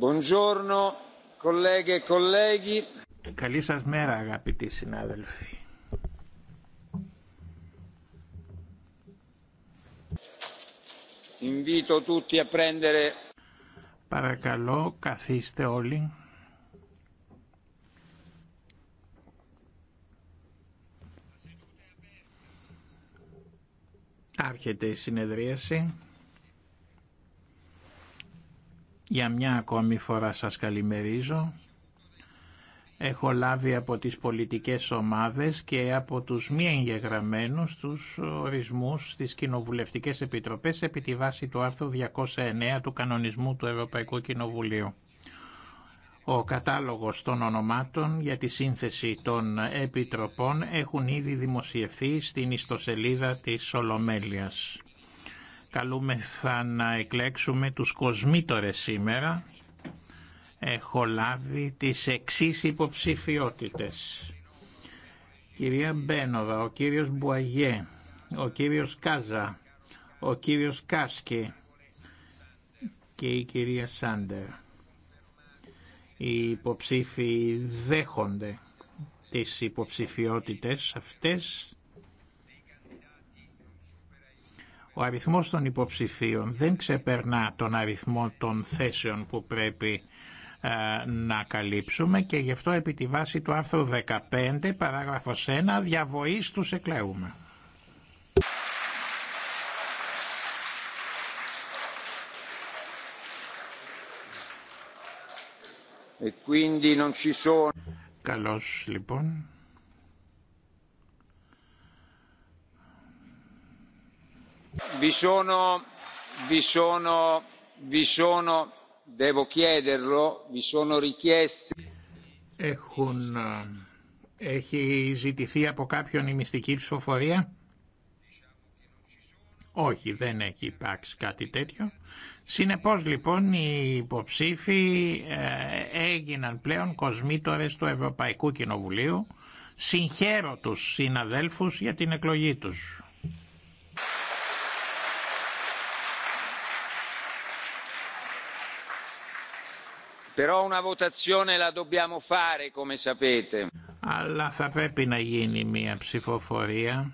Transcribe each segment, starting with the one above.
Buongiorno, colleghe, e colleghi. Καλή σας μέρα αγαπητοί συνάδελφοι. Invito tutti a prendere... Παρακαλώ καθίστε όλοι. Άρχεται η συνεδρίαση. Για μια ακόμη φορά σας καλημερίζω. Έχω λάβει από τις πολιτικές ομάδες και από τους μη εγγεγραμμένους τους ορισμούς στις κοινοβουλευτικές επιτροπές επί τη βάση του άρθρου 209 του κανονισμού του Ευρωπαϊκού Κοινοβουλίου. Ο κατάλογος των ονομάτων για τη σύνθεση των επιτροπών έχουν ήδη δημοσιευθεί στην ιστοσελίδα της Ολομέλειας καλούμεθα να εκλέξουμε τους κοσμήτορες σήμερα. Έχω λάβει τις εξής υποψηφιότητες. Κυρία Μπένοβα, ο κύριος Μπουαγιέ, ο κύριος Κάζα, ο κύριος Κάσκι και η κυρία Σάντερ. Οι υποψήφοι δέχονται τις υποψηφιότητες αυτές Ο αριθμός των υποψηφίων δεν ξεπερνά τον αριθμό των θέσεων που πρέπει ε, να καλύψουμε και γι' αυτό επί τη βάση του άρθρου 15 παράγραφος 1 διαβοή τους εκλέουμε. E ε, Καλώς λοιπόν. Vi sono, vi sono, vi sono, devo Έχουν, ε, έχει ζητηθεί από κάποιον η μυστική ψηφοφορία. Όχι, δεν έχει υπάρξει κάτι τέτοιο. Συνεπώς λοιπόν οι υποψήφοι ε, έγιναν πλέον κοσμήτορες του Ευρωπαϊκού Κοινοβουλίου. Συγχαίρω τους συναδέλφους για την εκλογή τους. Però una votazione la dobbiamo fare, come sapete. Αλλά θα πρέπει να γίνει μια ψηφοφορία.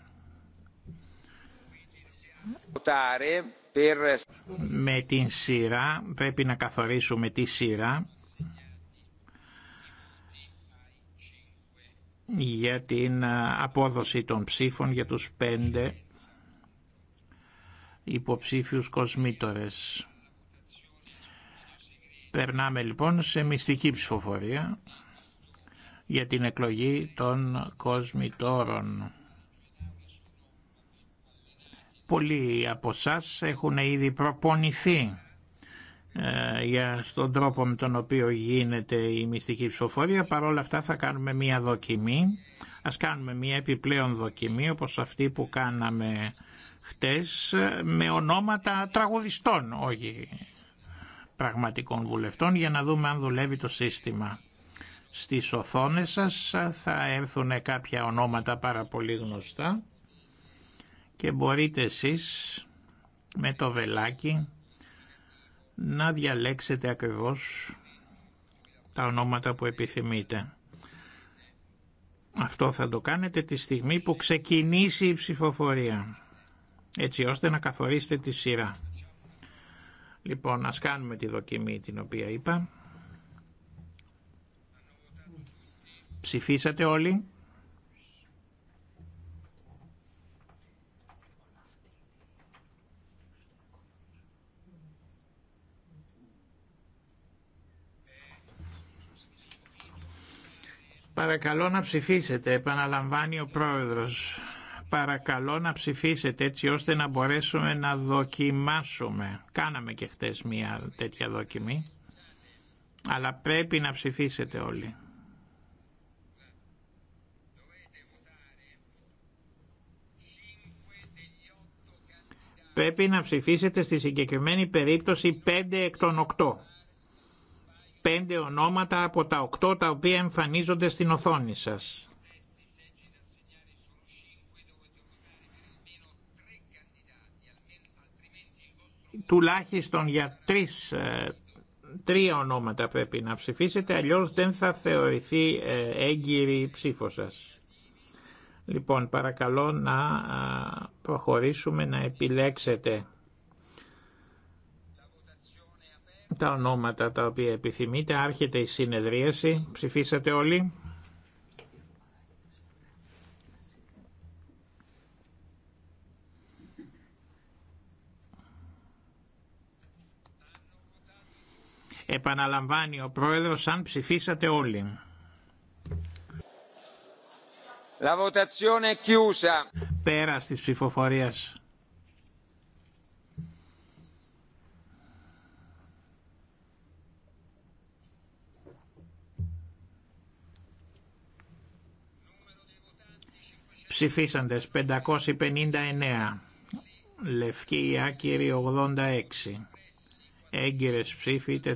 Με την σειρά, πρέπει να καθορίσουμε τη σειρά για την απόδοση των ψήφων για τους πέντε υποψήφιους κοσμήτορες. Περνάμε λοιπόν σε μυστική ψηφοφορία για την εκλογή των κοσμητόρων. Πολλοί από εσά έχουν ήδη προπονηθεί ε, για στον τρόπο με τον οποίο γίνεται η μυστική ψηφοφορία. Παρ' όλα αυτά θα κάνουμε μία δοκιμή. Ας κάνουμε μία επιπλέον δοκιμή όπως αυτή που κάναμε χτες με ονόματα τραγουδιστών, όχι πραγματικών βουλευτών για να δούμε αν δουλεύει το σύστημα. Στις οθόνες σας θα έρθουν κάποια ονόματα πάρα πολύ γνωστά και μπορείτε εσείς με το βελάκι να διαλέξετε ακριβώς τα ονόματα που επιθυμείτε. Αυτό θα το κάνετε τη στιγμή που ξεκινήσει η ψηφοφορία, έτσι ώστε να καθορίσετε τη σειρά. Λοιπόν, ας κάνουμε τη δοκιμή την οποία είπα. Ψηφίσατε όλοι. Παρακαλώ να ψηφίσετε, επαναλαμβάνει ο πρόεδρος παρακαλώ να ψηφίσετε έτσι ώστε να μπορέσουμε να δοκιμάσουμε. Κάναμε και χτες μια τέτοια δοκιμή, αλλά πρέπει να ψηφίσετε όλοι. Πρέπει να ψηφίσετε στη συγκεκριμένη περίπτωση 5 εκ των 8. Πέντε ονόματα από τα 8 τα οποία εμφανίζονται στην οθόνη σας. τουλάχιστον για τρεις, ε, τρία ονόματα πρέπει να ψηφίσετε, αλλιώς δεν θα θεωρηθεί ε, έγκυρη η ψήφο σας. Λοιπόν, παρακαλώ να προχωρήσουμε να επιλέξετε τα ονόματα τα οποία επιθυμείτε. Άρχεται η συνεδρίαση. Ψηφίσατε όλοι. Επαναλαμβάνει ο Πρόεδρος αν ψηφίσατε όλοι. La votazione Πέρα της ψηφοφορίας. Ψηφίσαντες 559. Λευκή Άκυρη 86 έγκυρες ψήφοι 473.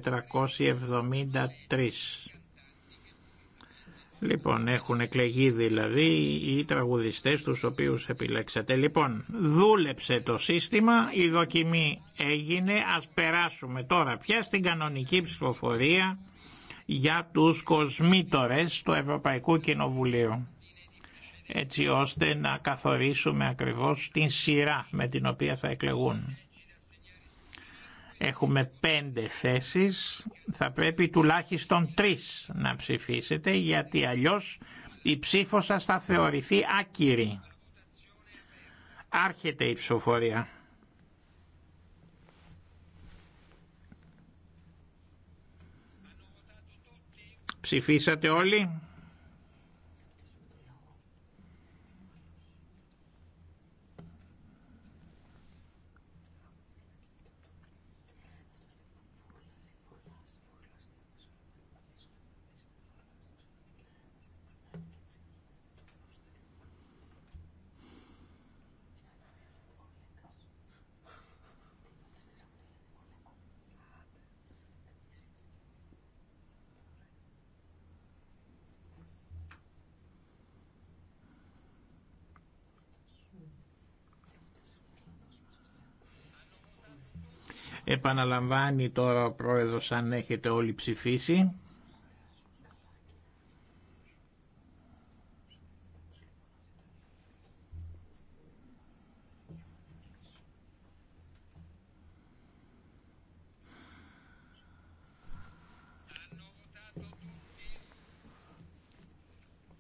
Λοιπόν, έχουν εκλεγεί δηλαδή οι τραγουδιστές τους οποίους επιλέξατε. Λοιπόν, δούλεψε το σύστημα, η δοκιμή έγινε, ας περάσουμε τώρα πια στην κανονική ψηφοφορία για τους κοσμήτορες του Ευρωπαϊκού Κοινοβουλίου έτσι ώστε να καθορίσουμε ακριβώς την σειρά με την οποία θα εκλεγούν. Έχουμε πέντε θέσεις, θα πρέπει τουλάχιστον τρεις να ψηφίσετε γιατί αλλιώς η ψήφο σας θα θεωρηθεί άκυρη. Άρχεται η ψηφοφορία. Ψηφίσατε όλοι. Επαναλαμβάνει τώρα ο Πρόεδρος αν έχετε όλοι ψηφίσει.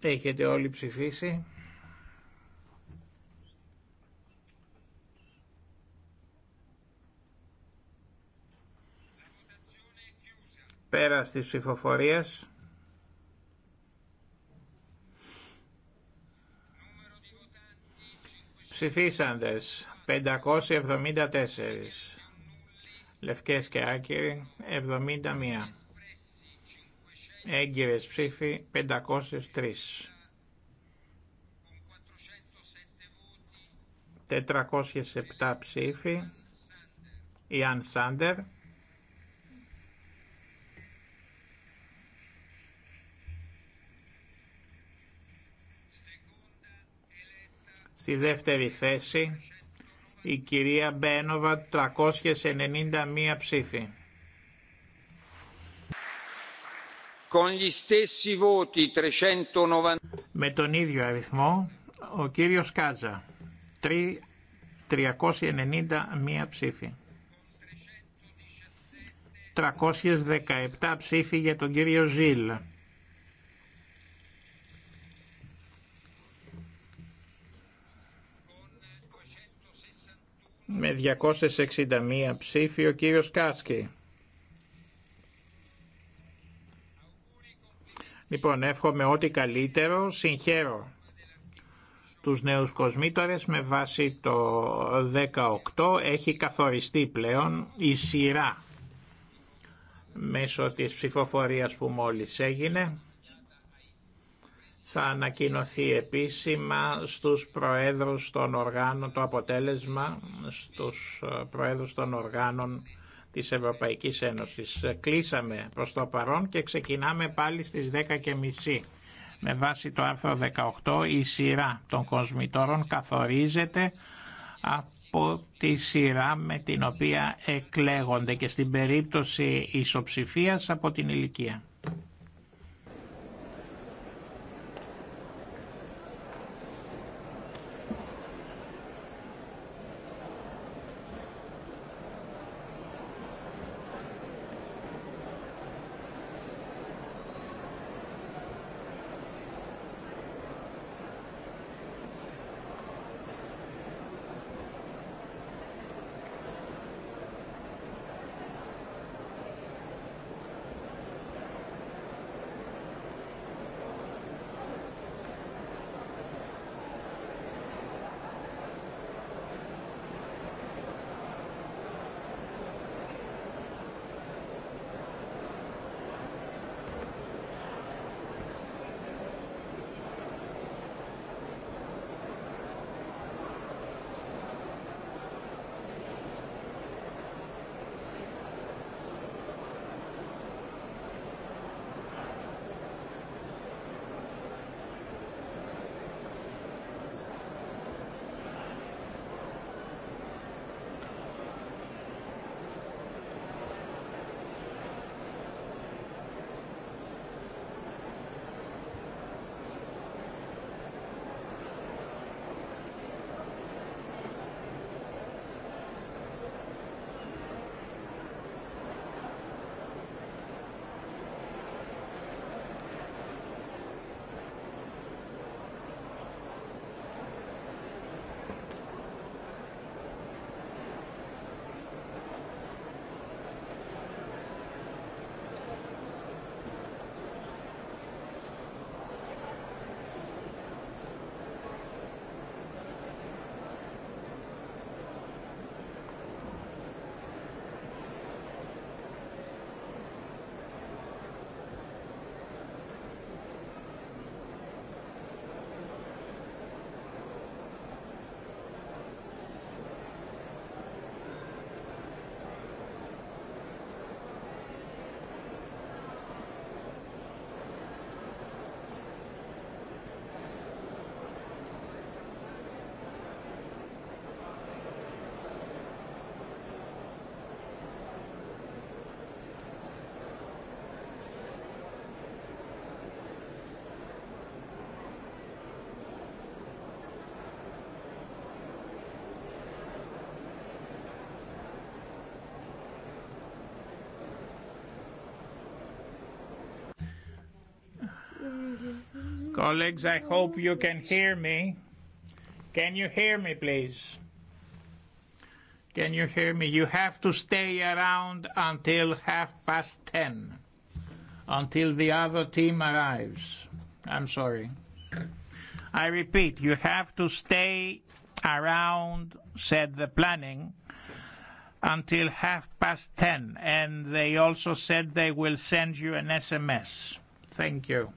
Έχετε όλοι ψηφίσει. πέρα της ψηφοφορίας. Ψηφίσαντες 574. Λευκές και άκυροι 71. Έγκυρες ψήφοι 503. 407 ψήφοι, Ιαν Σάντερ, Στη δεύτερη θέση η κυρία Μπένοβα 391 ψήφοι. Con gli stessi voti 390... Με τον ίδιο αριθμό ο κύριος Κάζα 391 ψήφοι. 317 ψήφοι για τον κύριο Ζήλ. με 261 ψηφίο ο κύριος Κάσκι. Λοιπόν, εύχομαι ό,τι καλύτερο, συγχαίρω τους νέους κοσμήτορες με βάση το 18 έχει καθοριστεί πλέον η σειρά μέσω της ψηφοφορίας που μόλις έγινε. Θα ανακοινωθεί επίσημα στους προέδρους των οργάνων, το αποτέλεσμα στους ε, προέδρους των οργάνων της Ευρωπαϊκής Ένωσης. Ε, κλείσαμε προς το παρόν και ξεκινάμε πάλι στις 10.30. Με βάση το άρθρο 18 η σειρά των κοσμητόρων καθορίζεται από τη σειρά με την οποία εκλέγονται και στην περίπτωση ισοψηφίας από την ηλικία. Colleagues, I hope you can hear me. Can you hear me, please? Can you hear me? You have to stay around until half past ten, until the other team arrives. I'm sorry. I repeat, you have to stay around, said the planning, until half past ten. And they also said they will send you an SMS. Thank you.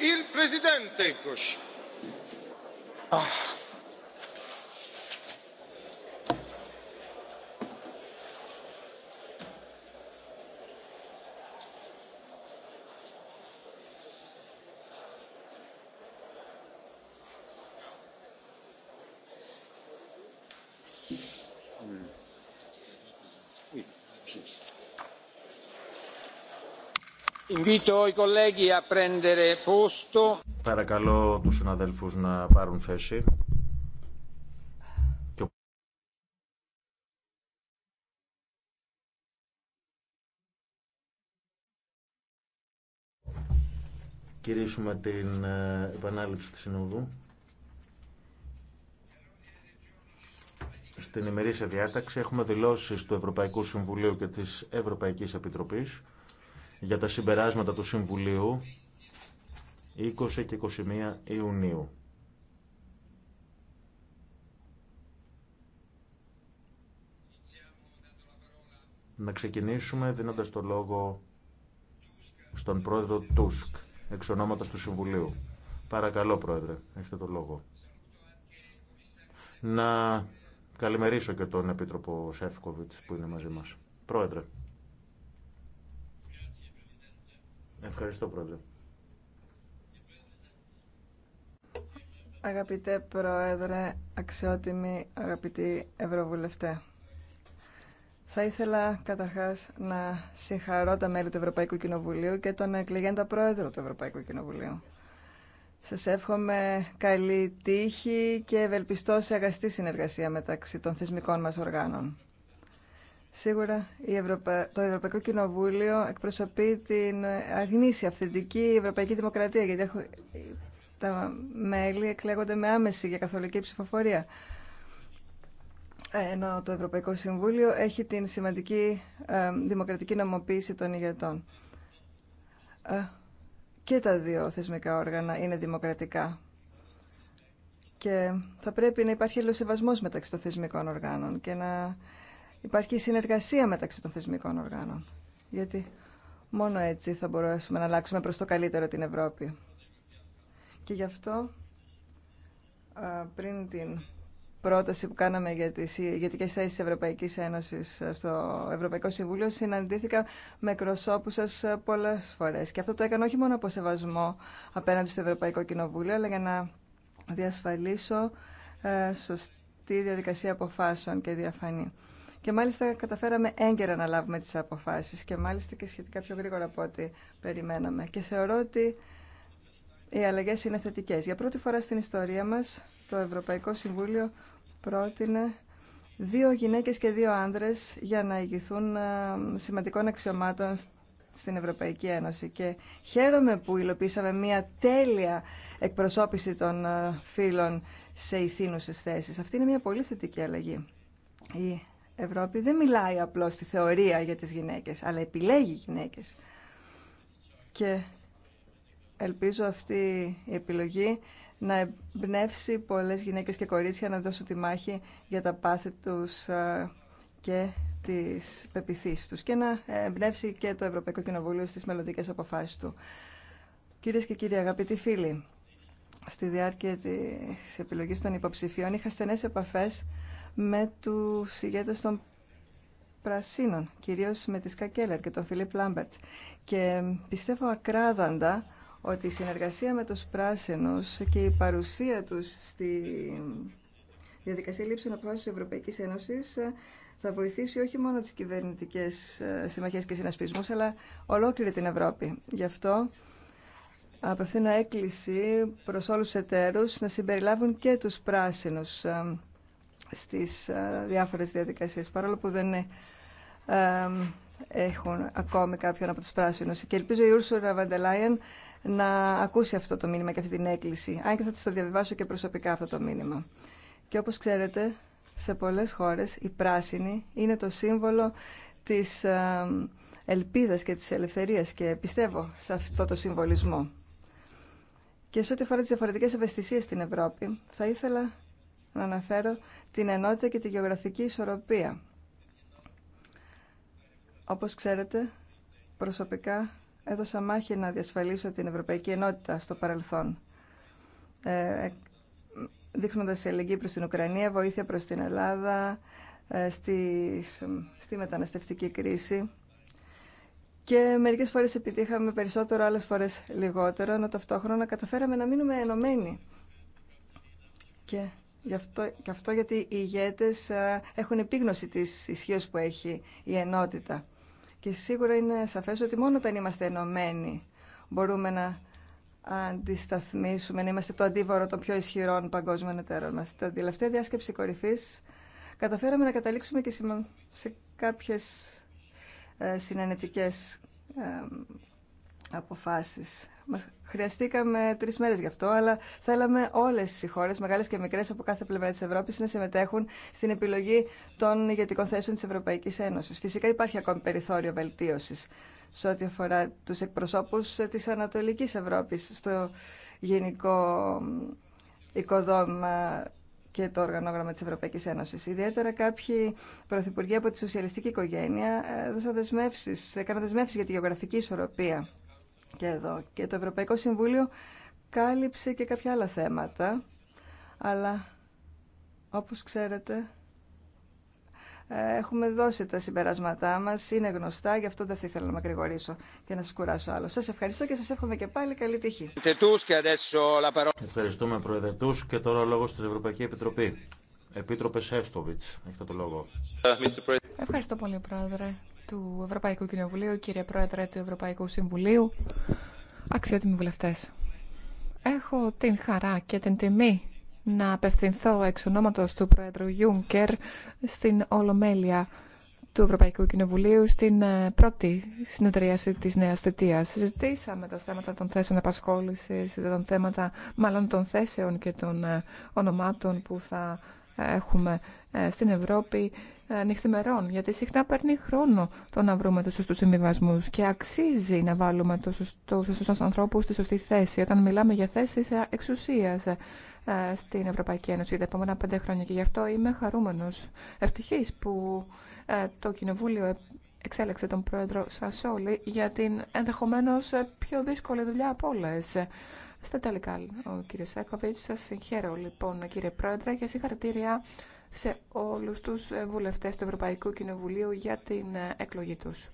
il presidente. Παρακαλώ τους συναδέλφους να πάρουν θέση. Κυρίσουμε την ε, επανάληψη της Συνόδου. Στην ημερήσια διάταξη έχουμε δηλώσεις του Ευρωπαϊκού Συμβουλίου και της Ευρωπαϊκής Επιτροπής για τα συμπεράσματα του Συμβουλίου 20 και 21 Ιουνίου. Να ξεκινήσουμε δίνοντας το λόγο στον πρόεδρο Τούσκ, εξ ονόματος του Συμβουλίου. Παρακαλώ, πρόεδρε, έχετε το λόγο. Να καλημερίσω και τον Επίτροπο σέφκοβιτς που είναι μαζί μας. Πρόεδρε. Ευχαριστώ, Πρόεδρε. Αγαπητέ Πρόεδρε, αξιότιμοι αγαπητή Ευρωβουλευτέ. Θα ήθελα καταρχάς να συγχαρώ τα μέλη του Ευρωπαϊκού Κοινοβουλίου και τον εκλεγέντα Πρόεδρο του Ευρωπαϊκού Κοινοβουλίου. Σας εύχομαι καλή τύχη και ευελπιστώ σε αγαστή συνεργασία μεταξύ των θεσμικών μας οργάνων. Σίγουρα το Ευρωπαϊκό Κοινοβούλιο εκπροσωπεί την αγνήσια, αυθεντική Ευρωπαϊκή Δημοκρατία, γιατί τα μέλη εκλέγονται με άμεση για καθολική ψηφοφορία. Ενώ το Ευρωπαϊκό Συμβούλιο έχει την σημαντική ε, δημοκρατική νομοποίηση των ηγετών. Ε, και τα δύο θεσμικά όργανα είναι δημοκρατικά. Και θα πρέπει να υπάρχει σεβασμός μεταξύ των θεσμικών οργάνων και υπάρχει συνεργασία μεταξύ των θεσμικών οργάνων. Γιατί μόνο έτσι θα μπορέσουμε να αλλάξουμε προς το καλύτερο την Ευρώπη. Και γι' αυτό πριν την πρόταση που κάναμε για τις ηγετικές θέσεις της Ευρωπαϊκής Ένωσης στο Ευρωπαϊκό Συμβούλιο συναντήθηκα με κροσόπους σας πολλές φορές. Και αυτό το έκανα όχι μόνο από σεβασμό απέναντι στο Ευρωπαϊκό Κοινοβούλιο, αλλά για να διασφαλίσω ε, σωστή διαδικασία αποφάσεων και διαφανή. Και μάλιστα καταφέραμε έγκαιρα να λάβουμε τις αποφάσεις και μάλιστα και σχετικά πιο γρήγορα από ό,τι περιμέναμε. Και θεωρώ ότι οι αλλαγές είναι θετικές. Για πρώτη φορά στην ιστορία μας το Ευρωπαϊκό Συμβούλιο πρότεινε δύο γυναίκες και δύο άνδρες για να ηγηθούν ε, σημαντικών αξιωμάτων στην Ευρωπαϊκή Ένωση και χαίρομαι που υλοποίησαμε μια τέλεια εκπροσώπηση των ε, φίλων σε ηθήνουσες θέσεις. Αυτή είναι μια πολύ θετική αλλαγή. Ευρώπη δεν μιλάει απλώς στη θεωρία για τις γυναίκες, αλλά επιλέγει γυναίκες. Και ελπίζω αυτή η επιλογή να εμπνεύσει πολλές γυναίκες και κορίτσια να δώσουν τη μάχη για τα πάθη τους ε, και τις πεπιθήσεις τους και να εμπνεύσει και το Ευρωπαϊκό Κοινοβούλιο στις μελλοντικές αποφάσεις του. Κυρίες και κύριοι, αγαπητοί φίλοι, στη διάρκεια της επιλογής των υποψηφίων είχα στενές επαφές με τους ηγέτες των Πρασίνων, κυρίως με τη Σκακέλερ και τον Φιλίπ Λάμπερτ. Και πιστεύω ακράδαντα ότι η συνεργασία με τους πράσινους και η παρουσία τους στη διαδικασία λήψη αποφάσεων της Ευρωπαϊκής Ένωσης ε, θα βοηθήσει όχι μόνο τις κυβερνητικές ε, συμμαχίες και συνασπισμούς, αλλά ολόκληρη την Ευρώπη. Γι' αυτό απευθύνω έκκληση προς όλους τους εταίρους να συμπεριλάβουν και τους πράσινους ε, στις ε, διάφορες διαδικασίες, παρόλο που δεν ε, έχουν ακόμη κάποιον από τους πράσινους. Και ελπίζω η der Leyen να ακούσει αυτό το μήνυμα και αυτή την έκκληση, αν και θα της το διαβιβάσω και προσωπικά αυτό το μήνυμα. Και όπως ξέρετε, σε πολλές χώρες η πράσινη είναι το σύμβολο της ε, ελπίδας και της ελευθερίας και πιστεύω σε αυτό το συμβολισμό. Και σε ό,τι αφορά τις διαφορετικές ευαισθησίες στην Ευρώπη, θα ήθελα να αναφέρω την ενότητα και τη γεωγραφική ισορροπία. Όπως ξέρετε, προσωπικά έδωσα μάχη να διασφαλίσω την ευρωπαϊκή ενότητα στο παρελθόν. Ε, δείχνοντας ελεγγύη προς την Ουκρανία, βοήθεια προς την Ελλάδα, ε, στη, στη μεταναστευτική κρίση. Και μερικές φορές επιτύχαμε περισσότερο, άλλες φορές λιγότερο, ενώ ταυτόχρονα καταφέραμε να μείνουμε ενωμένοι. Και Γι' αυτό, και αυτό γιατί οι ηγέτες ε, έχουν επίγνωση της ισχύω που έχει η ενότητα. Και σίγουρα είναι σαφές ότι μόνο όταν είμαστε ενωμένοι μπορούμε να αντισταθμίσουμε, να είμαστε το αντίβαρο των πιο ισχυρών παγκόσμιων εταίρων μας. Στην τελευταία διάσκεψη κορυφής καταφέραμε να καταλήξουμε και σε κάποιες ε, συνενετικές ε, αποφάσεις. Χρειαστήκαμε τρει μέρε γι' αυτό, αλλά θέλαμε όλε οι χώρε, μεγάλε και μικρέ από κάθε πλευρά τη Ευρώπη, να συμμετέχουν στην επιλογή των ηγετικών θέσεων τη Ευρωπαϊκή Ένωση. Φυσικά υπάρχει ακόμη περιθώριο βελτίωση σε ό,τι αφορά του εκπροσώπου τη Ανατολική Ευρώπη στο γενικό οικοδόμημα και το οργανόγραμμα τη Ευρωπαϊκή Ένωση. Ιδιαίτερα κάποιοι πρωθυπουργοί από τη σοσιαλιστική οικογένεια ε, έδωσαν έκαναν δεσμεύσει για τη γεωγραφική ισορροπία και εδώ. Και το Ευρωπαϊκό Συμβούλιο κάλυψε και κάποια άλλα θέματα, αλλά όπως ξέρετε ε, έχουμε δώσει τα συμπεράσματά μας, είναι γνωστά, γι' αυτό δεν θα ήθελα να γρηγορήσω και να σας κουράσω άλλο. Σας ευχαριστώ και σας εύχομαι και πάλι καλή τύχη. Ευχαριστούμε Πρόεδρε Τούς και τώρα ο λόγος στην Ευρωπαϊκή Επιτροπή. Επίτροπε Σεύστοβιτς, έχετε το λόγο. Ε, ευχαριστώ πολύ Πρόεδρε του Ευρωπαϊκού Κοινοβουλίου, κύριε Πρόεδρε του Ευρωπαϊκού Συμβουλίου, αξιότιμοι βουλευτές. Έχω την χαρά και την τιμή να απευθυνθώ εξ ονόματος του Πρόεδρου Γιούνκερ στην Ολομέλεια του Ευρωπαϊκού Κοινοβουλίου στην ε, πρώτη συνεδρίαση της νέας θετίας. Συζητήσαμε τα θέματα των θέσεων απασχόλησης, των θέματα μάλλον των θέσεων και των ε, ονομάτων που θα ε, έχουμε στην Ευρώπη νυχθημερών, γιατί συχνά παίρνει χρόνο το να βρούμε τους σωστούς συμβιβασμού και αξίζει να βάλουμε τους σωστούς ανθρώπους στη σωστή θέση όταν μιλάμε για θέσεις εξουσίας ε, στην Ευρωπαϊκή Ένωση τα επόμενα πέντε χρόνια και γι' αυτό είμαι χαρούμενος, ευτυχής που ε, το Κοινοβούλιο ε, εξέλεξε τον πρόεδρο Σασόλη για την ενδεχομένω πιο δύσκολη δουλειά από όλε. Στα τελικά, ο κύριος Σάκοβιτς, σας συγχαίρω λοιπόν κύριε πρόεδρε και συγχαρητήρια σε όλους τους ε, βουλευτές του Ευρωπαϊκού Κοινοβουλίου για την ε, εκλογή τους.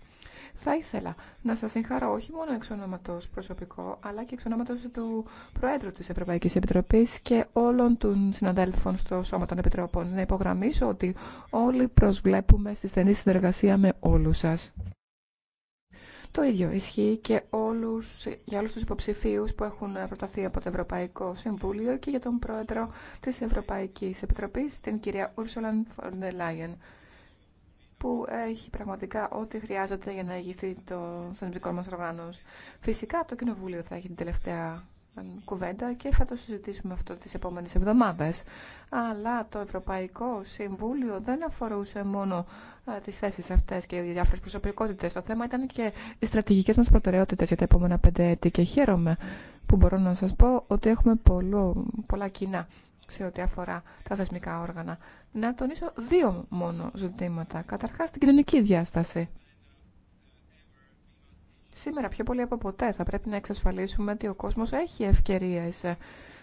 Θα ήθελα να σας συγχαρώ όχι μόνο εξ ονόματος προσωπικό, αλλά και εξ ονόματος του Προέδρου της Ευρωπαϊκής Επιτροπής και όλων των συναδέλφων στο Σώμα των Επιτροπών. Να υπογραμμίσω ότι όλοι προσβλέπουμε στη στενή συνεργασία με όλους σας. Το ίδιο ισχύει και όλους, για όλους τους υποψηφίους που έχουν προταθεί από το Ευρωπαϊκό Συμβούλιο και για τον Πρόεδρο της Ευρωπαϊκής Επιτροπής, την κυρία Ούρσολαν Leyen, που έχει πραγματικά ό,τι χρειάζεται για να ηγηθεί το θεσμικό μας οργάνος. Φυσικά το Κοινοβούλιο θα έχει την τελευταία κουβέντα και θα το συζητήσουμε αυτό τις επόμενες εβδομάδες. Αλλά το Ευρωπαϊκό Συμβούλιο δεν αφορούσε μόνο ε, τις θέσεις αυτές και οι διάφορες προσωπικότητες. Το θέμα ήταν και οι στρατηγικές μας προτεραιότητες για τα επόμενα πέντε έτη και χαίρομαι που μπορώ να σας πω ότι έχουμε πολλο, πολλά κοινά σε ό,τι αφορά τα θεσμικά όργανα. Να τονίσω δύο μόνο ζητήματα. Καταρχάς την κοινωνική διάσταση. Σήμερα πιο πολύ από ποτέ θα πρέπει να εξασφαλίσουμε ότι ο κόσμος έχει ευκαιρίες.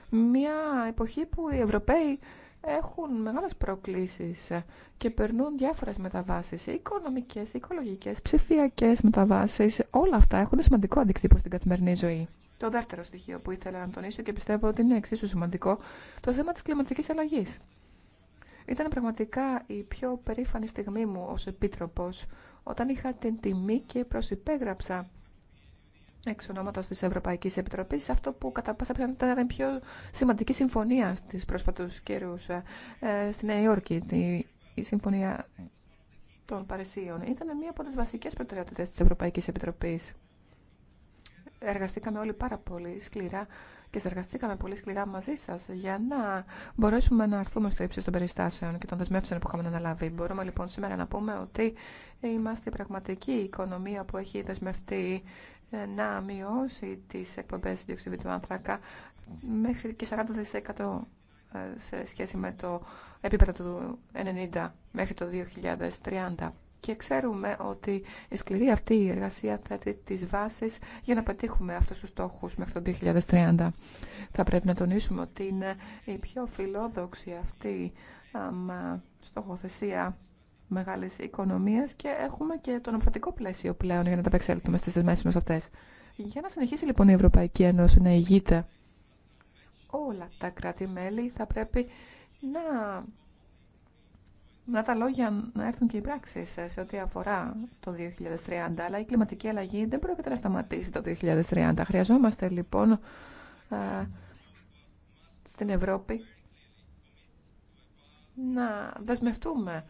Μια εποχή που οι Ευρωπαίοι έχουν μεγάλες προκλήσεις και περνούν διάφορες μεταβάσεις, οικονομικές, οικολογικές, ψηφιακές μεταβάσεις. Όλα αυτά έχουν σημαντικό αντικτύπο στην καθημερινή ζωή. Το δεύτερο στοιχείο που ήθελα να τονίσω και πιστεύω ότι είναι εξίσου σημαντικό, το θέμα της κλιματικής αλλαγής. Ήταν πραγματικά η πιο περήφανη στιγμή μου ως επίτροπος, όταν είχα την τιμή και προσυπέγραψα εξ ονόματος της Ευρωπαϊκής Επιτροπής αυτό που κατά πάσα πιθανότητα ήταν η πιο σημαντική συμφωνία στις πρόσφατους καιρούς ε, στη Νέα Υόρκη, τη, η Συμφωνία των Παρισίων. Ήταν μία από τις βασικές προτεραιότητες της Ευρωπαϊκής Επιτροπής. Εργαστήκαμε όλοι πάρα πολύ σκληρά και συνεργαστήκαμε πολύ σκληρά μαζί σα για να μπορέσουμε να αρθούμε στο ύψο των περιστάσεων και των δεσμεύσεων που είχαμε αναλάβει. Μπορούμε λοιπόν σήμερα να πούμε ότι είμαστε η πραγματική οικονομία που έχει δεσμευτεί να μειώσει τις εκπομπές διοξιδίου του άνθρακα μέχρι και 40% ε, σε σχέση με το επίπεδο του 90 μέχρι το 2030. Και ξέρουμε ότι η σκληρή αυτή η εργασία θέτει τις βάσεις για να πετύχουμε αυτούς τους στόχους μέχρι το 2030. Θα πρέπει να τονίσουμε ότι είναι η πιο φιλόδοξη αυτή στοχοθεσία Μεγάλε οικονομίε και έχουμε και το νομοθετικό πλαίσιο πλέον για να τα απεξέλθουμε στι δεσμεύσει μας αυτές. Για να συνεχίσει λοιπόν η Ευρωπαϊκή Ένωση να ηγείται όλα τα κράτη-μέλη θα πρέπει να... να τα λόγια να έρθουν και οι πράξει σε ό,τι αφορά το 2030. Αλλά η κλιματική αλλαγή δεν πρόκειται να σταματήσει το 2030. Χρειαζόμαστε λοιπόν ε, στην Ευρώπη να δεσμευτούμε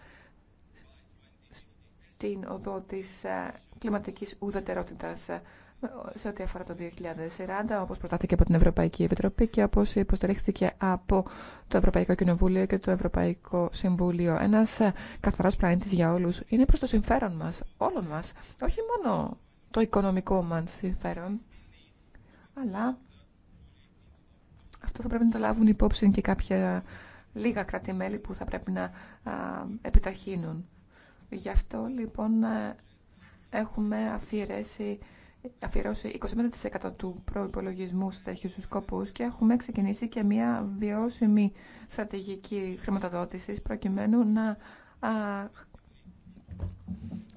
την οδό της ε, κλιματικής ουδετερότητας ε, σε ό,τι αφορά το 2040, όπως προτάθηκε από την Ευρωπαϊκή Επιτροπή και όπως υποστηρίχθηκε από το Ευρωπαϊκό Κοινοβούλιο και το Ευρωπαϊκό Συμβούλιο. Ένας ε, καθαρός πλανήτης για όλους είναι προς το συμφέρον μας, όλων μας, όχι μόνο το οικονομικό μας συμφέρον, αλλά αυτό θα πρέπει να το λάβουν υπόψη και κάποια λίγα κράτη-μέλη που θα πρέπει να επιταχύνουν Γι' αυτό λοιπόν ε, έχουμε αφιερώσει, αφιερώσει 25% του προϋπολογισμού σε τέτοιους σκοπούς και έχουμε ξεκινήσει και μια βιώσιμη στρατηγική χρηματοδότησης προκειμένου να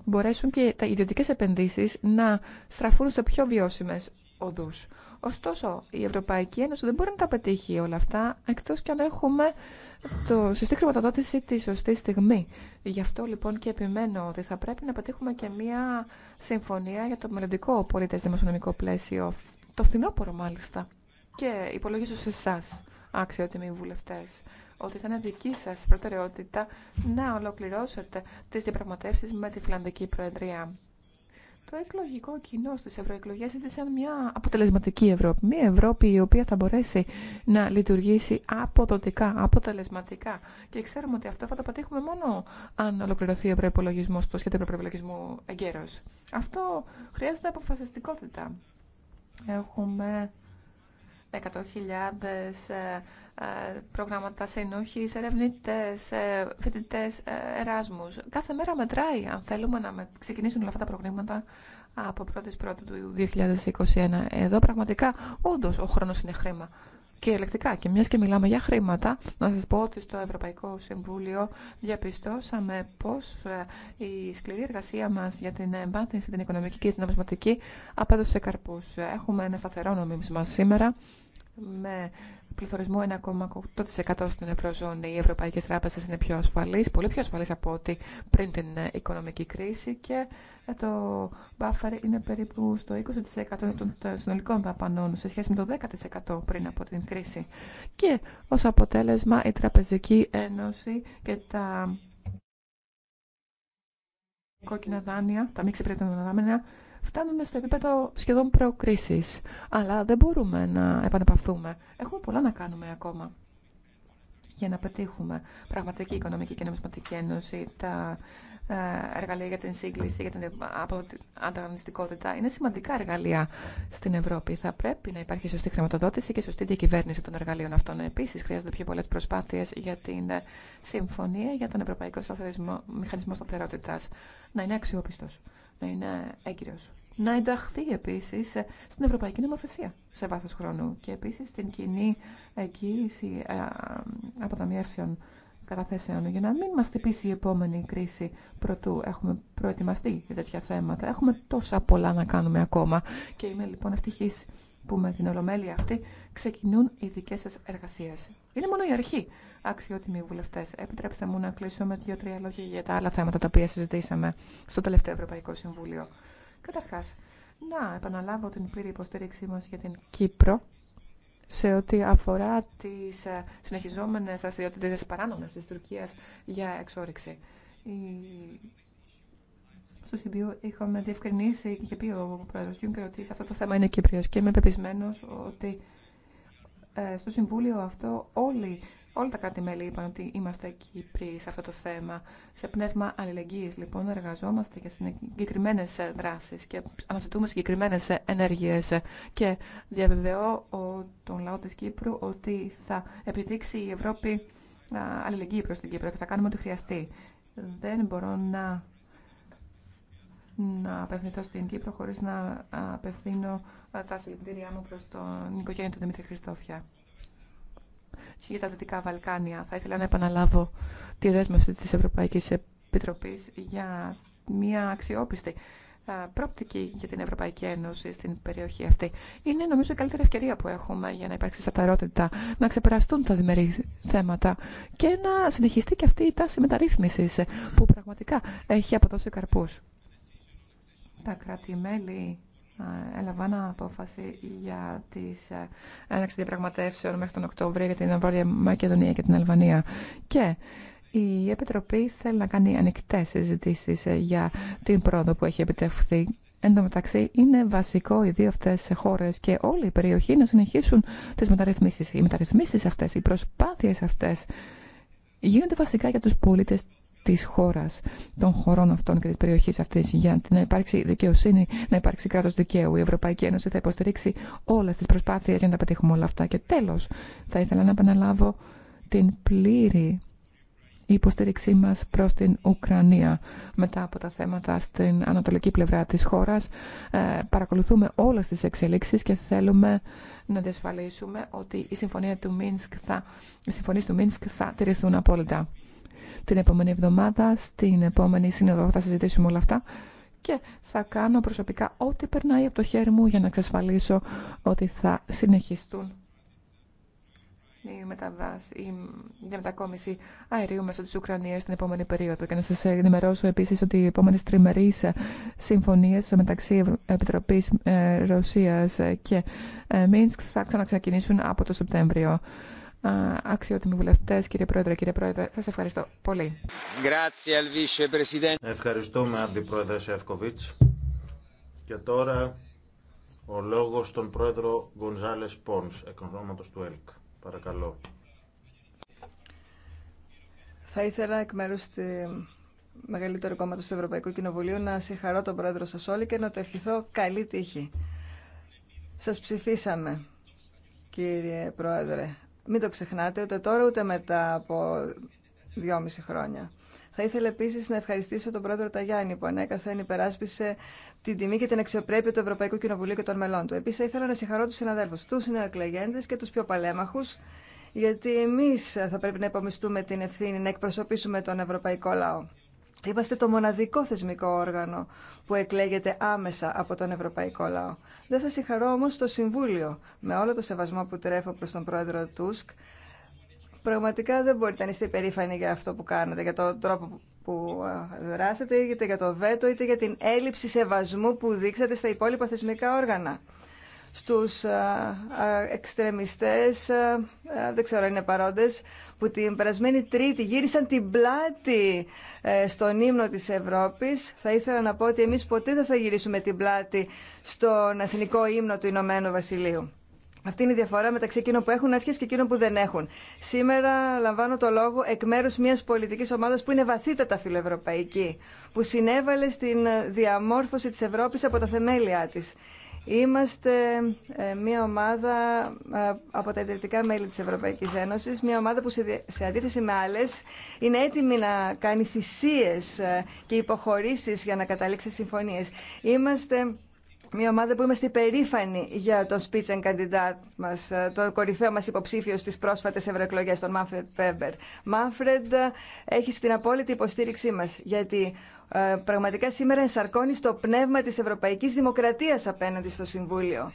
μπορέσουν και τα ιδιωτικές επενδύσεις να στραφούν σε πιο βιώσιμες οδούς. Ωστόσο, η Ευρωπαϊκή Ένωση δεν μπορεί να τα πετύχει όλα αυτά, εκτός και αν έχουμε το σωστή χρηματοδότηση τη σωστή στιγμή. Γι' αυτό λοιπόν και επιμένω ότι θα πρέπει να πετύχουμε και μία συμφωνία για το μελλοντικό πολίτε δημοσιονομικό πλαίσιο. Το φθινόπωρο μάλιστα. Και υπολογίζω σε εσά, αξιότιμοι βουλευτέ, ότι θα είναι δική σα προτεραιότητα να ολοκληρώσετε τι διαπραγματεύσει με τη Φιλανδική Προεδρία το εκλογικό κοινό ευρωεκλογέ είναι σαν μια αποτελεσματική Ευρώπη. Μια Ευρώπη η οποία θα μπορέσει να λειτουργήσει αποδοτικά, αποτελεσματικά. Και ξέρουμε ότι αυτό θα το πατήχουμε μόνο αν ολοκληρωθεί ο προπολογισμό, το σχέδιο προπολογισμού εγκαίρω. Αυτό χρειάζεται αποφασιστικότητα. Έχουμε 100.000 ε, ε, προγράμματα συνοχής, ερευνητές, ε, φοιτητές, εράσμους. Κάθε μέρα μετράει αν θέλουμε να ξεκινήσουν όλα αυτά τα προγράμματα από 1η Πρώτου του 2021. Εδώ πραγματικά όντω ο χρόνος είναι χρήμα. Και ελεκτικά, και μιας και μιλάμε για χρήματα, να σας πω ότι στο Ευρωπαϊκό Συμβούλιο διαπιστώσαμε πως η σκληρή εργασία μας για την εμπάθυνση, την οικονομική και την νομισματική απέδωσε καρπούς. Έχουμε ένα σταθερό νομίμισμα σήμερα με πληθωρισμό 1,8% στην Ευρωζώνη. Οι ευρωπαϊκέ τράπεζε είναι πιο ασφαλεί, πολύ πιο ασφαλεί από ό,τι πριν την ε, οικονομική κρίση και ε, το buffer είναι περίπου στο 20% των συνολικών δαπανών σε σχέση με το 10% πριν από την κρίση. Και ω αποτέλεσμα η Τραπεζική Ένωση και τα κόκκινα δάνεια, τα μη των δάνεια, φτάνουμε στο επίπεδο σχεδόν προκρίσης. Αλλά δεν μπορούμε να επανεπαυθούμε. Έχουμε πολλά να κάνουμε ακόμα για να πετύχουμε πραγματική οικονομική και νομισματική ένωση, τα ε, εργαλεία για την σύγκληση, για την ανταγωνιστικότητα. Είναι σημαντικά εργαλεία στην Ευρώπη. Θα πρέπει να υπάρχει σωστή χρηματοδότηση και σωστή διακυβέρνηση των εργαλείων αυτών. Επίση, χρειάζονται πιο πολλέ προσπάθειε για την ε, συμφωνία για τον Ευρωπαϊκό Μηχανισμό Σταθερότητα να είναι αξιόπιστο να είναι έγκυρο. Να ενταχθεί επίσης στην Ευρωπαϊκή Νομοθεσία σε βάθος χρόνου και επίσης στην κοινή εγγύηση ε, αποταμιεύσεων καταθέσεων για να μην μας χτυπήσει η επόμενη κρίση πρωτού έχουμε προετοιμαστεί για τέτοια θέματα. Έχουμε τόσα πολλά να κάνουμε ακόμα και είμαι λοιπόν ευτυχή που με την ολομέλεια αυτή ξεκινούν οι δικέ σα εργασίε. Είναι μόνο η αρχή αξιότιμοι βουλευτέ. Επιτρέψτε μου να κλείσω με δύο-τρία λόγια για τα άλλα θέματα τα οποία συζητήσαμε στο τελευταίο Ευρωπαϊκό Συμβούλιο. Καταρχά, να επαναλάβω την πλήρη υποστήριξή μα για την Κύπρο σε ό,τι αφορά τι ε, συνεχιζόμενε δραστηριότητε παράνομε τη Τουρκία για εξόριξη. Στο ΣΥΠΙΟ είχαμε διευκρινίσει και πει ο πρόεδρο Γιούγκερ ότι σε αυτό το θέμα είναι Κύπριο και είμαι πεπισμένο ότι ε, στο Συμβούλιο αυτό όλοι Όλα τα κράτη-μέλη είπαν ότι είμαστε Κύπροι σε αυτό το θέμα. Σε πνεύμα αλληλεγγύη, λοιπόν, εργαζόμαστε για συγκεκριμένε δράσει και αναζητούμε συγκεκριμένε ενέργειε. Και διαβεβαιώ τον λαό τη Κύπρου ότι θα επιδείξει η Ευρώπη αλληλεγγύη προ την Κύπρο και θα κάνουμε ό,τι χρειαστεί. Δεν μπορώ να, να απευθυνθώ στην Κύπρο χωρί να απευθύνω τα συλληπιτήριά μου προ την οικογένεια του Δημήτρη Χριστόφια και για τα Δυτικά Βαλκάνια. Θα ήθελα να επαναλάβω τη δέσμευση της Ευρωπαϊκής Επιτροπής για μια αξιόπιστη ε, πρόπτικη για την Ευρωπαϊκή Ένωση στην περιοχή αυτή. Είναι νομίζω η καλύτερη ευκαιρία που έχουμε για να υπάρξει σταθερότητα, να ξεπεραστούν τα διμερή θέματα και να συνεχιστεί και αυτή η τάση μεταρρύθμισης που πραγματικά έχει αποδώσει καρπούς. Τα ένα απόφαση για τις ε, έναξη διαπραγματεύσεων μέχρι τον Οκτώβριο για την Βόρεια Μακεδονία και την Αλβανία. Και η Επιτροπή θέλει να κάνει ανοιχτέ συζητήσει ε, για την πρόοδο που έχει επιτευχθεί. Εν τω μεταξύ, είναι βασικό οι δύο αυτέ χώρε και όλη η περιοχή να συνεχίσουν τι μεταρρυθμίσει. Οι μεταρρυθμίσει αυτέ, οι προσπάθειε αυτέ γίνονται βασικά για του πολίτε της χώρας, των χωρών αυτών και της περιοχής αυτής για να υπάρξει δικαιοσύνη, να υπάρξει κράτος δικαίου. Η Ευρωπαϊκή Ένωση θα υποστηρίξει όλες τις προσπάθειες για να τα πετύχουμε όλα αυτά. Και τέλος, θα ήθελα να επαναλάβω την πλήρη υποστήριξή μας προς την Ουκρανία μετά από τα θέματα στην ανατολική πλευρά της χώρας. Ε, παρακολουθούμε όλες τις εξελίξεις και θέλουμε να διασφαλίσουμε ότι η συμφωνία του Μίνσκ θα, οι συμφωνίες του Μίνσκ θα τηρηθούν απόλυτα την επόμενη εβδομάδα, στην επόμενή σύνοδο θα συζητήσουμε όλα αυτά και θα κάνω προσωπικά ό,τι περνάει από το χέρι μου για να εξασφαλίσω ότι θα συνεχιστούν η, μεταβάση, η διαμετακόμιση αερίου μέσω της Ουκρανίας στην επόμενη περίοδο. Και να σας ενημερώσω επίσης ότι οι επόμενες τριμερείς συμφωνίες μεταξύ Επιτροπής ε, Ρωσίας και ε, Μίνσκ θα ξαναξεκινήσουν από το Σεπτέμβριο αξιότιμοι βουλευτέ, κύριε Πρόεδρε, κύριε Πρόεδρε, σα ευχαριστώ πολύ. Ευχαριστούμε, Αντιπρόεδρε Σεύκοβιτ. Και τώρα ο λόγο στον Πρόεδρο Γκονζάλε Πόν, εκ του ΕΛΚ. Παρακαλώ. Θα ήθελα εκ μέρου του μεγαλύτερου κόμματο του Ευρωπαϊκού Κοινοβουλίου να συγχαρώ τον Πρόεδρο σα όλοι και να το ευχηθώ καλή τύχη. Σας ψηφίσαμε, κύριε Πρόεδρε, μην το ξεχνάτε ούτε τώρα ούτε μετά από δυόμιση χρόνια. Θα ήθελα επίση να ευχαριστήσω τον πρόεδρο Ταγιάννη που ανέκαθεν υπεράσπισε την τιμή και την αξιοπρέπεια του Ευρωπαϊκού Κοινοβουλίου και των μελών του. Επίση, θα ήθελα να συγχαρώ του συναδέλφου, του νεοεκλεγέντε και του πιο παλέμαχου, γιατί εμεί θα πρέπει να υπομιστούμε την ευθύνη να εκπροσωπήσουμε τον ευρωπαϊκό λαό. Είμαστε το μοναδικό θεσμικό όργανο που εκλέγεται άμεσα από τον Ευρωπαϊκό Λαό. Δεν θα συγχαρώ όμω το Συμβούλιο, με όλο το σεβασμό που τρέφω προς τον πρόεδρο Τούσκ. Πραγματικά δεν μπορείτε να είστε υπερήφανοι για αυτό που κάνετε, για τον τρόπο που δράσετε, είτε για το βέτο, είτε για την έλλειψη σεβασμού που δείξατε στα υπόλοιπα θεσμικά όργανα στους ε, ε, εξτρεμιστές, ε, δεν ξέρω αν είναι παρόντες, που την περασμένη Τρίτη γύρισαν την πλάτη στον ύμνο της Ευρώπης. Θα ήθελα να πω ότι εμείς ποτέ δεν θα γυρίσουμε την πλάτη στον εθνικό ύμνο του Ηνωμένου Βασιλείου. Αυτή είναι η διαφορά μεταξύ εκείνων που έχουν αρχές και εκείνων που δεν έχουν. Σήμερα λαμβάνω το λόγο εκ μέρου μια πολιτική ομάδα που είναι βαθύτατα φιλοευρωπαϊκή, που συνέβαλε στην διαμόρφωση της Ευρώπη από τα θεμέλια τη Είμαστε ε, μια ομάδα ε, από τα ιδρυτικά μέλη της Ευρωπαϊκής Ένωσης, μια ομάδα που σε αντίθεση με άλλες είναι έτοιμη να κάνει θυσίες ε, και υποχωρήσεις για να καταλήξει συμφωνίες. Είμαστε μια ομάδα που είμαστε περήφανοι για τον candidate μας, τον κορυφαίο μας υποψήφιο στις πρόσφατες ευρωεκλογέ, τον Μάνφρεντ Πέμπερ. Μάνφρεντ, έχει την απόλυτη υποστήριξή μας, γιατί ε, πραγματικά σήμερα ενσαρκώνει το πνεύμα της Ευρωπαϊκής Δημοκρατίας απέναντι στο Συμβούλιο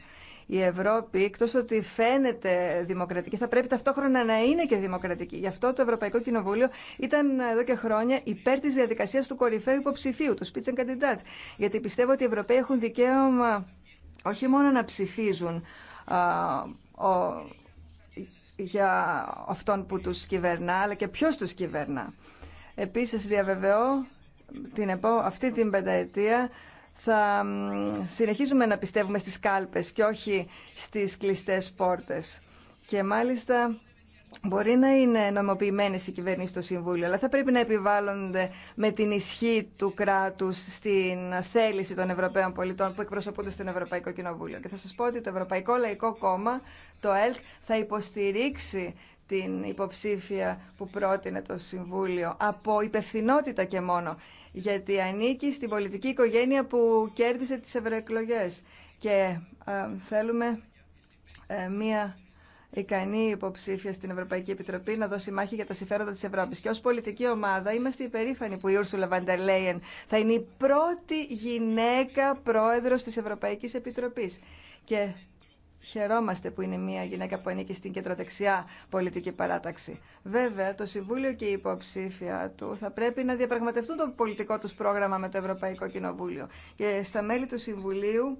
η Ευρώπη, εκτό ότι φαίνεται δημοκρατική, θα πρέπει ταυτόχρονα να είναι και δημοκρατική. Γι' αυτό το Ευρωπαϊκό Κοινοβούλιο ήταν εδώ και χρόνια υπέρ τη διαδικασία του κορυφαίου υποψηφίου, του Spitzenkandidat. Γιατί πιστεύω ότι οι Ευρωπαίοι έχουν δικαίωμα όχι μόνο να ψηφίζουν για αυτόν που τους κυβερνά, αλλά και ποιος τους κυβερνά. Επίσης διαβεβαιώ αυτή την πενταετία θα συνεχίζουμε να πιστεύουμε στις κάλπες και όχι στις κλειστές πόρτες. Και μάλιστα μπορεί να είναι νομοποιημένες οι κυβερνήσεις στο Συμβούλιο, αλλά θα πρέπει να επιβάλλονται με την ισχύ του κράτους στην θέληση των Ευρωπαίων πολιτών που εκπροσωπούνται στον Ευρωπαϊκό Κοινοβούλιο. Και θα σας πω ότι το Ευρωπαϊκό Λαϊκό Κόμμα, το ΕΛΚ, θα υποστηρίξει την υποψήφια που πρότεινε το Συμβούλιο από υπευθυνότητα και μόνο γιατί ανήκει στην πολιτική οικογένεια που κέρδισε τις ευρωεκλογέ. και ε, θέλουμε ε, μία ικανή υποψήφια στην Ευρωπαϊκή Επιτροπή να δώσει μάχη για τα συμφέροντα της Ευρώπης. Και ως πολιτική ομάδα είμαστε υπερήφανοι που η Ούρσουλα Βαντελέιεν θα είναι η πρώτη γυναίκα πρόεδρος της Ευρωπαϊκής Επιτροπής. Και Χαιρόμαστε που είναι μια γυναίκα που ανήκει στην κεντροδεξιά πολιτική παράταξη. Βέβαια, το Συμβούλιο και η υποψήφια του θα πρέπει να διαπραγματευτούν το πολιτικό του πρόγραμμα με το Ευρωπαϊκό Κοινοβούλιο. Και στα μέλη του Συμβουλίου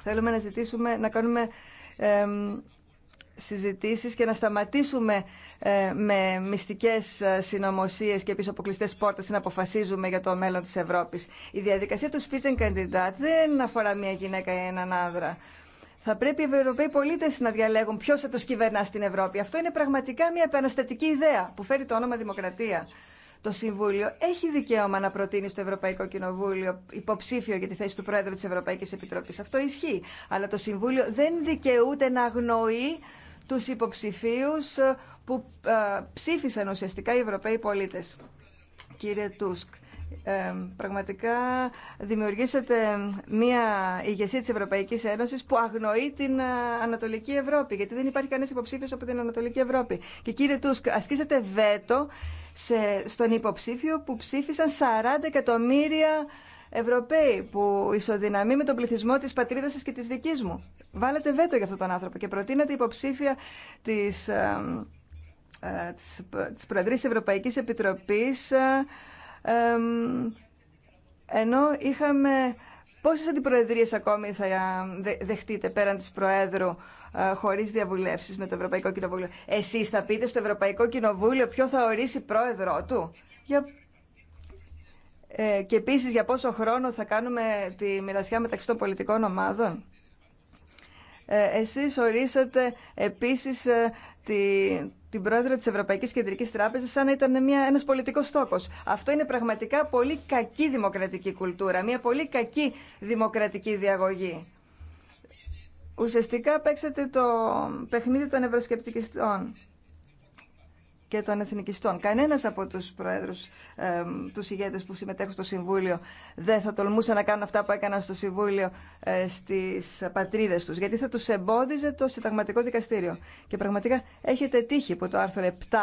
θέλουμε να ζητήσουμε να κάνουμε ε, συζητήσεις και να σταματήσουμε ε, με μυστικές ε, συνωμοσίε και πίσω από κλειστές πόρτες να αποφασίζουμε για το μέλλον της Ευρώπης. Η διαδικασία του and Candidate» δεν αφορά μια γυναίκα ή έναν άνδρα. Θα πρέπει οι Ευρωπαίοι πολίτε να διαλέγουν ποιο θα του κυβερνά στην Ευρώπη. Αυτό είναι πραγματικά μια επαναστατική ιδέα που φέρει το όνομα Δημοκρατία. Το Συμβούλιο έχει δικαίωμα να προτείνει στο Ευρωπαϊκό Κοινοβούλιο υποψήφιο για τη θέση του Πρόεδρου τη Ευρωπαϊκή Επιτροπή. Αυτό ισχύει. Αλλά το Συμβούλιο δεν δικαιούται να αγνοεί του υποψηφίου ε, που ε, ψήφισαν ουσιαστικά οι Ευρωπαίοι πολίτε. Κύριε Τούσκ, ε, πραγματικά δημιουργήσατε μια ηγεσία της Ευρωπαϊκής Ένωσης που αγνοεί την ε, Ανατολική Ευρώπη, γιατί δεν υπάρχει κανένας υποψήφιος από την Ανατολική Ευρώπη. Και κύριε Τούσκ, ασκήσατε βέτο σε, στον υποψήφιο που ψήφισαν 40 εκατομμύρια Ευρωπαίοι που ισοδυναμεί με τον πληθυσμό της πατρίδας σας και της δικής μου. Βάλατε βέτο για αυτόν τον άνθρωπο και προτείνατε υποψήφια της, ε, ε, της, της Προεδρής Ευρωπαϊκής Επιτροπής ε, ενώ είχαμε πόσες αντιπροεδρίες ακόμη θα ε, δεχτείτε πέραν της Προέδρου ε, χωρίς διαβουλεύσεις με το Ευρωπαϊκό Κοινοβούλιο. Εσείς θα πείτε στο Ευρωπαϊκό Κοινοβούλιο ποιο θα ορίσει πρόεδρό του. Για... Ε, και επίσης για πόσο χρόνο θα κάνουμε τη μοιρασιά μεταξύ των πολιτικών ομάδων. Ε, εσείς ορίσατε επίσης ε, τη, την πρόεδρο τη Ευρωπαϊκή Κεντρική Τράπεζα σαν να ήταν ένα πολιτικό στόχο. Αυτό είναι πραγματικά πολύ κακή δημοκρατική κουλτούρα, μια πολύ κακή δημοκρατική διαγωγή. Ουσιαστικά παίξατε το παιχνίδι των ευρωσκεπτικιστών και των εθνικιστών. Κανένα από του προέδρους, ε, του που συμμετέχουν στο Συμβούλιο δεν θα τολμούσε να κάνουν αυτά που έκαναν στο Συμβούλιο ε, στις πατρίδες τους, γιατί θα του εμπόδιζε το Συνταγματικό Δικαστήριο. Και πραγματικά έχετε τύχει που το άρθρο 7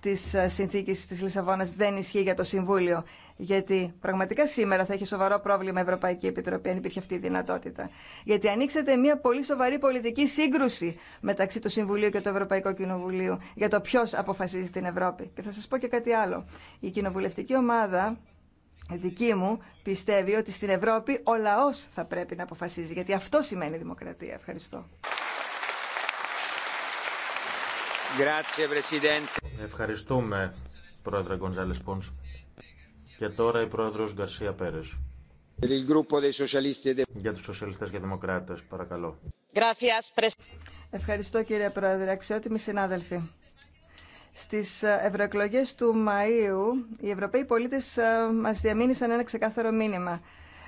της ε, συνθήκη τη Λισαβόνα, δεν ισχύει για το Συμβούλιο. Γιατί πραγματικά σήμερα θα έχει σοβαρό πρόβλημα η Ευρωπαϊκή Επιτροπή αν υπήρχε αυτή η δυνατότητα. Γιατί ανοίξατε μια πολύ σοβαρή πολιτική σύγκρουση μεταξύ του Συμβουλίου και του Ευρωπαϊκού Κοινοβουλίου για το ποιο αποφασίζει την Ευρώπη. Και θα σα πω και κάτι άλλο. Η κοινοβουλευτική ομάδα δική μου πιστεύει ότι στην Ευρώπη ο λαός θα πρέπει να αποφασίζει, γιατί αυτό σημαίνει δημοκρατία. Ευχαριστώ. Ευχαριστούμε, Πρόεδρε Γκονζάλε Πόνς. Και τώρα η πρόεδρος Γκαρσία Πέρες. E Για τους σοσιαλιστές και δημοκράτες, παρακαλώ. Ευχαριστώ κύριε Πρόεδρε, αξιότιμοι συνάδελφοι. Στις ε, ευρωεκλογέ του Μαΐου, οι Ευρωπαίοι πολίτες ε, μας διαμήνυσαν ένα ξεκάθαρο μήνυμα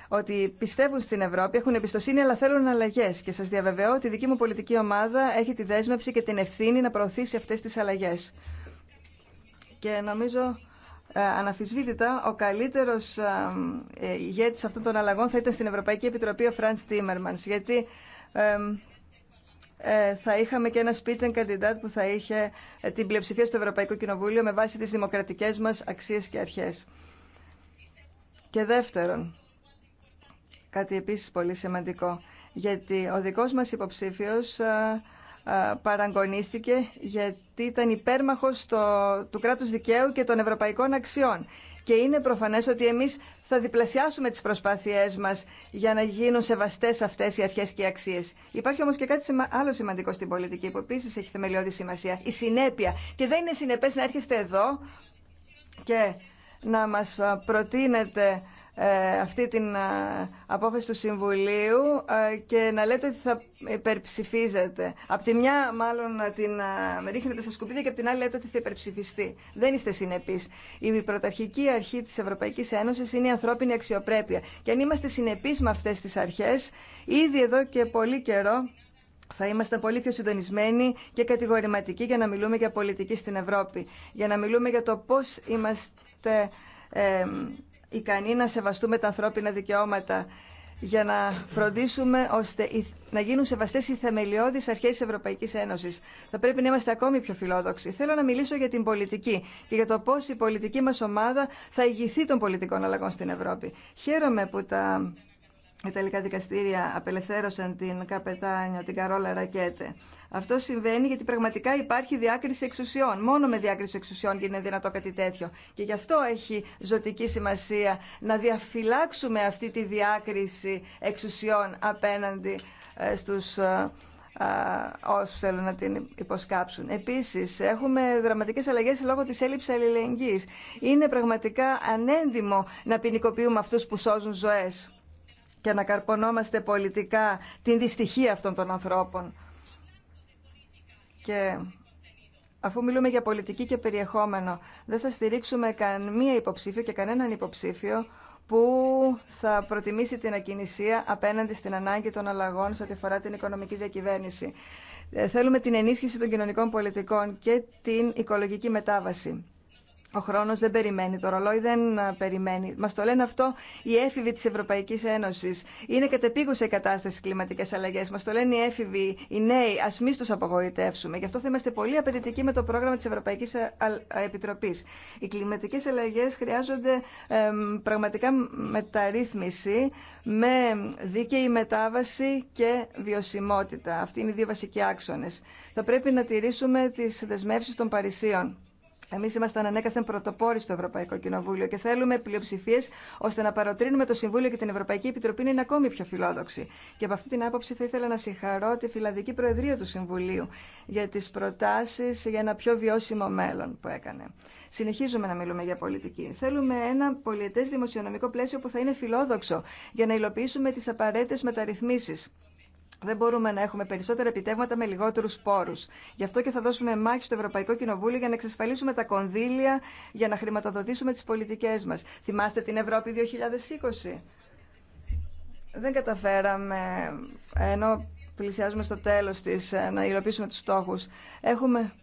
ότι πιστεύουν στην Ευρώπη, έχουν εμπιστοσύνη, αλλά θέλουν αλλαγέ. Και σα διαβεβαιώ ότι η δική μου πολιτική ομάδα έχει τη δέσμευση και την ευθύνη να προωθήσει αυτέ τι αλλαγέ. Και νομίζω ε, αναφυσβήτητα ο καλύτερος ε, ε, ηγέτης αυτών των αλλαγών θα ήταν στην Ευρωπαϊκή Επιτροπή ο Φραντς Τίμερμανς, γιατί θα είχαμε και ένα speech and candidate που θα είχε την πλειοψηφία στο Ευρωπαϊκό Κοινοβούλιο με βάση τις δημοκρατικές μας αξίες και αρχές. Και δεύτερον, κάτι επίσης πολύ σημαντικό, γιατί ο δικός μας υποψήφιος ε, παραγωνίστηκε γιατί ήταν υπέρμαχος του κράτους δικαίου και των ευρωπαϊκών αξιών. Και είναι προφανές ότι εμείς θα διπλασιάσουμε τις προσπάθειές μας για να γίνουν σεβαστές αυτές οι αρχές και οι αξίες. Υπάρχει όμως και κάτι άλλο σημαντικό στην πολιτική που επίση έχει θεμελιώδη σημασία. Η συνέπεια. Και δεν είναι συνεπές να έρχεστε εδώ και να μας προτείνετε ε, αυτή την ε, απόφαση του Συμβουλίου ε, και να λέτε ότι θα υπερψηφίζετε. Απ' τη μια μάλλον την ρίχνετε στα σκουπίδια και απ' την άλλη λέτε ότι θα υπερψηφιστεί. Δεν είστε συνεπείς. Η πρωταρχική αρχή της Ευρωπαϊκής Ένωσης είναι η ανθρώπινη αξιοπρέπεια. Και αν είμαστε συνεπείς με αυτές τις αρχές, ήδη εδώ και πολύ καιρό θα είμαστε πολύ πιο συντονισμένοι και κατηγορηματικοί για να μιλούμε για πολιτική στην Ευρώπη. Για να μιλούμε για το πώς είμαστε ικανοί να σεβαστούμε τα ανθρώπινα δικαιώματα για να φροντίσουμε ώστε να γίνουν σεβαστές οι θεμελιώδεις αρχές της Ευρωπαϊκής Ένωσης. Θα πρέπει να είμαστε ακόμη πιο φιλόδοξοι. Θέλω να μιλήσω για την πολιτική και για το πώς η πολιτική μας ομάδα θα ηγηθεί των πολιτικών αλλαγών στην Ευρώπη. Χαίρομαι που τα Ιταλικά δικαστήρια απελευθέρωσαν την καπετάνιο, την Καρόλα Ρακέτε. Αυτό συμβαίνει γιατί πραγματικά υπάρχει διάκριση εξουσιών. Μόνο με διάκριση εξουσιών γίνεται δυνατό κάτι τέτοιο. Και γι' αυτό έχει ζωτική σημασία να διαφυλάξουμε αυτή τη διάκριση εξουσιών απέναντι ε, στους ε, ε, όσους θέλουν να την υποσκάψουν. Επίσης, έχουμε δραματικές αλλαγές λόγω της έλλειψης αλληλεγγύης. Είναι πραγματικά ανέντιμο να ποινικοποιούμε αυτούς που σώζουν ζωές και να καρπονόμαστε πολιτικά την δυστυχία αυτών των ανθρώπων. Και αφού μιλούμε για πολιτική και περιεχόμενο, δεν θα στηρίξουμε καμία υποψήφιο και κανέναν υποψήφιο που θα προτιμήσει την ακινησία απέναντι στην ανάγκη των αλλαγών σε ό,τι αφορά την οικονομική διακυβέρνηση. Ε, θέλουμε την ενίσχυση των κοινωνικών πολιτικών και την οικολογική μετάβαση. Ο χρόνος δεν περιμένει, το ρολόι δεν ε, περιμένει. Μας το λένε αυτό οι έφηβοι της Ευρωπαϊκής Ένωσης. Είναι κατεπίγουσα η κατάσταση στις κλιματικές αλλαγές. Μας το λένε οι έφηβοι, οι νέοι. Ας μη τους απογοητεύσουμε. Γι' αυτό θα είμαστε πολύ απαιτητικοί με το πρόγραμμα της Ευρωπαϊκής ε, ε, Επιτροπής. Οι κλιματικές αλλαγές χρειάζονται πραγματικά μεταρρύθμιση με δίκαιη μετάβαση και βιωσιμότητα. Αυτοί είναι οι δύο βασικοί άξονες. Θα πρέπει να τηρήσουμε τις δεσμεύσεις των Παρισίων Εμεί ήμασταν ανέκαθεν πρωτοπόροι στο Ευρωπαϊκό Κοινοβούλιο και θέλουμε πλειοψηφίε ώστε να παροτρύνουμε το Συμβούλιο και την Ευρωπαϊκή Επιτροπή να είναι ακόμη πιο φιλόδοξοι. Και από αυτή την άποψη θα ήθελα να συγχαρώ τη Φιλανδική Προεδρία του Συμβουλίου για τι προτάσει για ένα πιο βιώσιμο μέλλον που έκανε. Συνεχίζουμε να μιλούμε για πολιτική. Θέλουμε ένα πολιετέ δημοσιονομικό πλαίσιο που θα είναι φιλόδοξο για να υλοποιήσουμε τι απαραίτητε μεταρρυθμίσει δεν μπορούμε να έχουμε περισσότερα επιτεύγματα με λιγότερου πόρου. Γι' αυτό και θα δώσουμε μάχη στο Ευρωπαϊκό Κοινοβούλιο για να εξασφαλίσουμε τα κονδύλια για να χρηματοδοτήσουμε τι πολιτικέ μα. Θυμάστε την Ευρώπη 2020. Δεν καταφέραμε, ενώ πλησιάζουμε στο τέλος της, να υλοποιήσουμε τους στόχους. Έχουμε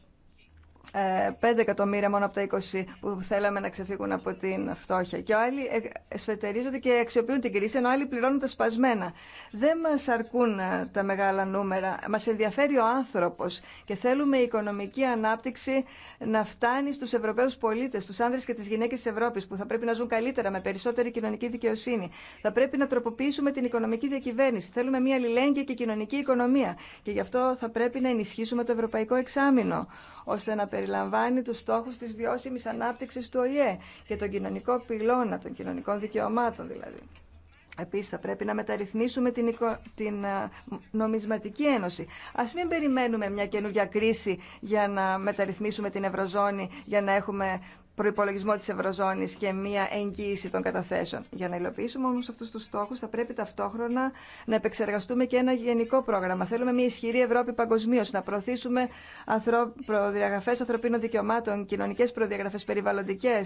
5 ε, εκατομμύρια μόνο από τα 20 που θέλαμε να ξεφύγουν από την φτώχεια. Και άλλοι ε, εσφετερίζονται και αξιοποιούν την κρίση, ενώ άλλοι πληρώνουν τα σπασμένα. Δεν μα αρκούν ε, τα μεγάλα νούμερα. Μα ενδιαφέρει ο άνθρωπο και θέλουμε η οικονομική ανάπτυξη να φτάνει στου Ευρωπαίου πολίτε, στου άνδρε και τι γυναίκε τη Ευρώπη, που θα πρέπει να ζουν καλύτερα, με περισσότερη κοινωνική δικαιοσύνη. Θα πρέπει να τροποποιήσουμε την οικονομική διακυβέρνηση. Θέλουμε μια αλληλέγγυα και κοινωνική οικονομία. Και γι' αυτό θα πρέπει να ενισχύσουμε το ευρωπαϊκό εξάμεινο, ώστε να περιλαμβάνει τους στόχους της βιώσιμης ανάπτυξης του ΟΗΕ και τον κοινωνικό πυλώνα, των κοινωνικών δικαιωμάτων δηλαδή. Επίσης θα πρέπει να μεταρρυθμίσουμε την, την ε, νομισματική ένωση. Ας μην περιμένουμε μια καινούργια κρίση για να μεταρρυθμίσουμε την Ευρωζώνη, για να έχουμε προπολογισμό τη Ευρωζώνη και μία εγγύηση των καταθέσεων. Για να υλοποιήσουμε όμω αυτού του στόχου, θα πρέπει ταυτόχρονα να επεξεργαστούμε και ένα γενικό πρόγραμμα. Θέλουμε μια ισχυρή Ευρώπη παγκοσμίω, να προωθήσουμε ανθρω... προδιαγραφέ ανθρωπίνων δικαιωμάτων, κοινωνικέ προδιαγραφέ περιβαλλοντικέ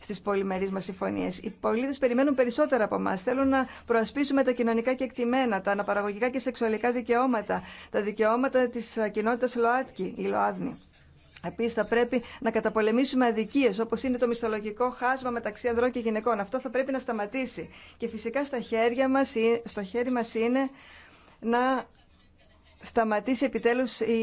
στι πολυμερεί μα συμφωνίε. Οι πολίτε περιμένουν περισσότερα από εμά. Θέλουν να προασπίσουμε τα κοινωνικά και εκτιμένα, τα αναπαραγωγικά και σεξουαλικά δικαιώματα, τα δικαιώματα τη κοινότητα ΛΟΑΤΚΙ, η Επίση, θα πρέπει να καταπολεμήσουμε αδικίε, όπω είναι το μισθολογικό χάσμα μεταξύ ανδρών και γυναικών. Αυτό θα πρέπει να σταματήσει. Και φυσικά στα χέρια μας, στο χέρι μα είναι να σταματήσει επιτέλους η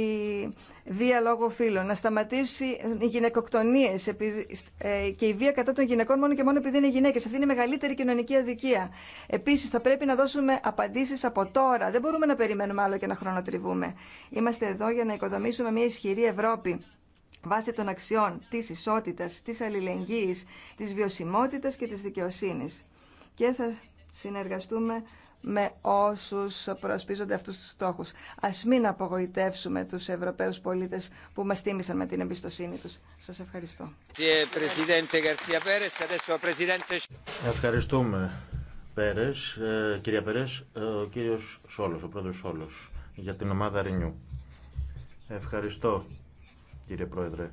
βία λόγω φύλων, να σταματήσει οι γυναικοκτονίες ε, και η βία κατά των γυναικών μόνο και μόνο επειδή είναι γυναίκες. Αυτή είναι η μεγαλύτερη κοινωνική αδικία. Επίσης θα πρέπει να δώσουμε απαντήσεις από τώρα. Δεν μπορούμε να περιμένουμε άλλο και να χρονοτριβούμε. Είμαστε εδώ για να οικοδομήσουμε μια ισχυρή Ευρώπη βάσει των αξιών της ισότητας, της αλληλεγγύης, της βιωσιμότητας και της δικαιοσύνης. Και θα συνεργαστούμε με όσους προασπίζονται αυτούς τους στόχους. Ας μην απογοητεύσουμε τους Ευρωπαίους πολίτες που μας τίμησαν με την εμπιστοσύνη τους. Σας ευχαριστώ. Ευχαριστούμε, Πέρες, ε, κυρία Πέρες, ε, ο κύριος Σόλος, ο πρόεδρος Σόλος, για την ομάδα Ρινιού. Ευχαριστώ κύριε Πρόεδρε.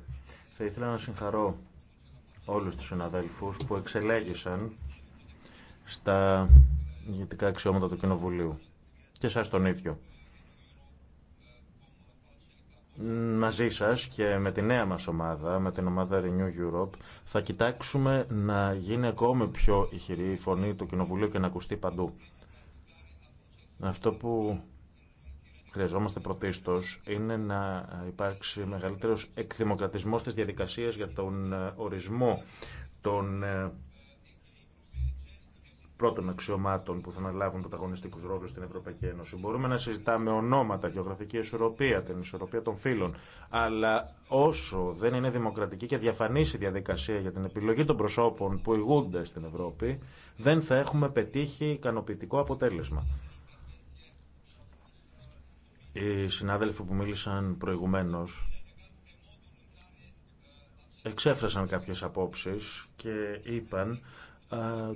Θα ήθελα να συγχαρώ όλους τους συναδέλφους που εξελέγησαν στα ηγετικά αξιώματα του Κοινοβουλίου και σας τον ίδιο. Μαζί σας και με τη νέα μας ομάδα, με την ομάδα Renew Europe, θα κοιτάξουμε να γίνει ακόμη πιο ηχηρή η φωνή του Κοινοβουλίου και να ακουστεί παντού. Αυτό που χρειαζόμαστε πρωτίστω είναι να υπάρξει μεγαλύτερο εκδημοκρατισμό τη διαδικασία για τον ε, ορισμό των ε, πρώτων αξιωμάτων που θα αναλάβουν πρωταγωνιστικού ρόλου στην Ευρωπαϊκή Ένωση. Μπορούμε να συζητάμε ονόματα, γεωγραφική ισορροπία, την ισορροπία των φύλων, αλλά όσο δεν είναι δημοκρατική και διαφανή η διαδικασία για την επιλογή των προσώπων που ηγούνται στην Ευρώπη, δεν θα έχουμε πετύχει ικανοποιητικό αποτέλεσμα. Οι συνάδελφοι που μίλησαν προηγουμένως εξέφρασαν κάποιες απόψεις και είπαν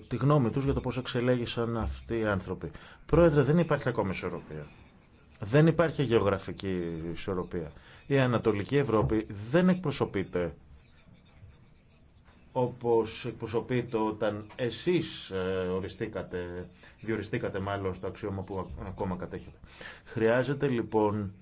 τη γνώμη τους για το πώς εξελέγησαν αυτοί οι άνθρωποι. Πρόεδρε, δεν υπάρχει ακόμη ισορροπία. Δεν υπάρχει γεωγραφική ισορροπία. Η Ανατολική Ευρώπη δεν εκπροσωπείται όπως εκπροσωπείτε όταν εσείς ε, οριστήκατε, διοριστήκατε μάλλον στο αξίωμα που ακόμα κατέχετε. Χρειάζεται λοιπόν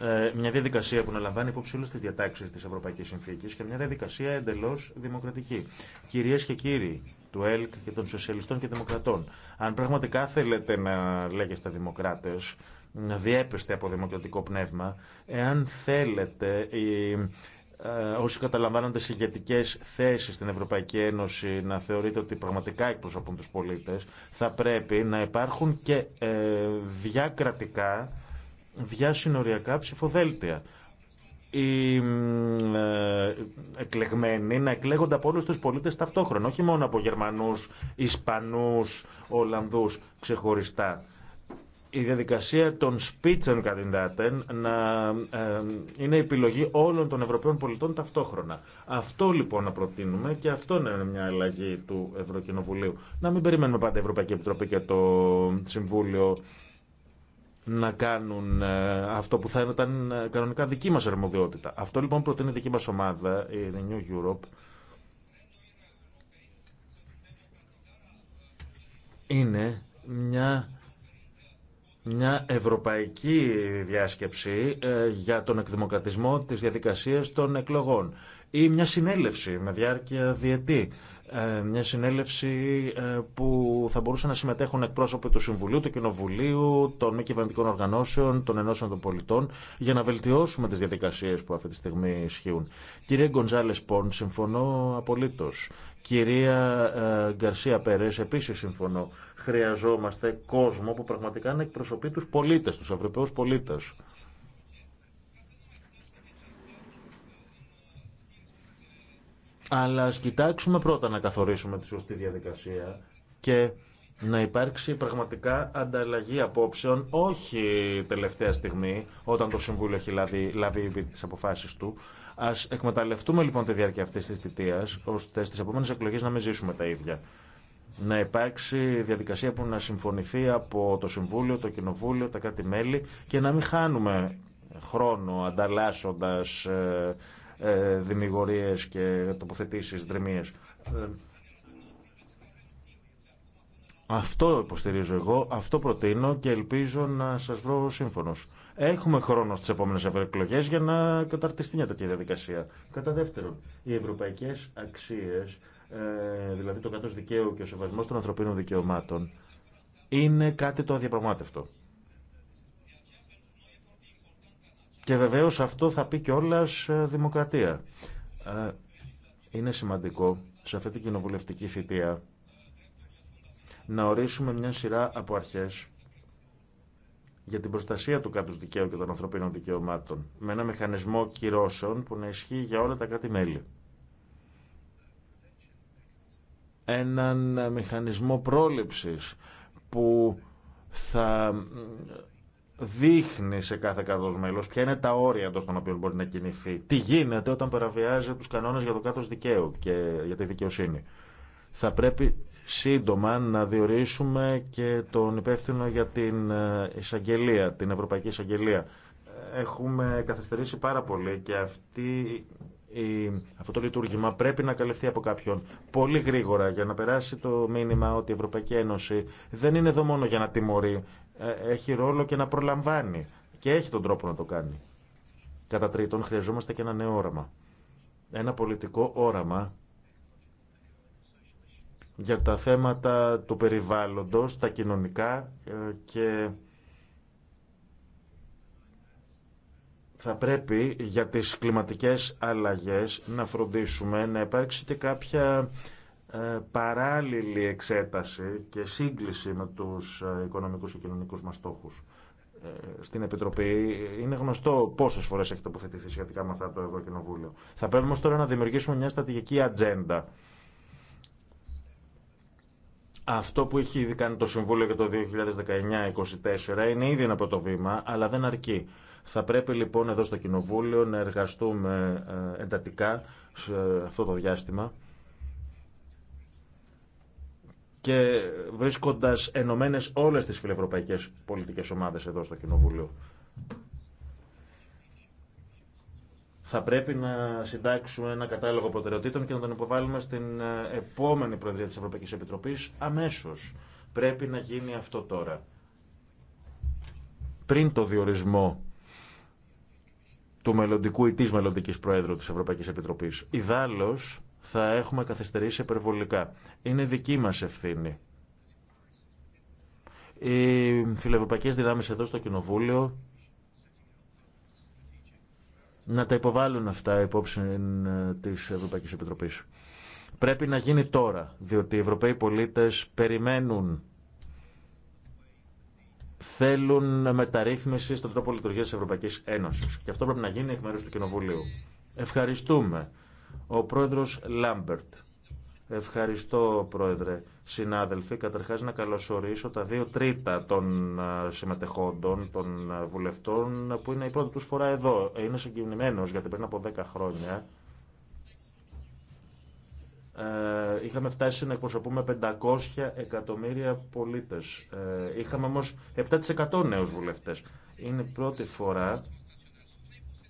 ε, μια διαδικασία που να λαμβάνει υπόψη όλες τι διατάξει τη Ευρωπαϊκή συνθήκης και μια διαδικασία εντελώς δημοκρατική. Κυρίες και κύριοι του ΕΛΚ και των Σοσιαλιστών και Δημοκρατών, αν πραγματικά θέλετε να λέγεστε δημοκράτες, να διέπεστε από δημοκρατικό πνεύμα, εάν θέλετε ε, όσοι καταλαμβάνονται σε ηγετικέ θέσει στην Ευρωπαϊκή Ένωση να θεωρείται ότι πραγματικά εκπροσωπούν του πολίτε, θα πρέπει να υπάρχουν και ε, διακρατικά, διασυνοριακά ψηφοδέλτια. Οι ε, εκλεγμένοι να εκλέγονται από όλου του πολίτε ταυτόχρονα, όχι μόνο από Γερμανού, Ισπανού, Ολλανδού ξεχωριστά η διαδικασία των Spitzenkandidaten να ε, είναι επιλογή όλων των Ευρωπαίων πολιτών ταυτόχρονα. Αυτό λοιπόν να προτείνουμε και αυτό είναι μια αλλαγή του Ευρωκοινοβουλίου. Να μην περιμένουμε πάντα η Ευρωπαϊκή Επιτροπή και το Συμβούλιο να κάνουν ε, αυτό που θα ήταν ε, κανονικά δική μας αρμοδιότητα. Αυτό λοιπόν προτείνει η δική μας ομάδα, η New Europe, είναι μια μια ευρωπαϊκή διάσκεψη ε, για τον εκδημοκρατισμό της διαδικασίας των εκλογών ή μια συνέλευση με διάρκεια διετή ε, μια συνέλευση ε, που θα μπορούσαν να συμμετέχουν εκπρόσωποι του Συμβουλίου, του Κοινοβουλίου, των μη κυβερνητικών οργανώσεων, των ενώσεων των πολιτών, για να βελτιώσουμε τι διαδικασίε που αυτή τη στιγμή ισχύουν. Κυρία Γκονζάλε Πον, συμφωνώ απολύτω. Κυρία ε, Γκαρσία Περέ, επίση συμφωνώ. Χρειαζόμαστε κόσμο που πραγματικά να εκπροσωπεί του πολίτε, του Ευρωπαίου πολίτε. Αλλά ας κοιτάξουμε πρώτα να καθορίσουμε τη σωστή διαδικασία και να υπάρξει πραγματικά ανταλλαγή απόψεων, όχι τελευταία στιγμή, όταν το Συμβούλιο έχει λάβει, λάβει τι αποφάσει του. Α εκμεταλλευτούμε λοιπόν τη διάρκεια αυτή τη θητεία, ώστε στι επόμενε εκλογέ να μην ζήσουμε τα ίδια. Να υπάρξει διαδικασία που να συμφωνηθεί από το Συμβούλιο, το Κοινοβούλιο, τα κάτι μελη και να μην χάνουμε χρόνο ανταλλάσσοντα ε, ε, δημιουργίες και τοποθετήσεις δρυμίες. Ε, αυτό υποστηρίζω εγώ, αυτό προτείνω και ελπίζω να σας βρω σύμφωνος. Έχουμε χρόνο στις επόμενες ευρωεκλογέ για να καταρτιστεί μια τέτοια διαδικασία. Κατά δεύτερον, οι ευρωπαϊκές αξίες, ε, δηλαδή το κράτος δικαίου και ο σεβασμός των ανθρωπίνων δικαιωμάτων, είναι κάτι το αδιαπραγμάτευτο. Και βεβαίως αυτό θα πει κιόλα ε, δημοκρατία. Ε, είναι σημαντικό σε αυτή την κοινοβουλευτική θητεία να ορίσουμε μια σειρά από αρχές για την προστασία του κάτους δικαίου και των ανθρωπίνων δικαιωμάτων με ένα μηχανισμό κυρώσεων που να ισχύει για όλα τα κράτη-μέλη. Έναν μηχανισμό πρόληψης που θα δείχνει σε κάθε κράτο μέλο ποια είναι τα όρια εντό των οποίων μπορεί να κινηθεί. Τι γίνεται όταν παραβιάζει του κανόνε για το κράτο δικαίου και για τη δικαιοσύνη. Θα πρέπει σύντομα να διορίσουμε και τον υπεύθυνο για την ε, εισαγγελία, την Ευρωπαϊκή Εισαγγελία. Έχουμε καθυστερήσει πάρα πολύ και αυτή αυτό το λειτουργήμα πρέπει να καλυφθεί από κάποιον πολύ γρήγορα για να περάσει το μήνυμα ότι η Ευρωπαϊκή Ένωση δεν είναι εδώ μόνο για να τιμωρεί ε, έχει ρόλο και να προλαμβάνει και έχει τον τρόπο να το κάνει. Κατά τρίτον, χρειαζόμαστε και ένα νέο όραμα. Ένα πολιτικό όραμα για τα θέματα του περιβάλλοντος, τα κοινωνικά ε, και θα πρέπει για τις κλιματικές αλλαγές να φροντίσουμε να υπάρξει και κάποια ε, παράλληλη εξέταση και σύγκληση με τους ε, οικονομικούς και κοινωνικούς μας στόχους ε, στην Επιτροπή. Είναι γνωστό πόσες φορές έχει τοποθετηθεί σχετικά με αυτά το Ευρωκοινοβούλιο. Θα πρέπει όμως τώρα να δημιουργήσουμε μια στρατηγική ατζέντα. Αυτό που έχει ήδη κάνει το Συμβούλιο για το 2019-2024 είναι ήδη ένα πρώτο βήμα, αλλά δεν αρκεί. Θα πρέπει λοιπόν εδώ στο Κοινοβούλιο να εργαστούμε εντατικά σε αυτό το διάστημα και βρίσκοντας ενωμένε όλες τις φιλευρωπαϊκές πολιτικές ομάδες εδώ στο Κοινοβούλιο. Θα πρέπει να συντάξουμε ένα κατάλογο προτεραιοτήτων και να τον υποβάλουμε στην ε, επόμενη Προεδρία της Ευρωπαϊκής Επιτροπής αμέσως. Πρέπει να γίνει αυτό τώρα. Πριν το διορισμό του μελλοντικού ή της μελλοντικής Προέδρου της Ευρωπαϊκής Επιτροπής. Ιδάλλως, θα έχουμε καθυστερήσει υπερβολικά. Είναι δική μας ευθύνη. Οι φιλευρωπαϊκές δυνάμεις εδώ στο Κοινοβούλιο να τα υποβάλουν αυτά υπόψη ε, της Ευρωπαϊκής Επιτροπής. Πρέπει να γίνει τώρα, διότι οι Ευρωπαίοι πολίτες περιμένουν θέλουν μεταρρύθμιση στον τρόπο λειτουργία τη Ευρωπαϊκή Ένωση. Και αυτό πρέπει να γίνει εκ μέρους του Κοινοβουλίου. Ευχαριστούμε. Ο πρόεδρος Λάμπερτ. Ευχαριστώ, Πρόεδρε. Συνάδελφοι, καταρχάς να καλωσορίσω τα δύο τρίτα των ε, συμμετεχόντων, των ε, βουλευτών, που είναι η πρώτη τους φορά εδώ. Είναι συγκινημένος, γιατί πριν από 10 χρόνια ε, είχαμε φτάσει να εκπροσωπούμε 500 εκατομμύρια πολίτες. είχαμε όμως 7% νέους βουλευτές. Είναι η πρώτη φορά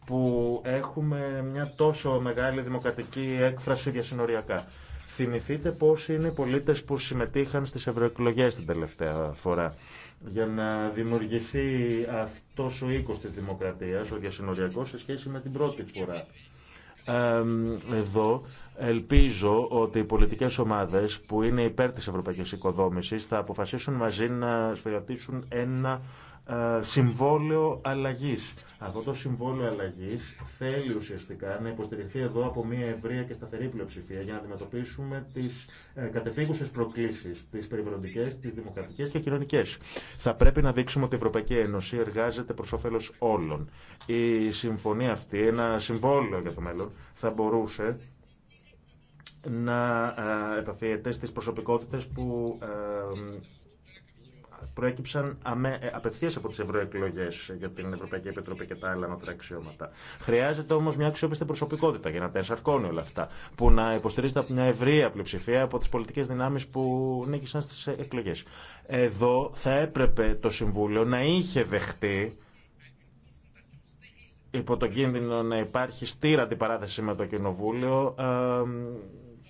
που έχουμε μια τόσο μεγάλη δημοκρατική έκφραση διασυνοριακά. Θυμηθείτε πώς είναι οι πολίτες που συμμετείχαν στις ευρωεκλογέ την τελευταία φορά για να δημιουργηθεί αυτός ο οίκος της δημοκρατίας, ο διασυνοριακός, σε σχέση με την πρώτη φορά. Εδώ ελπίζω ότι οι πολιτικές ομάδες που είναι υπέρ της ευρωπαϊκής οικοδόμησης θα αποφασίσουν μαζί να σφυρατήσουν ένα ε, συμβόλαιο αλλαγής αυτό το συμβόλαιο αλλαγή θέλει ουσιαστικά να υποστηριχθεί εδώ από μια ευρεία και σταθερή πλειοψηφία για να αντιμετωπίσουμε τι ε, κατεπίγουσε προκλήσει, τι περιβαλλοντικέ, τι δημοκρατικέ και κοινωνικέ. Θα πρέπει να δείξουμε ότι η Ευρωπαϊκή Ένωση εργάζεται προ όφελο όλων. Η συμφωνία αυτή, ένα συμβόλαιο για το μέλλον, θα μπορούσε να ε, επαφιέται στις προσωπικότητες που ε, προέκυψαν ε, απευθεία από τι ευρωεκλογέ για την Ευρωπαϊκή Επιτροπή και τα άλλα ανώτερα αξιώματα. Χρειάζεται όμω μια αξιόπιστη προσωπικότητα για να τα ενσαρκώνει όλα αυτά, που να υποστηρίζεται από μια ευρεία πλειοψηφία από τι πολιτικέ δυνάμει που νίκησαν στι εκλογέ. Εδώ θα έπρεπε το Συμβούλιο να είχε δεχτεί υπό τον κίνδυνο να υπάρχει στήρα αντιπαράθεση με το Κοινοβούλιο ε,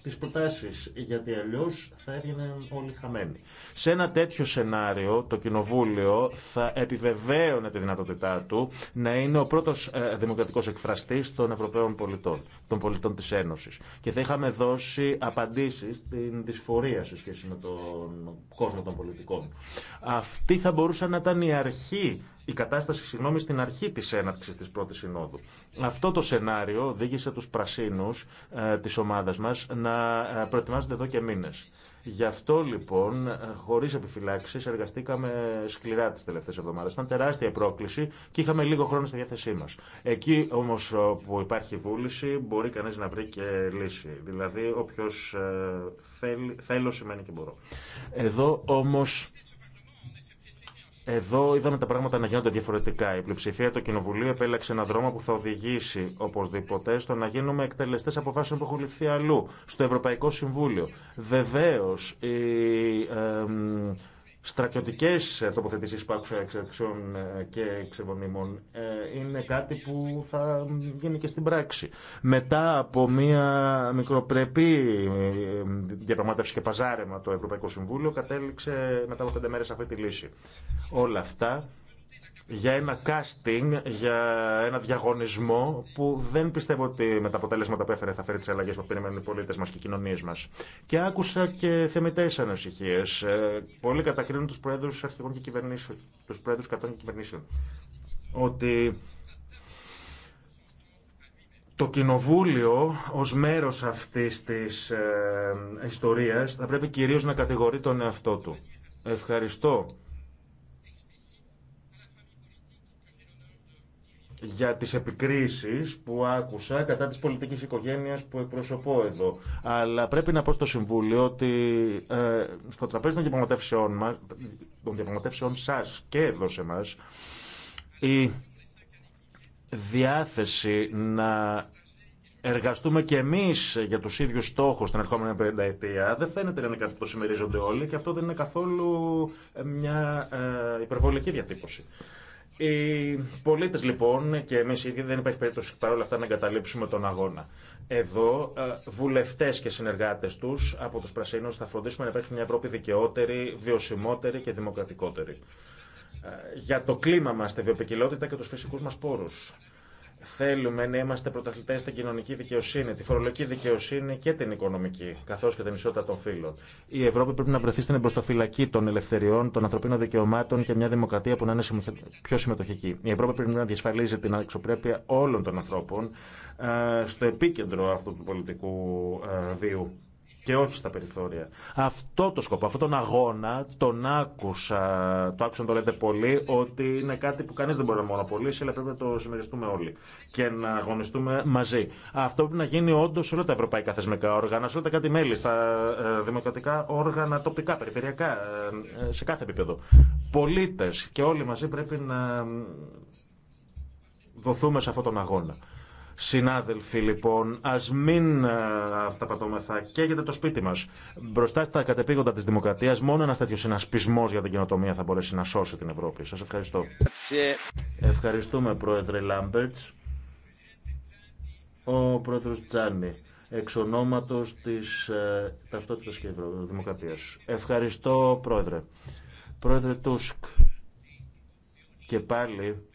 τι προτάσει γιατί αλλιώ θα έβγαιναν όλοι χαμένοι. Σε ένα τέτοιο σενάριο το Κοινοβούλιο θα επιβεβαίωνε τη δυνατότητά του να είναι ο πρώτος ε, δημοκρατικός εκφραστής των Ευρωπαίων πολιτών, των πολιτών της Ένωσης. Και θα είχαμε δώσει απαντήσεις στην δυσφορία σε σχέση με τον κόσμο των πολιτικών. Αυτή θα μπορούσε να ήταν η αρχή η κατάσταση συγγνώμη, στην αρχή της έναρξης της πρώτης συνόδου. Αυτό το σενάριο οδήγησε τους πρασίνους ε, της ομάδας μας να ε, προετοιμάζονται εδώ και μήνες. Γι' αυτό λοιπόν, ε, χωρί επιφυλάξει, εργαστήκαμε σκληρά τι τελευταίε εβδομάδε. Ήταν τεράστια πρόκληση και είχαμε λίγο χρόνο στη διάθεσή μα. Εκεί όμω ε, που υπάρχει βούληση, μπορεί κανεί να βρει και λύση. Δηλαδή, όποιο θέλει, θέλω σημαίνει και μπορώ. Εδώ όμω εδώ είδαμε τα πράγματα να γίνονται διαφορετικά. Η πλειοψηφία του Κοινοβουλίου επέλεξε ένα δρόμο που θα οδηγήσει οπωσδήποτε στο να γίνουμε εκτελεστέ αποφάσεων που έχουν ληφθεί αλλού, στο Ευρωπαϊκό Συμβούλιο. Βεβαίω, η ε, στρατιωτικέ τοποθετήσει πάξου εξεταξιών ε, και εξεβονίμων ε, είναι κάτι που θα γίνει και στην πράξη. Μετά από μια μικροπρεπή ε, διαπραγμάτευση και παζάρεμα το Ευρωπαϊκό Συμβούλιο κατέληξε μετά από πέντε μέρε αυτή τη λύση. Όλα αυτά για ένα casting, για ένα διαγωνισμό που δεν πιστεύω ότι με τα αποτέλεσματα που έφερε θα φέρει τι αλλαγέ που περιμένουν οι πολίτε μα και οι κοινωνίε μα. Και άκουσα και θεμητέ ανησυχίε. Ε, πολλοί κατακρίνουν του πρόεδρου αρχηγών και κυβερνήσεων, του πρόεδρου κατών και κυβερνήσεων. Ότι το κοινοβούλιο ως μέρος αυτής της ε, ιστορίας θα πρέπει κυρίως να κατηγορεί τον εαυτό του. Ευχαριστώ για τις επικρίσεις που άκουσα κατά της πολιτικής οικογένειας που εκπροσωπώ εδώ. Αλλά πρέπει να πω στο Συμβούλιο ότι ε, στο τραπέζι των διαπραγματεύσεών, μας, των διαπραγματεύσεών σας και εδώ σε μας, η διάθεση να εργαστούμε και εμείς για τους ίδιους στόχους την ερχόμενη πενταετία, δεν φαίνεται να είναι κάτι που το συμμερίζονται όλοι και αυτό δεν είναι καθόλου μια ε, υπερβολική διατύπωση. Οι πολίτε λοιπόν και εμεί ίδιοι δεν υπάρχει περίπτωση παρόλα αυτά να εγκαταλείψουμε τον αγώνα. Εδώ ε, βουλευτέ και συνεργάτε του από του Πρασίνου θα φροντίσουμε να υπάρχει μια Ευρώπη δικαιότερη, βιωσιμότερη και δημοκρατικότερη. Ε, για το κλίμα μα, τη βιοπικιλότητα και του φυσικού μα πόρου. Θέλουμε να είμαστε πρωταθλητέ στην κοινωνική δικαιοσύνη, τη φορολογική δικαιοσύνη και την οικονομική, καθώ και την ισότητα των φύλων. Η Ευρώπη πρέπει να βρεθεί στην εμπροστοφυλακή των ελευθεριών, των ανθρωπίνων δικαιωμάτων και μια δημοκρατία που να είναι πιο συμμετοχική. Η Ευρώπη πρέπει να διασφαλίζει την αξιοπρέπεια όλων των ανθρώπων ε, στο επίκεντρο αυτού του πολιτικού ε, βίου και όχι στα περιθώρια. Αυτό το σκοπό, αυτόν τον αγώνα τον άκουσα, το άκουσα να το λέτε πολύ, ότι είναι κάτι που κανείς δεν μπορεί να μονοπολίσει, αλλά πρέπει να το συμμεριστούμε όλοι και να αγωνιστούμε μαζί. Αυτό πρέπει να γίνει όντω σε όλα τα ευρωπαϊκά θεσμικά όργανα, σε όλα τα κάτι μέλη, στα ε, δημοκρατικά όργανα, τοπικά, περιφερειακά, ε, ε, σε κάθε επίπεδο. Πολίτε και όλοι μαζί πρέπει να δοθούμε σε αυτόν τον αγώνα. Συνάδελφοι, λοιπόν, ας μην ε, αυταπατώμεθα. Καίγεται το σπίτι μας. Μπροστά στα κατεπήγοντα της Δημοκρατίας, μόνο ένα τέτοιο συνασπισμό για την κοινοτομία θα μπορέσει να σώσει την Ευρώπη. Σα ευχαριστώ. Ευχαριστούμε, Πρόεδρε Λάμπερτς, Ο Πρόεδρος Τζάνι, εξ της τη ε, Ταυτότητα και Δημοκρατία. Ευχαριστώ, Πρόεδρε. Πρόεδρε Τούσκ, και πάλι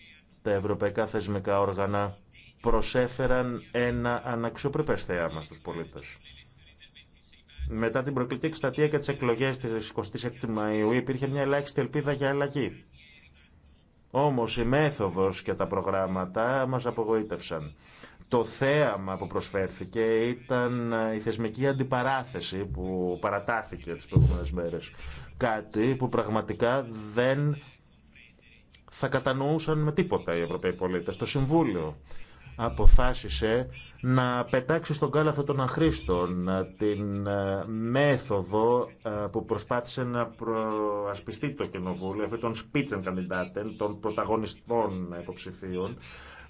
τα ευρωπαϊκά θεσμικά όργανα προσέφεραν ένα αναξιοπρεπε θέαμα στους πολίτες. Μετά την προκλητική εκστατεία και τις εκλογές της 26 Μαΐου υπήρχε μια ελάχιστη ελπίδα για αλλαγή. Όμως η μέθοδος και τα προγράμματα μας απογοήτευσαν. Το θέαμα που προσφέρθηκε ήταν η θεσμική αντιπαράθεση που παρατάθηκε τις προηγούμενες μέρες. Κάτι που πραγματικά δεν θα κατανοούσαν με τίποτα οι Ευρωπαίοι πολίτες. Το Συμβούλιο αποφάσισε να πετάξει στον κάλαθο των αχρήστων ε, την ε, μέθοδο ε, που προσπάθησε να προασπιστεί το κοινοβούλιο, αυτή των Spitzenkandidaten, των πρωταγωνιστών υποψηφίων,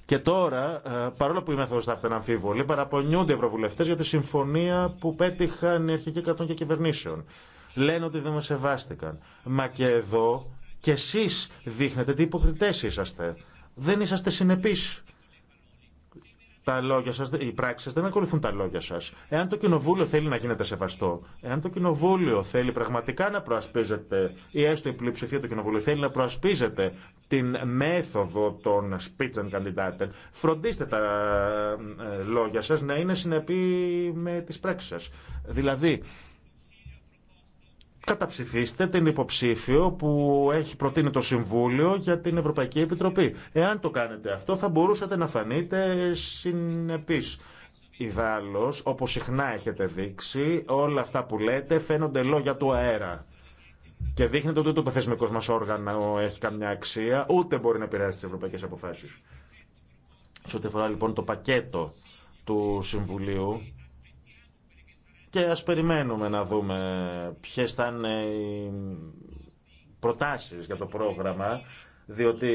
και τώρα, παρόλο που η μέθοδο θα έφτανε αμφίβολη, παραπονιούνται οι ευρωβουλευτέ για τη συμφωνία που πέτυχαν οι αρχικοί κρατών και κυβερνήσεων. Λένε ότι δεν με σεβάστηκαν. Μα και εδώ κι εσεί δείχνετε τι υποκριτέ είσαστε. Δεν είσαστε συνεπεί τα λόγια σας, οι πράξεις δεν ακολουθούν τα λόγια σας. Εάν το κοινοβούλιο θέλει να γίνεται σεβαστό, εάν το κοινοβούλιο θέλει πραγματικά να προασπίζεται, ή έστω η πλειοψηφία του κοινοβουλίου θέλει να προασπίζεται την μέθοδο των speech and φροντίστε τα ε, ε, λόγια σας να είναι συνεπή με τις πράξεις σας. Δηλαδή, καταψηφίστε την υποψήφιο που έχει προτείνει το Συμβούλιο για την Ευρωπαϊκή Επιτροπή. Εάν το κάνετε αυτό θα μπορούσατε να φανείτε συνεπείς. Ιδάλλως, όπως συχνά έχετε δείξει, όλα αυτά που λέτε φαίνονται λόγια του αέρα. Και δείχνετε ότι ούτε το θεσμικό μα όργανο έχει καμιά αξία, ούτε μπορεί να επηρεάσει τι ευρωπαϊκέ αποφάσει. Σε ό,τι αφορά λοιπόν το πακέτο του Συμβουλίου, και ας περιμένουμε να δούμε ποιες θα είναι οι προτάσεις για το πρόγραμμα, διότι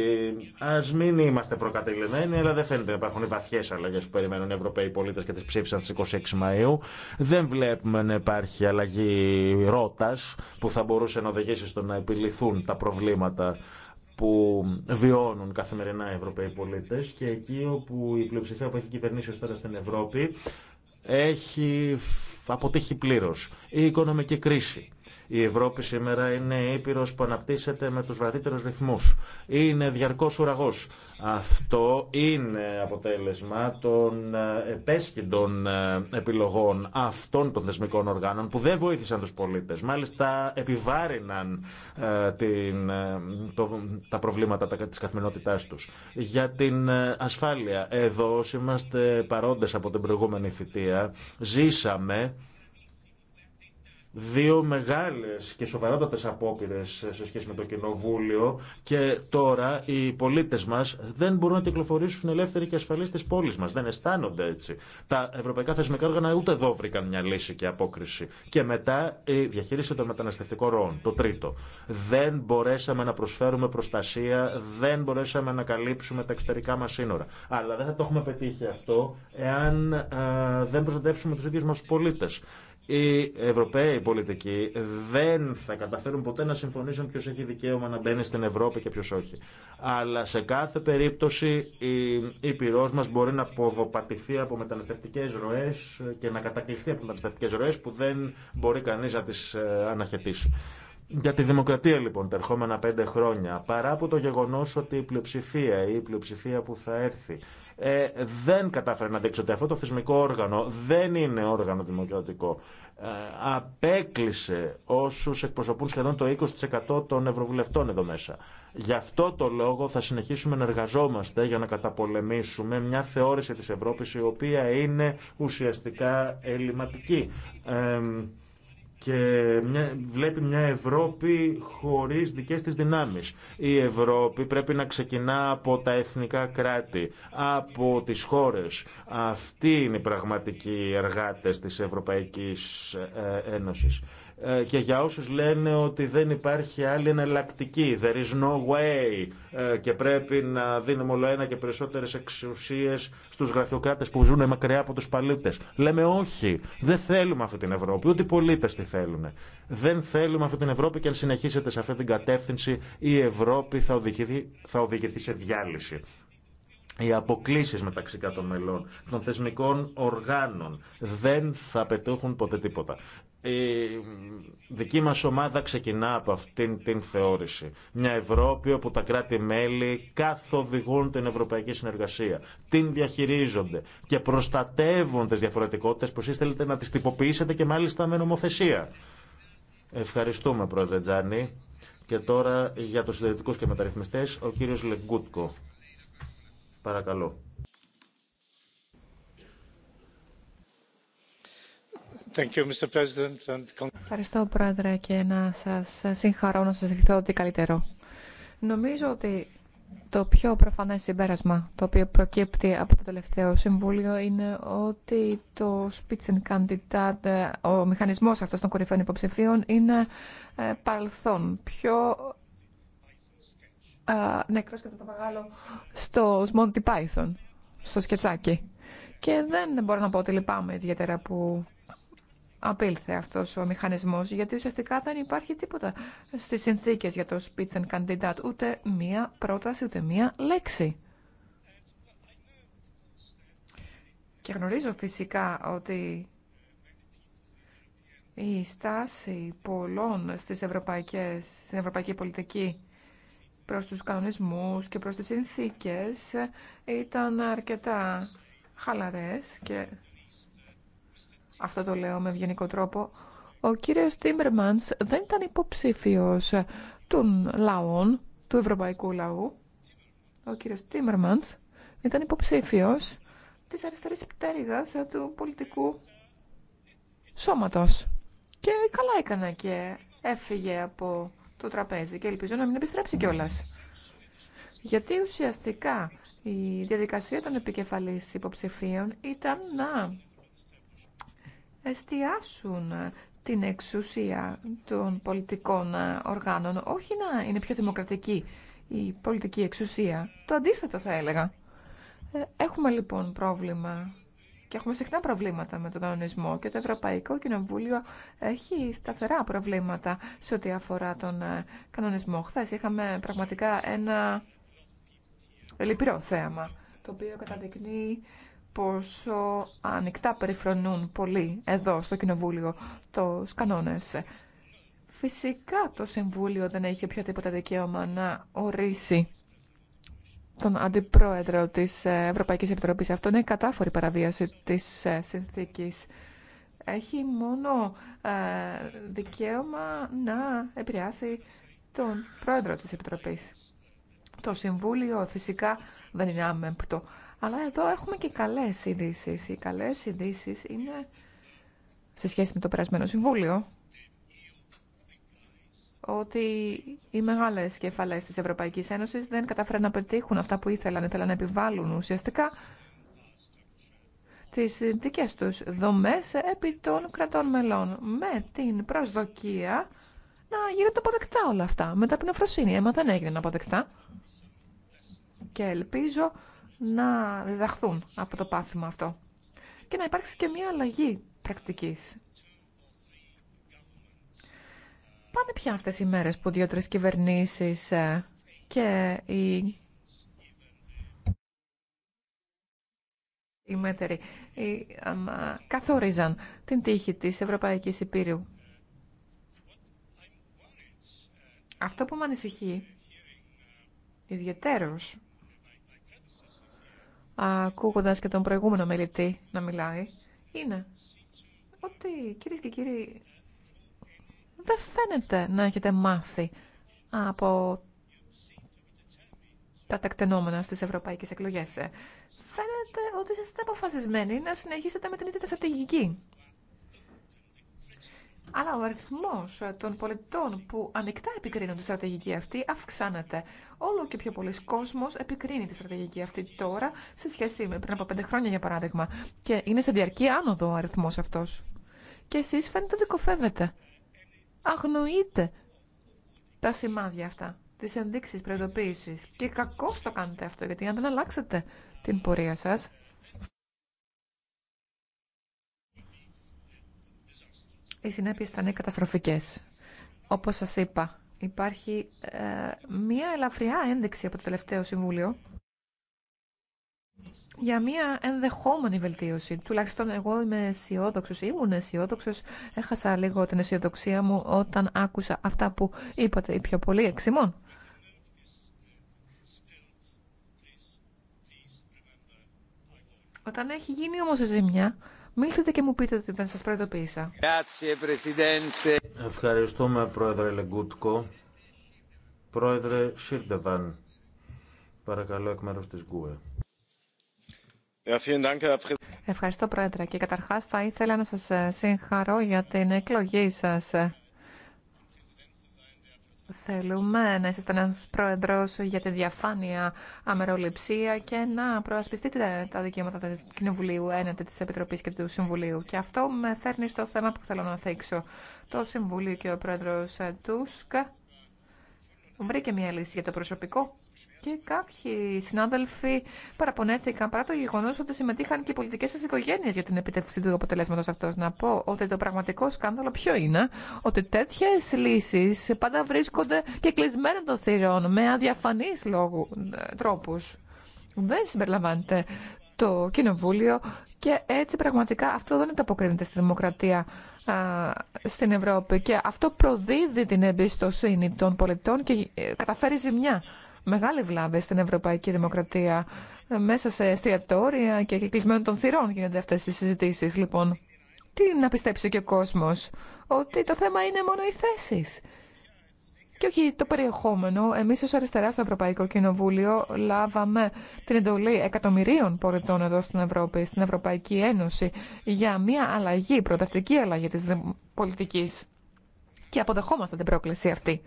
ας μην είμαστε προκατελημένοι, αλλά δεν φαίνεται να υπάρχουν οι βαθιές αλλαγές που περιμένουν οι Ευρωπαίοι πολίτες και τις ψήφισαν στις 26 Μαΐου. Δεν βλέπουμε να υπάρχει αλλαγή ρότας που θα μπορούσε να οδηγήσει στο να επιληθούν τα προβλήματα που βιώνουν καθημερινά οι Ευρωπαίοι πολίτες και εκεί όπου η πλειοψηφία που έχει κυβερνήσει ως τώρα στην Ευρώπη έχει αποτύχει πλήρω. Η οικονομική κρίση η Ευρώπη σήμερα είναι ήπειρος που αναπτύσσεται με τους βραδύτερους ρυθμούς. Είναι διαρκώς ουραγός. Αυτό είναι αποτέλεσμα των ε, επέσχυντων ε, επιλογών αυτών των θεσμικών οργάνων που δεν βοήθησαν τους πολίτες. Μάλιστα επιβάρυναν ε, την, τα προβλήματα της καθημερινότητάς τους. Για την ασφάλεια, εδώ όσοι είμαστε παρόντες από την προηγούμενη θητεία, ζήσαμε δύο μεγάλες και σοβαρότατες απόπειρες σε σχέση με το Κοινοβούλιο και τώρα οι πολίτες μας δεν μπορούν να κυκλοφορήσουν ελεύθεροι και ασφαλείς στις πόλεις μας. Δεν αισθάνονται έτσι. Τα ευρωπαϊκά θεσμικά όργανα ούτε εδώ βρήκαν μια λύση και απόκριση. Και μετά η διαχείριση των μεταναστευτικών ροών, το τρίτο. Δεν μπορέσαμε να προσφέρουμε προστασία, δεν μπορέσαμε να καλύψουμε τα εξωτερικά μας σύνορα. Αλλά δεν θα το έχουμε πετύχει αυτό εάν ε, δεν προστατεύσουμε τους ίδιους μας πολίτες οι Ευρωπαίοι πολιτικοί δεν θα καταφέρουν ποτέ να συμφωνήσουν ποιο έχει δικαίωμα να μπαίνει στην Ευρώπη και ποιο όχι. Αλλά σε κάθε περίπτωση η πυρός μα μπορεί να ποδοπατηθεί από μεταναστευτικέ ροές και να κατακλειστεί από μεταναστευτικέ ροές που δεν μπορεί κανείς να τι ε, αναχαιτήσει. Για τη δημοκρατία λοιπόν τα ερχόμενα πέντε χρόνια, παρά από το γεγονός ότι η πλειοψηφία ή η πλειοψηφία που θα έρθει ε, δεν κατάφερε να δείξει ότι αυτό το θεσμικό όργανο δεν είναι όργανο δημοκρατικό. Ε, απέκλεισε όσους εκπροσωπούν σχεδόν το 20% των ευρωβουλευτών εδώ μέσα. Γι' αυτό το λόγο θα συνεχίσουμε να εργαζόμαστε για να καταπολεμήσουμε μια θεώρηση της Ευρώπης η οποία είναι ουσιαστικά ελληματική. Ε, και βλέπει μια Ευρώπη χωρίς δικές της δυνάμεις. Η Ευρώπη πρέπει να ξεκινά από τα εθνικά κράτη, από τις χώρες. Αυτοί είναι οι πραγματικοί εργάτες της Ευρωπαϊκής ε, Ένωσης. Ε, και για όσους λένε ότι δεν υπάρχει άλλη εναλλακτική, there is no way ε, και πρέπει να δίνουμε όλο ένα και περισσότερες εξουσίες στους γραφειοκράτες που ζουν μακριά από τους παλίτες. Λέμε όχι, δεν θέλουμε αυτή την Ευρώπη, ούτε οι πολίτες τη θέλουν. Δεν θέλουμε αυτή την Ευρώπη και αν συνεχίσετε σε αυτή την κατεύθυνση η Ευρώπη θα οδηγηθεί, θα οδηγηθεί σε διάλυση οι αποκλήσεις μεταξύ κάτω μελών, των θεσμικών οργάνων δεν θα πετύχουν ποτέ τίποτα. Η δική μας ομάδα ξεκινά από αυτήν την θεώρηση. Μια Ευρώπη όπου τα κράτη-μέλη καθοδηγούν την ευρωπαϊκή συνεργασία, την διαχειρίζονται και προστατεύουν τις διαφορετικότητες που εσείς θέλετε να τις τυποποιήσετε και μάλιστα με νομοθεσία. Ευχαριστούμε, Πρόεδρε Τζάνη. Και τώρα για τους συντηρητικούς και μεταρρυθμιστές, ο κύριος Λεγκούτκο. Παρακαλώ. Ευχαριστώ, Πρόεδρε, και να σας συγχαρώ να σας ευχηθώ ότι καλύτερο. Νομίζω ότι το πιο προφανές συμπέρασμα το οποίο προκύπτει από το τελευταίο συμβούλιο είναι ότι το Spitzenkandidat, ο μηχανισμός αυτός των κορυφαίων υποψηφίων είναι ε, παρελθόν, πιο ε, νεκρός και το μεγάλο στο Monty Python, στο σκετσάκι. Και δεν μπορώ να πω ότι λυπάμαι ιδιαίτερα που απήλθε αυτός ο μηχανισμός, γιατί ουσιαστικά δεν υπάρχει τίποτα στις συνθήκες για το Spitzenkandidat, ούτε μία πρόταση, ούτε μία λέξη. Και γνωρίζω φυσικά ότι η στάση πολλών στις ευρωπαϊκές, στην ευρωπαϊκή πολιτική προς τους κανονισμούς και προς τις συνθήκες ήταν αρκετά χαλαρές και αυτό το λέω με ευγενικό τρόπο, ο κύριος Τίμπερμαντς δεν ήταν υποψήφιος των λαών, του ευρωπαϊκού λαού. Ο κύριος Τίμπερμαντς ήταν υποψήφιος της αριστερής πτέρυγας του πολιτικού σώματος. Και καλά έκανε και έφυγε από το τραπέζι και ελπίζω να μην επιστρέψει κιόλα. Γιατί ουσιαστικά η διαδικασία των επικεφαλής υποψηφίων ήταν να εστιάσουν ε, την εξουσία των πολιτικών ε, οργάνων, όχι να είναι πιο δημοκρατική η πολιτική εξουσία. Το αντίθετο θα έλεγα. Ε, έχουμε λοιπόν πρόβλημα και έχουμε συχνά προβλήματα με τον κανονισμό και το Ευρωπαϊκό Κοινοβούλιο έχει σταθερά προβλήματα σε ό,τι αφορά τον κανονισμό. Χθε είχαμε πραγματικά ένα λυπηρό θέαμα το οποίο καταδεικνύει πόσο ανοιχτά περιφρονούν πολύ εδώ στο Κοινοβούλιο το κανόνες. Φυσικά το Συμβούλιο δεν έχει οποιαδήποτε δικαίωμα να ορίσει τον Αντιπρόεδρο της Ευρωπαϊκής Επιτροπής. Αυτό είναι η κατάφορη παραβίαση της ε, συνθήκης. Έχει μόνο ε, δικαίωμα να επηρεάσει τον Πρόεδρο της Επιτροπής. Το Συμβούλιο φυσικά δεν είναι άμεμπτο αλλά εδώ έχουμε και καλές ειδήσει. Οι καλές ειδήσει είναι σε σχέση με το περασμένο συμβούλιο ότι οι μεγάλες κεφαλές της Ευρωπαϊκής Ένωσης δεν κατάφεραν να πετύχουν αυτά που ήθελαν, ήθελαν να επιβάλλουν ουσιαστικά τις δικές τους δομές επί των κρατών μελών με την προσδοκία να γίνονται αποδεκτά όλα αυτά με ταπεινοφροσύνη. Έμα δεν έγιναν αποδεκτά και ελπίζω να διδαχθούν από το πάθημα αυτό και να υπάρξει και μια αλλαγή πρακτικής. Πάνε πια αυτές οι μέρες που δύο-τρεις κυβερνήσεις ε, και οι... οι μέτεροι οι... καθόριζαν την τύχη της Ευρωπαϊκής Υπήρου. Αυτό που με ανησυχεί ιδιαιτέρως ακούγοντα και τον προηγούμενο μελητή να μιλάει, είναι ότι, κυρίε και κύριοι, δεν φαίνεται να έχετε μάθει από τα τεκτενόμενα στις ευρωπαϊκές εκλογές. Ε, φαίνεται ότι είστε αποφασισμένοι να συνεχίσετε με την ίδια στρατηγική αλλά ο αριθμό ε, των πολιτών που ανοιχτά επικρίνουν τη στρατηγική αυτή αυξάνεται. Όλο και πιο πολλοί κόσμος επικρίνει τη στρατηγική αυτή τώρα σε σχέση με πριν από πέντε χρόνια για παράδειγμα και είναι σε διαρκή άνοδο ο αριθμό αυτός. Και εσείς φαίνεται ότι κοφεύετε. Αγνοείτε τα σημάδια αυτά, τις ενδείξει προειδοποίηση. και κακώ το κάνετε αυτό γιατί αν δεν αλλάξετε την πορεία σας οι συνέπειες θα είναι καταστροφικές. Όπως σας είπα, υπάρχει ε, μία ελαφριά ένδειξη από το τελευταίο Συμβούλιο για μία ενδεχόμενη βελτίωση. Τουλάχιστον εγώ είμαι αισιόδοξο, ήμουν αισιόδοξο. Έχασα λίγο την αισιοδοξία μου όταν άκουσα αυτά που είπατε οι πιο πολλοί εξημών. Όταν έχει γίνει όμως η ζημιά, Μίλτε και μου πείτε ότι δεν σας προειδοποίησα. Ευχαριστούμε, Πρόεδρε Λεγκούτκο. Πρόεδρε Σίρντεβαν, παρακαλώ εκ μέρους της ΓΚΟΕ. Ευχαριστώ, Πρόεδρε. Και καταρχάς θα ήθελα να σας συγχαρώ για την εκλογή σας Θέλουμε να είστε ένα πρόεδρο για τη διαφάνεια, αμεροληψία και να προασπιστείτε τα δικαιώματα του Κοινοβουλίου έναντι τη Επιτροπή και του Συμβουλίου. Και αυτό με φέρνει στο θέμα που θέλω να θέξω. Το Συμβούλιο και ο πρόεδρο Τούσκ βρήκε μια λύση για το προσωπικό και κάποιοι συνάδελφοι παραπονέθηκαν παρά το γεγονό ότι συμμετείχαν και οι πολιτικέ σα οικογένειε για την επιτεύξη του αποτελέσματο αυτό. Να πω ότι το πραγματικό σκάνδαλο ποιο είναι, ότι τέτοιε λύσει πάντα βρίσκονται και κλεισμένα των θηρών με αδιαφανεί ε, τρόπου. Δεν συμπεριλαμβάνεται το κοινοβούλιο και έτσι πραγματικά αυτό δεν ανταποκρίνεται στη δημοκρατία στην Ευρώπη και αυτό προδίδει την εμπιστοσύνη των πολιτών και ε, καταφέρει ζημιά μεγάλη βλάβη στην ευρωπαϊκή δημοκρατία. Ε, μέσα σε εστιατόρια και κλεισμένο των θυρών γίνονται αυτέ τι συζητήσει, λοιπόν. Τι να πιστέψει και ο κόσμο, Ότι το θέμα είναι μόνο οι θέσει. Και όχι το περιεχόμενο. Εμεί ω αριστερά στο Ευρωπαϊκό Κοινοβούλιο λάβαμε την εντολή εκατομμυρίων πολιτών εδώ στην Ευρώπη, στην Ευρωπαϊκή Ένωση, για μια αλλαγή, προταστική αλλαγή τη πολιτική. Και αποδεχόμαστε την πρόκληση αυτή.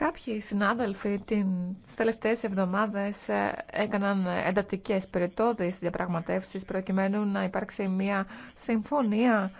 Κάποιοι συνάδελφοι την, τις τελευταίες εβδομάδες ε, έκαναν εντατικές περιπτώδεις διαπραγματεύσεις προκειμένου να υπάρξει μια συμφωνία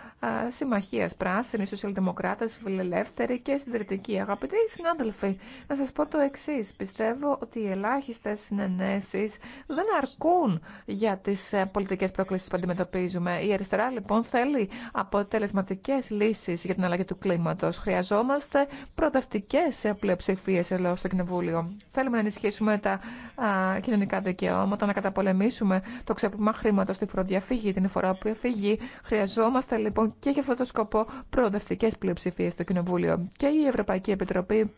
συμμαχίας πράσινη, σοσιαλδημοκράτες, φιλελεύθεροι και συντηρητικοί. Αγαπητοί συνάδελφοι, να σας πω το εξή. Πιστεύω ότι οι ελάχιστες συνενέσεις δεν αρκούν για τις ε, πολιτικές προκλήσεις που αντιμετωπίζουμε. Η αριστερά λοιπόν θέλει αποτελεσματικές λύσεις για την αλλαγή του κλίματος. Χρειαζόμαστε προοδευτικέ ε, πλειοψηφίες εδώ στο Κοινοβούλιο. Θέλουμε να ενισχύσουμε τα α, κοινωνικά δικαιώματα, να καταπολεμήσουμε το ξέπλυμα χρήματος, τη φοροδιαφύγη, την φοροαποφυγή. Χρειαζόμαστε λοιπόν και για αυτόν τον σκοπό προοδευτικέ πλειοψηφίε στο Κοινοβούλιο. Και η Ευρωπαϊκή Επιτροπή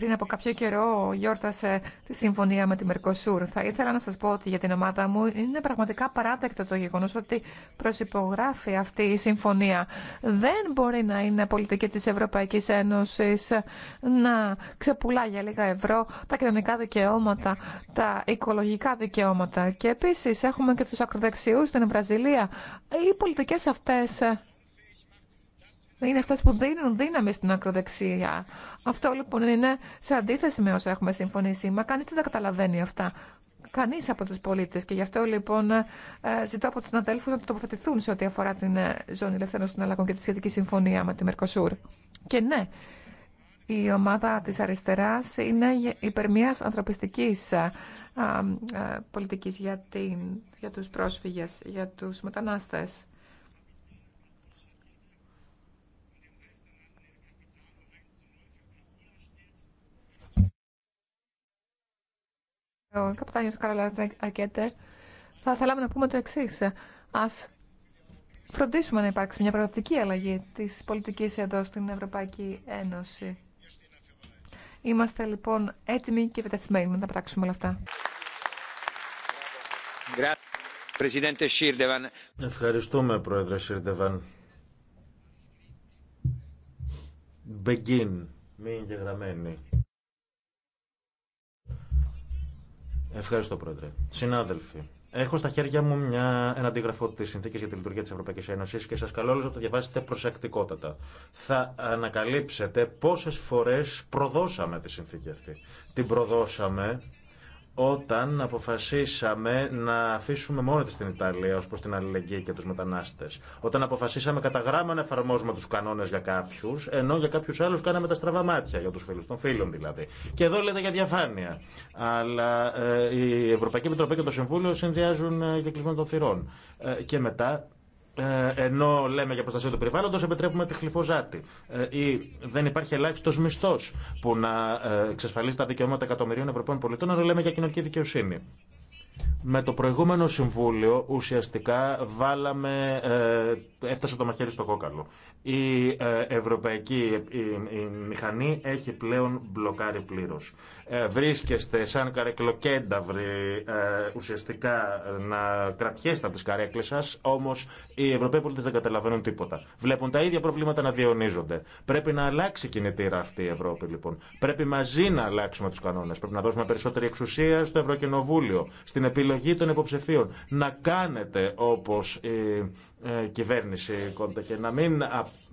πριν από κάποιο καιρό γιόρτασε τη συμφωνία με τη Μερκοσούρ. Θα ήθελα να σας πω ότι για την ομάδα μου είναι πραγματικά παράδεκτο το γεγονός ότι προσυπογράφει αυτή η συμφωνία. Δεν μπορεί να είναι πολιτική της Ευρωπαϊκής Ένωσης να ξεπουλά για λίγα ευρώ τα κοινωνικά δικαιώματα, τα οικολογικά δικαιώματα. Και επίσης έχουμε και τους ακροδεξιούς στην Βραζιλία. Οι πολιτικές αυτές είναι αυτές που δίνουν δύναμη στην ακροδεξία. Αυτό λοιπόν είναι σε αντίθεση με όσα έχουμε συμφωνήσει. Μα κανείς δεν τα καταλαβαίνει αυτά. Κανείς από τους πολίτες. Και γι' αυτό λοιπόν ε, ζητώ από τους συναδέλφους να τοποθετηθούν σε ό,τι αφορά την ε, ζώνη ελευθερών συναλλαγών και τη σχετική συμφωνία με τη Μερκοσούρ. Και ναι, η ομάδα της αριστεράς είναι υπέρ μιας ανθρωπιστικής ε, πολιτικής για, την, για τους πρόσφυγες, για τους μετανάστες. Ε, ο καπτάνιος Καραλάς Αρκέτε, θα θέλαμε να πούμε το εξή. Ας φροντίσουμε να υπάρξει μια πραγματική αλλαγή της πολιτικής εδώ στην Ευρωπαϊκή Ένωση. Είμαστε λοιπόν έτοιμοι και επιτεθειμένοι να τα πράξουμε όλα αυτά. Ευχαριστούμε, Πρόεδρε Σίρντεβαν. μην είναι γραμμένοι. Ευχαριστώ, Πρόεδρε. Συνάδελφοι, έχω στα χέρια μου μια, ένα αντίγραφο τη συνθήκη για τη λειτουργία τη Ευρωπαϊκή Ένωση και σα καλώ όλου να το διαβάσετε προσεκτικότατα. Θα ανακαλύψετε πόσε φορέ προδώσαμε τη συνθήκη αυτή. Την προδώσαμε όταν αποφασίσαμε να αφήσουμε μόνο τη στην Ιταλία ω προ την αλληλεγγύη και του μετανάστε. Όταν αποφασίσαμε κατά γράμμα να εφαρμόζουμε του κανόνε για κάποιου, ενώ για κάποιου άλλου κάναμε τα στραβά μάτια, για του φίλου των φίλων δηλαδή. Και εδώ λέτε για διαφάνεια. Αλλά ε, η Ευρωπαϊκή Επιτροπή και το Συμβούλιο συνδυάζουν ε, για κλεισμένο των θυρών. Ε, και μετά ε, ενώ λέμε για προστασία του περιβάλλοντο, επιτρέπουμε τη χλυφοζάτη. Ε, ή δεν υπάρχει ελάχιστο μισθό που να ε, εξασφαλίσει τα δικαιώματα εκατομμυρίων Ευρωπαίων πολιτών, αλλά λέμε για κοινωνική δικαιοσύνη. Με το προηγούμενο συμβούλιο ουσιαστικά βάλαμε, έφτασε το μαχαίρι στο κόκαλο. Η ευρωπαϊκή μηχανή έχει πλέον μπλοκάρει πλήρως. Ε, βρίσκεστε σαν καρεκλοκένταυροι ε, ουσιαστικά να κρατιέστε από τις καρέκλες σας, όμως οι Ευρωπαίοι πολίτες δεν καταλαβαίνουν τίποτα. Βλέπουν τα ίδια προβλήματα να διαιωνίζονται. Πρέπει να αλλάξει κινητήρα αυτή η Ευρώπη λοιπόν. Πρέπει μαζί να αλλάξουμε τους κανόνες. Πρέπει να δώσουμε περισσότερη εξουσία στο Ευρωκοινοβούλιο, στην επιλογή των υποψηφίων. Να κάνετε όπως η ε, κυβέρνηση Κόντα και να μην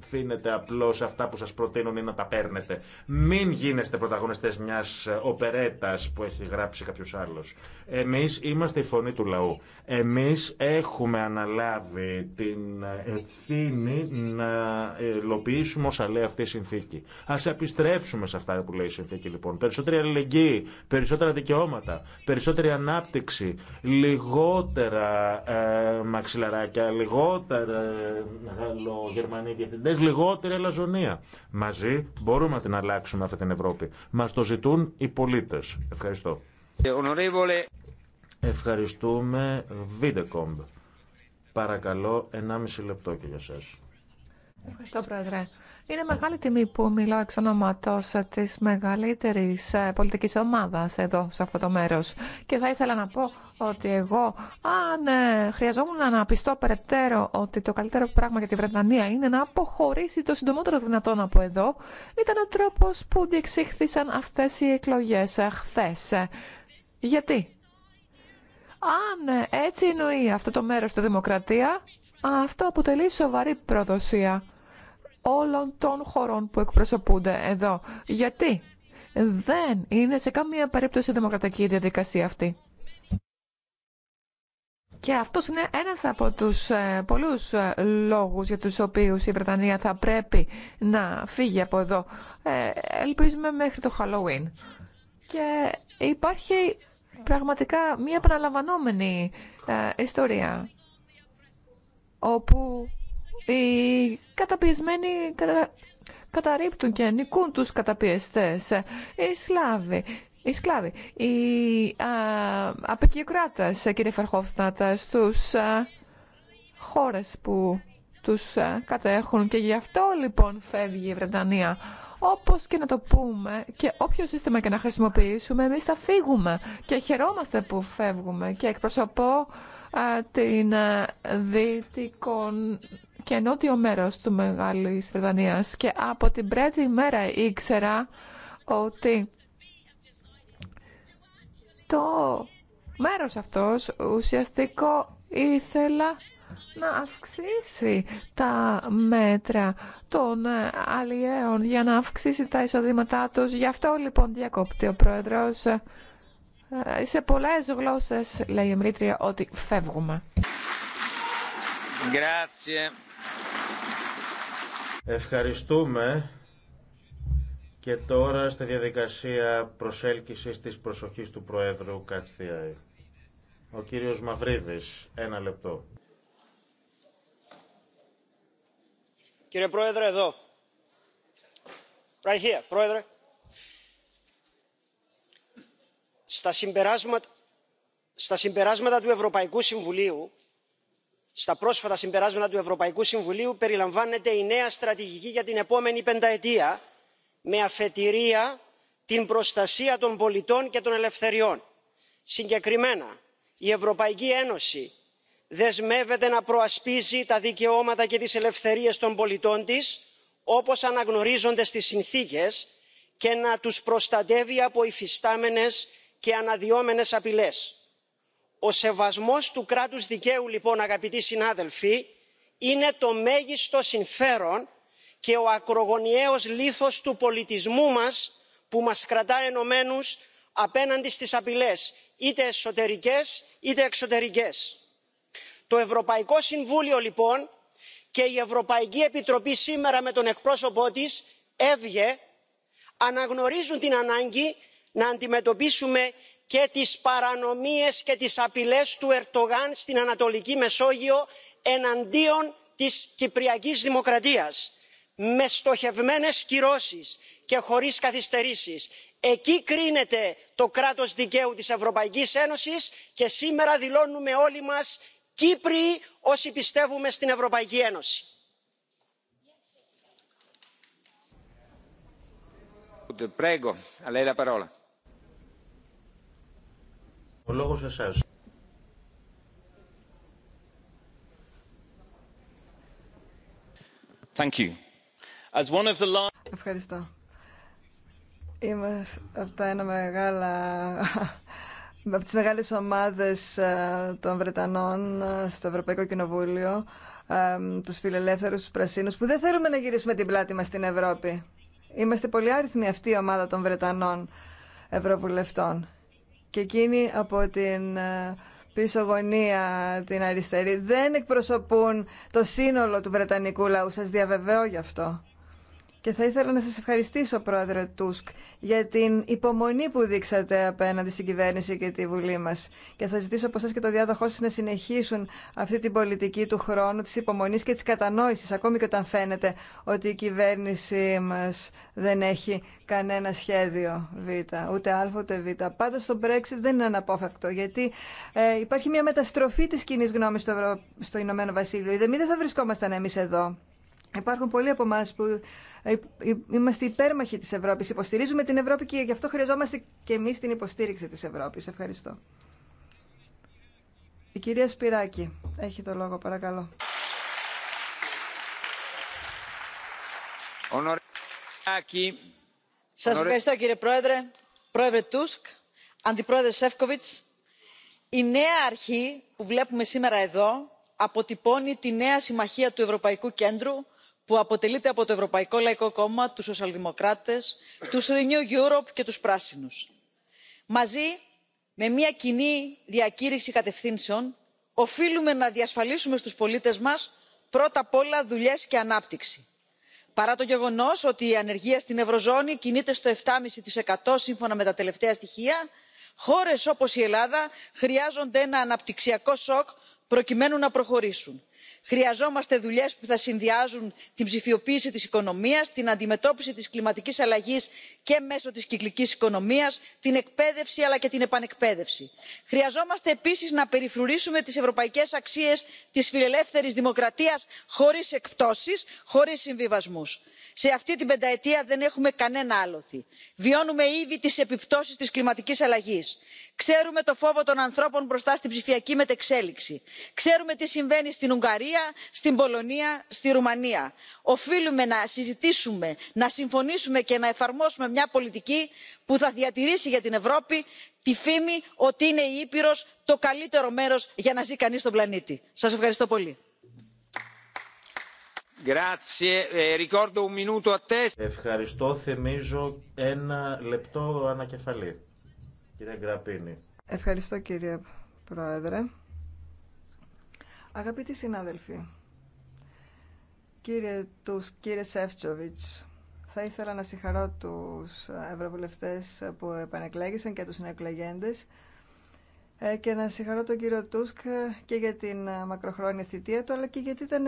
αφήνετε απλώ αυτά που σα προτείνουν ή να τα παίρνετε. Μην γίνεστε πρωταγωνιστέ μια οπερέτα που έχει γράψει κάποιο άλλο. Εμεί είμαστε η φωνή του λαού. Εμείς έχουμε αναλάβει την ευθύνη να υλοποιήσουμε όσα λέει αυτή η συνθήκη. Ας επιστρέψουμε σε αυτά που λέει η συνθήκη λοιπόν. Περισσότερη αλληλεγγύη, περισσότερα δικαιώματα, περισσότερη ανάπτυξη, λιγότερα ε, μαξιλαράκια, λιγότερα ε, γαλλογερμανοί διευθυντέ, λιγότερη ελαζονία. Μαζί μπορούμε να την αλλάξουμε αυτή την Ευρώπη. Μας το ζητούν οι πολίτες. Ευχαριστώ. Ε, Ευχαριστούμε. Βίντεκομπ. Παρακαλώ, 1,5 λεπτό και για σας. Ευχαριστώ, Πρόεδρε. Είναι μεγάλη τιμή που μιλώ εξ ονόματος της μεγαλύτερης ε, πολιτικής ομάδας εδώ σε αυτό το μέρος. Και θα ήθελα να πω ότι εγώ, αν ε, χρειαζόμουν να πιστώ περαιτέρω ότι το καλύτερο πράγμα για τη Βρετανία είναι να αποχωρήσει το συντομότερο δυνατόν από εδώ, ήταν ο τρόπος που διεξήχθησαν αυτές οι εκλογές ε, χθε. Γιατί αν ε, έτσι εννοεί αυτό το μέρος τη δημοκρατία, αυτό αποτελεί σοβαρή προδοσία όλων των χωρών που εκπροσωπούνται εδώ. Γιατί δεν είναι σε καμία περίπτωση δημοκρατική διαδικασία αυτή. Και αυτός είναι ένας από τους ε, πολλούς ε, λόγους για τους οποίους η Βρετανία θα πρέπει να φύγει από εδώ. ελπίζουμε μέχρι το Halloween. Και υπάρχει πραγματικά μία επαναλαμβανόμενη ε, ιστορία όπου οι καταπιεσμένοι κατα... καταρρύπτουν και νικούν τους καταπιεστές. Οι Σλάβοι, οι, σκλάβοι, οι α, κύριε Φερχόφστατ, στους χώρες που τους κατέχουν. Και γι' αυτό λοιπόν φεύγει η Βρετανία όπως και να το πούμε και όποιο σύστημα και να χρησιμοποιήσουμε, εμεί θα φύγουμε και χαιρόμαστε που φεύγουμε και εκπροσωπώ την δυτικό και νότιο μέρος του μεγάλη Βρετανία. και από την πρώτη μέρα ήξερα ότι το μέρος αυτός ουσιαστικό ήθελα να αυξήσει τα μέτρα των αλλιέων για να αυξήσει τα εισοδήματά τους. Γι' αυτό λοιπόν διακόπτει ο Πρόεδρος ε, σε πολλές γλώσσες, λέει η Μρίτρια ότι φεύγουμε. Ευχαριστούμε. Και τώρα στη διαδικασία προσέλκυσης της προσοχής του Προέδρου Κατστιάη. Ο κύριος Μαυρίδης, ένα λεπτό. Κύριε Πρόεδρε, εδώ. Right here, Πρόεδρε. Στα συμπεράσματα, στα συμπεράσματα του Ευρωπαϊκού Συμβουλίου, στα πρόσφατα συμπεράσματα του Ευρωπαϊκού Συμβουλίου περιλαμβάνεται η νέα στρατηγική για την επόμενη πενταετία με αφετηρία την προστασία των πολιτών και των ελευθεριών. Συγκεκριμένα, η Ευρωπαϊκή Ένωση δεσμεύεται να προασπίζει τα δικαιώματα και τις ελευθερίες των πολιτών της όπως αναγνωρίζονται στις συνθήκες και να τους προστατεύει από υφιστάμενες και αναδυόμενες απειλές. ο σεβασμός του κράτους δικαίου λοιπόν αγαπητοί συνάδελφοι είναι το μέγιστο συμφέρον και ο ακρογωνιαίος λίθος του πολιτισμού μας που μας κρατά ενωμένους απέναντι στις απειλές είτε εσωτερικές είτε εξωτερικές το ευρωπαϊκό συμβούλιο λοιπόν και η ευρωπαϊκή επιτροπή σήμερα με τον εκπρόσωπό της έβγε αναγνωρίζουν την ανάγκη να αντιμετωπίσουμε και τις παρανομίες και τις απειλές του Ερτογάν στην ανατολική μεσόγειο εναντίον της κυπριακής δημοκρατίας με στοχευμένες κυρώσεις και χωρίς καθυστερήσεις. εκεί κρίνεται το κράτος δικαίου της ευρωπαϊκής ένωσης και σήμερα δηλώνουμε όλοι μας κύπριοι όσοι πιστεύουμε στην ευρωπαϊκή ένωση. Ευχαριστώ. Είμαστε από τα ένα μεγάλα από τις μεγάλες ομάδες ε, των Βρετανών ε, στο Ευρωπαϊκό Κοινοβούλιο, ε, τους φιλελεύθερους, τους πρασίνους, που δεν θέλουμε να γυρίσουμε την πλάτη μας στην Ευρώπη. Είμαστε πολύ άριθμοι αυτή η ομάδα των Βρετανών Ευρωβουλευτών. Και εκείνοι από την πίσω γωνία την αριστερή δεν εκπροσωπούν το σύνολο του Βρετανικού λαού. Σας διαβεβαίω γι' αυτό. Και θα ήθελα να σας ευχαριστήσω, Πρόεδρε Τούσκ, για την υπομονή που δείξατε απέναντι στην κυβέρνηση και τη Βουλή μας. Και θα ζητήσω από εσάς και το διάδοχό σας να συνεχίσουν αυτή την πολιτική του χρόνου, της υπομονής και της κατανόησης, ακόμη και όταν φαίνεται ότι η κυβέρνηση μας δεν έχει κανένα σχέδιο Β, ούτε Α ούτε Β. Πάντα το Brexit δεν είναι αναπόφευκτο, γιατί ε, υπάρχει μια μεταστροφή της κοινή γνώμης στο, Ευρω... στο Ηνωμένο Βασίλειο. Η δεν θα βρισκόμασταν εμείς εδώ Υπάρχουν πολλοί από εμά που είμαστε υπέρμαχοι της Ευρώπης, υποστηρίζουμε την Ευρώπη και γι' αυτό χρειαζόμαστε και εμείς την υποστήριξη της Ευρώπης. Ευχαριστώ. Η κυρία Σπυράκη έχει το λόγο, παρακαλώ. Σας ευχαριστώ κύριε Πρόεδρε, Πρόεδρε Τούσκ, Αντιπρόεδρε Σεύκοβιτς. Η νέα αρχή που βλέπουμε σήμερα εδώ αποτυπώνει τη νέα συμμαχία του Ευρωπαϊκού Κέντρου που αποτελείται από το ευρωπαϊκό λαϊκό κόμμα τους σοσιαλδημοκράτες τους renew europe και τους πράσινους. μαζί με μια κοινή διακήρυξη κατευθύνσεων οφείλουμε να διασφαλίσουμε στους πολίτες μας πρώτα απ' όλα δουλειές και ανάπτυξη. παρά το γεγονός ότι η ανεργία στην ευρωζώνη κινείται στο 7,5% σύμφωνα με τα τελευταία στοιχεία χώρες όπως η ελλάδα χρειάζονται ένα αναπτυξιακό σοκ προκειμένου να προχωρήσουν χρειαζόμαστε δουλειές που θα συνδυάζουν την ψηφιοποίηση της οικονομίας την αντιμετώπιση της κλιματικής αλλαγής και μέσω της κυκλικής οικονομίας την εκπαίδευση αλλά και την επανεκπαίδευση. χρειαζόμαστε επίσης να περιφρουρήσουμε τις ευρωπαϊκές αξίες της φιλελεύθερης δημοκρατίας χωρίς εκπτώσεις χωρίς συμβιβασμούς. σε αυτή την πενταετία δεν έχουμε κανένα άλοθη. βιώνουμε ήδη τις επιπτώσεις της κλιματικής αλλαγή ξέρουμε το φόβο των ανθρώπων μπροστά στην ψηφιακή μετεξέλιξη ξέρουμε τι συμβαίνει στην ουγγαρία στην πολωνία στη ρουμανία. οφείλουμε να συζητήσουμε να συμφωνήσουμε και να εφαρμόσουμε μια πολιτική που θα διατηρήσει για την ευρώπη τη φήμη ότι είναι η ήπειρος το καλύτερο μέρος για να ζει κανείς στον πλανήτη. σας ευχαριστώ πολύ. Ε, ευχαριστώ. Θυμίζω ένα λεπτό ανακεφαλή. Κύριε Γκραπίνη. Ευχαριστώ κύριε Πρόεδρε. Αγαπητοί συνάδελφοι, κύριε τους κύριε Σεφτσοβιτς, θα ήθελα να συγχαρώ τους ευρωβουλευτές που επανεκλέγησαν και τους συνεκλεγέντες ε, και να συγχαρώ τον κύριο Τούσκ και για την μακροχρόνια θητεία του, αλλά και γιατί ήταν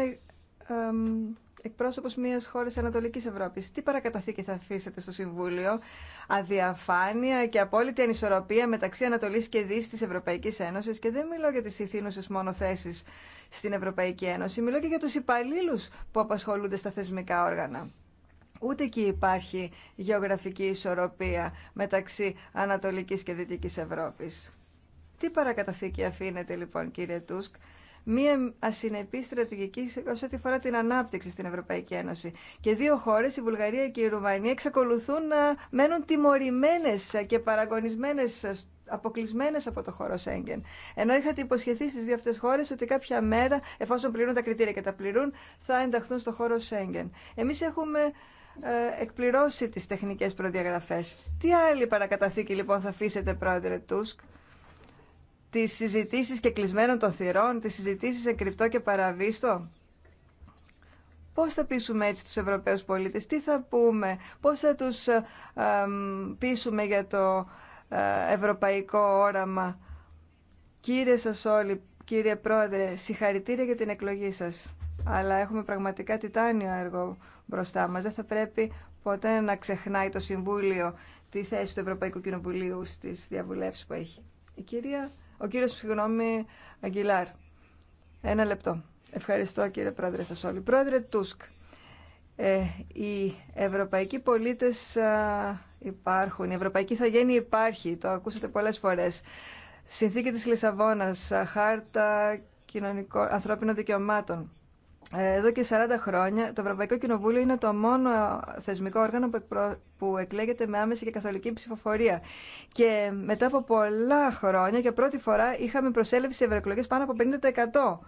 εκπρόσωπος μιας χώρας Ανατολικής Ευρώπης. Τι παρακαταθήκη θα αφήσετε στο Συμβούλιο, αδιαφάνεια και απόλυτη ανισορροπία μεταξύ Ανατολής και Δύσης της Ευρωπαϊκής Ένωσης και δεν μιλώ για τις ηθήνουσες μόνο θέσεις στην Ευρωπαϊκή Ένωση, μιλώ και για τους υπαλλήλους που απασχολούνται στα θεσμικά όργανα. Ούτε εκεί υπάρχει γεωγραφική ισορροπία μεταξύ Ανατολικής και Δυτικής Ευρώπης. Τι παρακαταθήκη αφήνετε λοιπόν κύριε Τούσκ μία ασυνεπή στρατηγική όσο ό,τι αφορά την ανάπτυξη στην Ευρωπαϊκή Ένωση. Και δύο χώρες, η Βουλγαρία και η Ρουμανία, εξακολουθούν να μένουν τιμωρημένε και παραγωνισμένες αποκλεισμένε από το χώρο Σέγγεν. Ενώ είχατε υποσχεθεί στι δύο αυτέ χώρε ότι κάποια μέρα, εφόσον πληρούν τα κριτήρια και τα πληρούν, θα ενταχθούν στο χώρο Σέγγεν. Εμεί έχουμε ε, εκπληρώσει τι τεχνικέ προδιαγραφέ. Τι άλλη παρακαταθήκη λοιπόν θα αφήσετε, πρόεδρε Τούσκ, τις συζητήσεις και κλεισμένων των θυρών, τις συζητήσεις σε κρυπτό και παραβίστο. Πώς θα πείσουμε έτσι τους Ευρωπαίους πολίτες, τι θα πούμε, πώς θα τους ε, πείσουμε για το ε, ευρωπαϊκό όραμα. Κύριε σας όλοι, κύριε Πρόεδρε, συγχαρητήρια για την εκλογή σας. Αλλά έχουμε πραγματικά τιτάνιο έργο μπροστά μας. Δεν θα πρέπει ποτέ να ξεχνάει το Συμβούλιο τη θέση του Ευρωπαϊκού Κοινοβουλίου στις διαβουλεύσεις που έχει. Η κυρία ο κύριος, συγγνώμη, Αγγιλάρ. Ένα λεπτό. Ευχαριστώ κύριε Πρόεδρε σας όλοι. Πρόεδρε Τούσκ, ε, οι ευρωπαϊκοί πολίτες υπάρχουν, η ευρωπαϊκή θαγένεια υπάρχει, το ακούσατε πολλές φορές. Συνθήκη της Λισαβόνας, χάρτα κοινωνικών, ανθρώπινων δικαιωμάτων. Ε, εδώ και 40 χρόνια το Ευρωπαϊκό Κοινοβούλιο είναι το μόνο θεσμικό όργανο που εκλέγεται με άμεση και καθολική ψηφοφορία. Και μετά από πολλά χρόνια για πρώτη φορά είχαμε προσέλευση ευρωεκλογέ πάνω από 50%.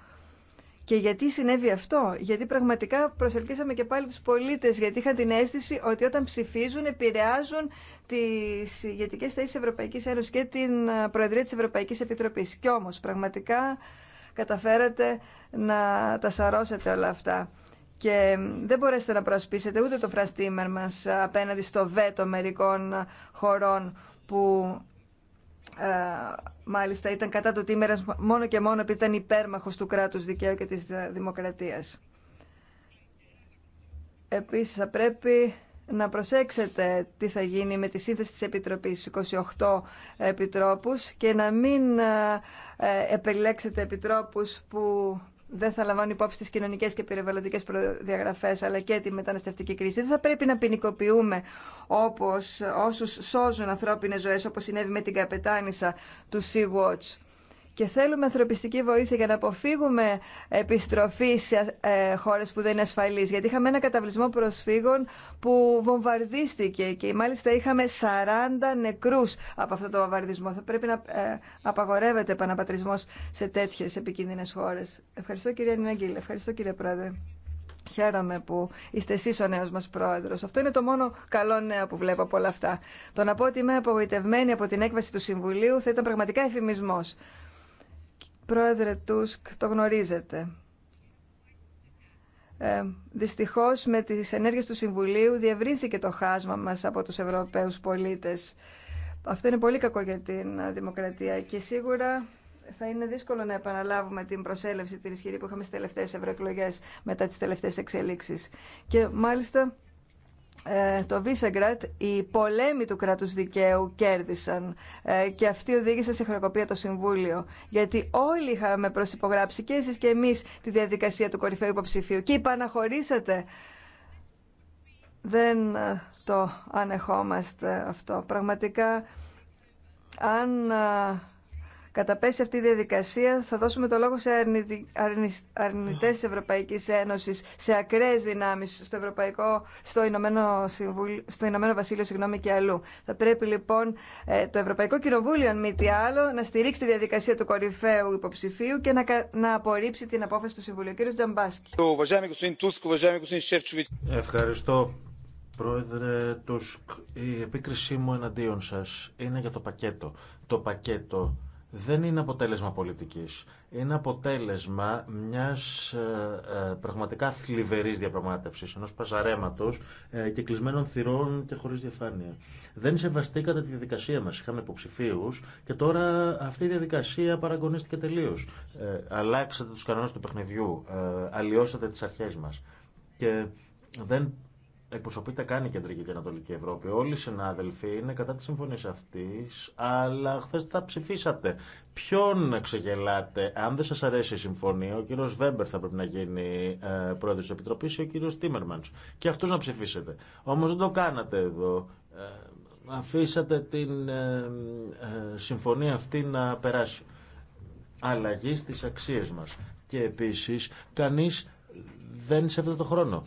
Και γιατί συνέβη αυτό, γιατί πραγματικά προσελκύσαμε και πάλι τους πολίτες, γιατί είχαν την αίσθηση ότι όταν ψηφίζουν επηρεάζουν τις ηγετικές θέσεις της Ευρωπαϊκής Ένωσης και την ε, Προεδρία της Ευρωπαϊκής Επιτροπής. Κι όμως πραγματικά καταφέρατε να τα σαρώσετε όλα αυτά. Και δεν μπορέσετε να προσπίσετε ούτε το φραστήμερ μας απέναντι στο βέτο μερικών χωρών που ε, μάλιστα ήταν κατά το τίμερας μόνο και μόνο επειδή ήταν υπέρμαχος του κράτους δικαίου και της δημοκρατίας. Επίσης θα πρέπει να προσέξετε τι θα γίνει με τη σύνθεση της Επιτροπής 28 Επιτρόπους και να μην ε, ε, επιλέξετε Επιτρόπους που δεν θα λαμβάνουν υπόψη τις κοινωνικές και περιβαλλοντικές προδιαγραφές αλλά και τη μεταναστευτική κρίση. Δεν θα πρέπει να ποινικοποιούμε όπως όσους σώζουν ανθρώπινες ζωές όπως συνέβη με την καπετάνισσα του Sea-Watch και θέλουμε ανθρωπιστική βοήθεια για να αποφύγουμε επιστροφή σε ε, χώρε που δεν είναι ασφαλεί. Γιατί είχαμε ένα καταβλισμό προσφύγων που βομβαρδίστηκε και μάλιστα είχαμε 40 νεκρού από αυτό το βομβαρδισμό. Θα πρέπει να ε, απαγορεύεται επαναπατρισμό σε τέτοιε επικίνδυνε χώρε. Ευχαριστώ κυρία Νιναγκίλη. Ευχαριστώ κύριε Πρόεδρε. Χαίρομαι που είστε εσεί ο νέο μα πρόεδρο. Αυτό είναι το μόνο καλό νέο που βλέπω από όλα αυτά. Το να πω ότι είμαι απογοητευμένη από την έκβαση του Συμβουλίου θα ήταν πραγματικά εφημισμό. Πρόεδρε Τούσκ, το γνωρίζετε. Ε, δυστυχώς με τις ενέργειες του Συμβουλίου διευρύνθηκε το χάσμα μας από τους Ευρωπαίους πολίτες. Αυτό είναι πολύ κακό για την δημοκρατία και σίγουρα θα είναι δύσκολο να επαναλάβουμε την προσέλευση την ισχυρή που είχαμε στις τελευταίες ευρωεκλογές μετά τις τελευταίες εξελίξεις. Και μάλιστα ε, το Βίσεγκρατ οι πολέμοι του κράτους δικαίου κέρδισαν ε, και αυτή οδήγησε σε χρεοκοπία το Συμβούλιο. Γιατί όλοι είχαμε προσυπογράψει και εσείς και εμείς τη διαδικασία του κορυφαίου υποψηφίου και υπαναχωρήσατε. Δεν ε, το ανεχόμαστε αυτό. Πραγματικά αν καταπέσει αυτή η διαδικασία θα δώσουμε το λόγο σε αρνητέ τη Ευρωπαϊκή Ένωση σε ακραίε δυνάμει στο, Ευρωπαϊκό, στο, Ηνωμένο, Συμβουλ... στο Ηνωμένο Βασίλειο συγγνώμη, και αλλού. Θα πρέπει λοιπόν ε, το Ευρωπαϊκό Κοινοβούλιο, αν μη τι άλλο, να στηρίξει τη διαδικασία του κορυφαίου υποψηφίου και να, να απορρίψει την απόφαση του Συμβουλίου. Κύριο Τζαμπάσκη. Ευχαριστώ. Πρόεδρε Τούσκ, η επίκρισή μου εναντίον σας είναι για το πακέτο. Το πακέτο δεν είναι αποτέλεσμα πολιτικής. Είναι αποτέλεσμα μιας ε, ε, πραγματικά θλιβερής διαπραγμάτευσης, ενός παζαρέματος ε, και κλεισμένων θυρών και χωρίς διαφάνεια. Δεν σεβαστήκατε τη διαδικασία μας. Είχαμε υποψηφίου και τώρα αυτή η διαδικασία παραγωνίστηκε τελείως. αλλάξατε τους κανόνες του παιχνιδιού, αλλοιώσατε τις αρχές μας. Και δεν εκπροσωπείται καν η Κεντρική και Ανατολική Ευρώπη. Όλοι οι συνάδελφοι είναι κατά τη συμφωνία αυτή, αλλά χθε τα ψηφίσατε. Ποιον ξεγελάτε, αν δεν σα αρέσει η συμφωνία, ο κύριο Βέμπερ θα πρέπει να γίνει ε, πρόεδρο τη Επιτροπή ή ο κύριο Τίμερμαν. Και αυτού να ψηφίσετε. Όμω δεν το κάνατε εδώ. Ε, αφήσατε την ε, ε συμφωνία αυτή να περάσει. Αλλαγή στις αξίες μα. Και επίση, κανεί δεν σέβεται το χρόνο.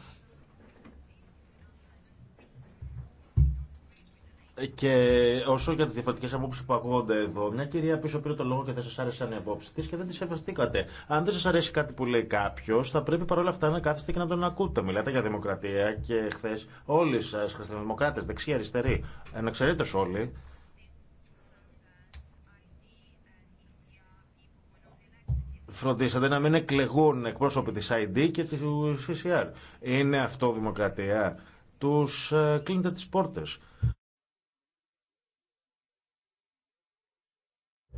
Και όσο για τι διαφορετικέ απόψει που ακούγονται εδώ, μια κυρία πίσω πήρε το λόγο και δεν σα άρεσαν οι απόψει τη και δεν τη σεβαστήκατε. Αν δεν σα αρέσει κάτι που λέει κάποιο, θα πρέπει παρόλα αυτά να κάθεστε και να τον ακούτε. Μιλάτε για δημοκρατία και χθε όλοι σα, χριστιανοδημοκράτε, δεξιά, αριστερή, να ξέρετε όλοι, φροντίσατε να μην εκλεγούν εκπρόσωποι της ID και του CCR. Είναι αυτό δημοκρατία. Τους ε, κλείνετε τι πόρτε.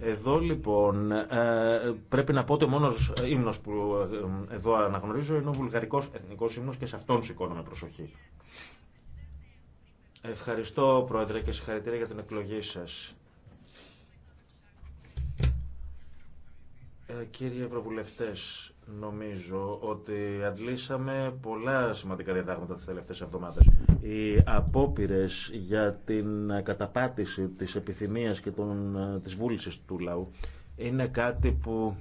Εδώ λοιπόν ε, πρέπει να πω ότι ο μόνος ε, ύμνο που ε, εδώ αναγνωρίζω είναι ο βουλγαρικό εθνικό ύμνο και σε αυτόν σηκώνομαι προσοχή. Ευχαριστώ Πρόεδρε και συγχαρητήρια για την εκλογή σας. Ε, Κύριε Ευρωβουλευτές, νομίζω ότι αντλήσαμε πολλά σημαντικά διδάγματα τις τελευταίες εβδομάδες. Οι απόπειρε για την καταπάτηση της επιθυμίας και των, ε, της βούλησης του λαού είναι κάτι που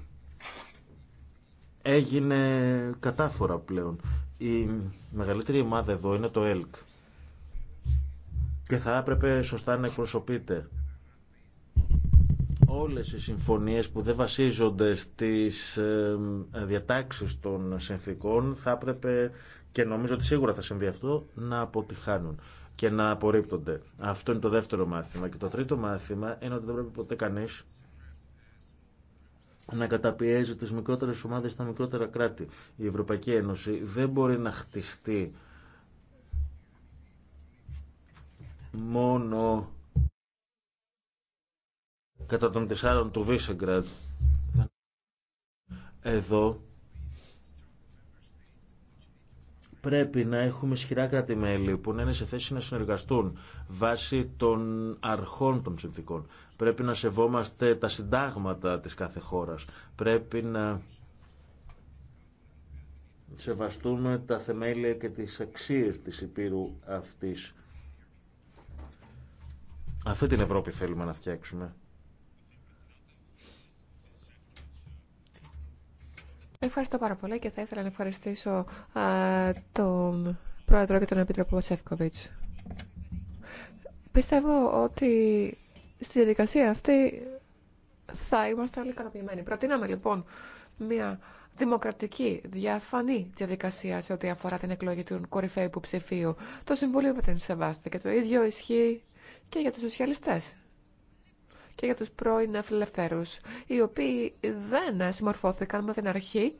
έγινε κατάφορα πλέον. Η μεγαλύτερη ομάδα εδώ είναι το ΕΛΚ και θα έπρεπε σωστά να εκπροσωπείται όλες οι συμφωνίες που δεν βασίζονται στις ε, διατάξεις των συνθήκων θα έπρεπε και νομίζω ότι σίγουρα θα συμβεί αυτό να αποτυχάνουν και να απορρίπτονται. Αυτό είναι το δεύτερο μάθημα. Και το τρίτο μάθημα είναι ότι δεν πρέπει ποτέ κανείς να καταπιέζει τις μικρότερες ομάδες στα μικρότερα κράτη. Η Ευρωπαϊκή Ένωση δεν μπορεί να χτιστεί μόνο κατά των τεσσάρων του Βίσεγκραντ. Εδώ πρέπει να έχουμε ισχυρά κράτη-μέλη που να είναι σε θέση να συνεργαστούν βάσει των αρχών των συνθήκων. Πρέπει να σεβόμαστε τα συντάγματα της κάθε χώρας. Πρέπει να σεβαστούμε τα θεμέλια και τις αξίες της Υπήρου αυτής. Αυτή την Ευρώπη θέλουμε να φτιάξουμε. Ευχαριστώ πάρα πολύ και θα ήθελα να ευχαριστήσω τον Πρόεδρο και τον Επίτροπο Σεύκοβιτς. Πιστεύω ότι στη διαδικασία αυτή θα είμαστε όλοι ικανοποιημένοι. Προτείναμε λοιπόν μια δημοκρατική, διαφανή διαδικασία σε ό,τι αφορά την εκλογή του κορυφαίου υποψηφίου. Το Συμβούλιο δεν σεβάστηκε και το ίδιο ισχύει και για τους σοσιαλιστές και για τους πρώην οι οποίοι δεν συμμορφώθηκαν με την αρχή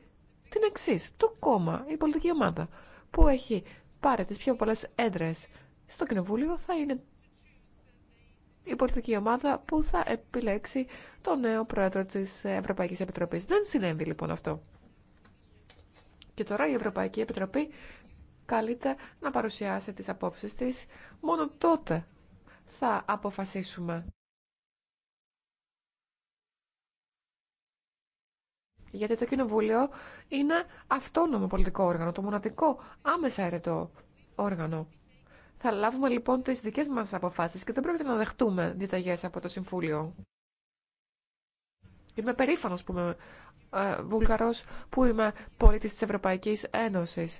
την εξή. Το κόμμα, η πολιτική ομάδα που έχει πάρει τις πιο πολλές έντρες στο κοινοβούλιο θα είναι η πολιτική ομάδα που θα επιλέξει το νέο πρόεδρο της Ευρωπαϊκής Επιτροπής. Δεν συνέβη λοιπόν αυτό. Και τώρα η Ευρωπαϊκή Επιτροπή καλείται να παρουσιάσει τις απόψεις της. Μόνο τότε θα αποφασίσουμε Γιατί το Κοινοβούλιο είναι αυτόνομο πολιτικό όργανο, το μοναδικό άμεσα αιρετό όργανο. Θα λάβουμε λοιπόν τις δικές μας αποφάσεις και δεν πρόκειται να δεχτούμε διταγές από το Συμφούλιο. Είμαι περήφανος που είμαι ε, Βουλγαρός, που είμαι πολίτης της Ευρωπαϊκής Ένωσης.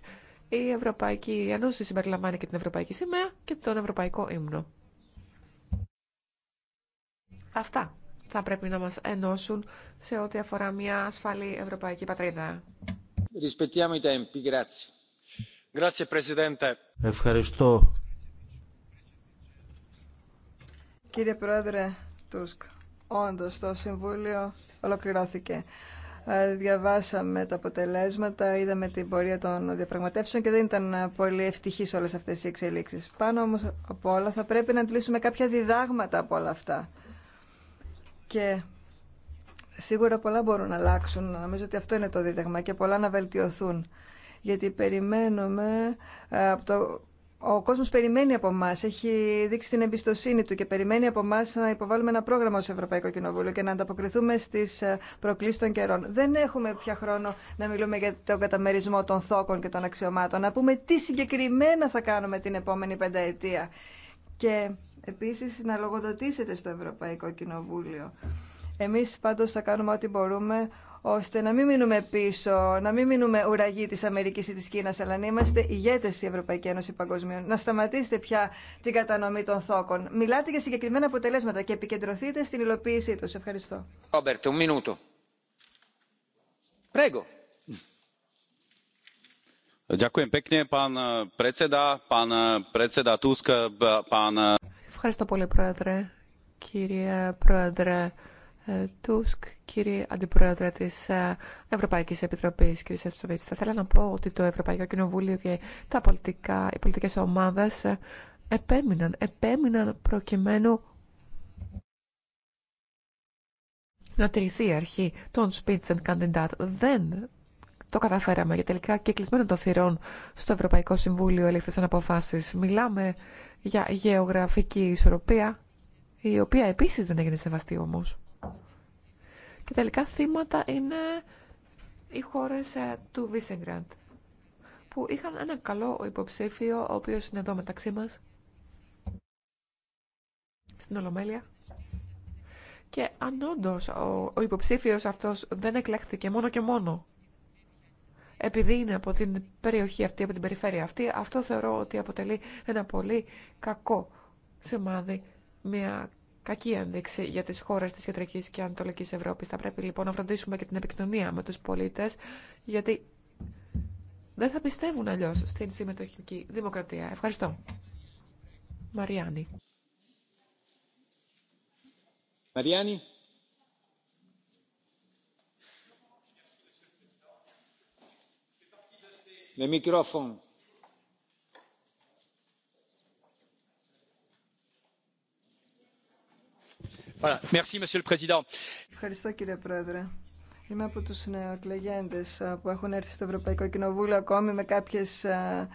Η Ευρωπαϊκή Ένωση συμπεριλαμβάνει και την Ευρωπαϊκή Σημαία και τον Ευρωπαϊκό Ύμνο. Αυτά θα πρέπει να μας ενώσουν σε ό,τι αφορά μια ασφαλή ευρωπαϊκή πατρίδα. Ευχαριστώ. Κύριε Πρόεδρε Τούσκ, όντως το Συμβούλιο ολοκληρώθηκε. Ε, διαβάσαμε τα αποτελέσματα, είδαμε την πορεία των διαπραγματεύσεων και δεν ήταν πολύ ευτυχής όλες αυτές οι εξελίξεις. Πάνω όμως από όλα θα πρέπει να αντλήσουμε κάποια διδάγματα από όλα αυτά. Και σίγουρα πολλά μπορούν να αλλάξουν. Νομίζω ότι αυτό είναι το δίδαγμα και πολλά να βελτιωθούν. Γιατί περιμένουμε ε, από ο κόσμος περιμένει από εμά, έχει δείξει την εμπιστοσύνη του και περιμένει από εμά να υποβάλουμε ένα πρόγραμμα ως Ευρωπαϊκό Κοινοβούλιο και να ανταποκριθούμε στις ε, προκλήσεις των καιρών. Δεν έχουμε πια χρόνο να μιλούμε για τον καταμερισμό των θόκων και των αξιωμάτων, να πούμε τι συγκεκριμένα θα κάνουμε την επόμενη πενταετία. Και επίσης να λογοδοτήσετε στο Ευρωπαϊκό Κοινοβούλιο. Εμείς πάντως θα κάνουμε ό,τι μπορούμε ώστε να μην μείνουμε πίσω, να μην μείνουμε ουραγοί της Αμερικής ή της Κίνας, αλλά να είμαστε ηγέτες η Ευρωπαϊκή Ένωση παγκοσμίων. Να σταματήσετε πια την κατανομή των θόκων. Μιλάτε για συγκεκριμένα αποτελέσματα και επικεντρωθείτε στην υλοποίησή τους. Ευχαριστώ. Ευχαριστώ πολύ, Πρόεδρε. Κύριε Πρόεδρε ε, Τούσκ, κύριε Αντιπρόεδρε της ε, Ευρωπαϊκής Επιτροπής, κύριε Σεφτσοβίτση. θα ήθελα να πω ότι το Ευρωπαϊκό Κοινοβούλιο και τα πολιτικά, οι πολιτικές ομάδες ε, επέμειναν, επέμειναν προκειμένου να τηρηθεί η αρχή των Spitzenkandidat. Δεν το καταφέραμε. Γιατί τελικά και κλεισμένο των θυρών στο Ευρωπαϊκό Συμβούλιο ελήφθησαν αποφάσεις. Μιλάμε για γεωγραφική ισορροπία, η οποία επίσης δεν έγινε σεβαστή όμως. Και τελικά θύματα είναι οι χώρες ε, του Βίσεγκραντ, που είχαν ένα καλό υποψήφιο, ο οποίο είναι εδώ μεταξύ μας, στην Ολομέλεια. Και αν όντω ο, ο υποψήφιος δεν εκλέχθηκε μόνο και μόνο επειδή είναι από την περιοχή αυτή, από την περιφέρεια αυτή, αυτό θεωρώ ότι αποτελεί ένα πολύ κακό σημάδι, μια κακή ένδειξη για τις χώρες της Κεντρικής και Ανατολικής Ευρώπης. Θα πρέπει λοιπόν να φροντίσουμε και την επικοινωνία με τους πολίτες, γιατί δεν θα πιστεύουν αλλιώ στην συμμετοχική δημοκρατία. Ευχαριστώ. Μαριάννη. Μαριάννη. Le Ευχαριστώ κύριε Πρόεδρε. Είμαι από τους νεοεκλεγέντες ε, που έχουν έρθει στο Ευρωπαϊκό Κοινοβούλιο ακόμη με, κάποιες, ε,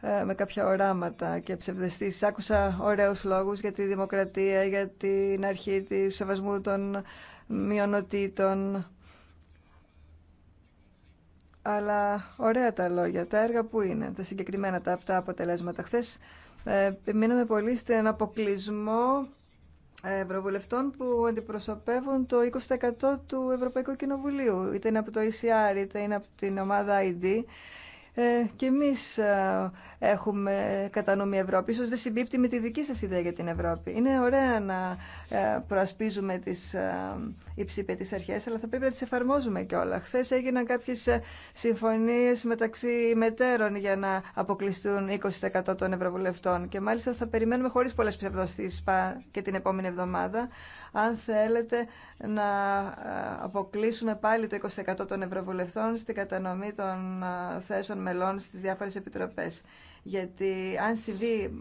ε, με κάποια οράματα και ψευδεστήσεις. Άκουσα ωραίους λόγους για τη δημοκρατία, για την αρχή του σεβασμού των μειονοτήτων, αλλά ωραία τα λόγια, τα έργα που είναι, τα συγκεκριμένα τα αυτά αποτελέσματα. Χθε ε, μείναμε πολύ στον αποκλεισμό ε, ευρωβουλευτών που αντιπροσωπεύουν το 20% του Ευρωπαϊκού Κοινοβουλίου, είτε είναι από το ECR, είτε είναι από την ομάδα ID ε, και εμείς ε, έχουμε κατά νου Ευρώπη. Ίσως δεν συμπίπτει με τη δική σας ιδέα για την Ευρώπη. Είναι ωραία να ε, προασπίζουμε τις ε, τις αρχές, αλλά θα πρέπει να τις εφαρμόζουμε όλα. Χθε έγιναν κάποιες συμφωνίες μεταξύ μετέρων για να αποκλειστούν 20% των ευρωβουλευτών και μάλιστα θα περιμένουμε χωρίς πολλές ψευδοστήσεις και την επόμενη εβδομάδα, αν θέλετε να ε, αποκλείσουμε πάλι το 20% των ευρωβουλευτών στην κατανομή των ε, θέσεων μελών στις διάφορες επιτροπές. Γιατί αν συμβεί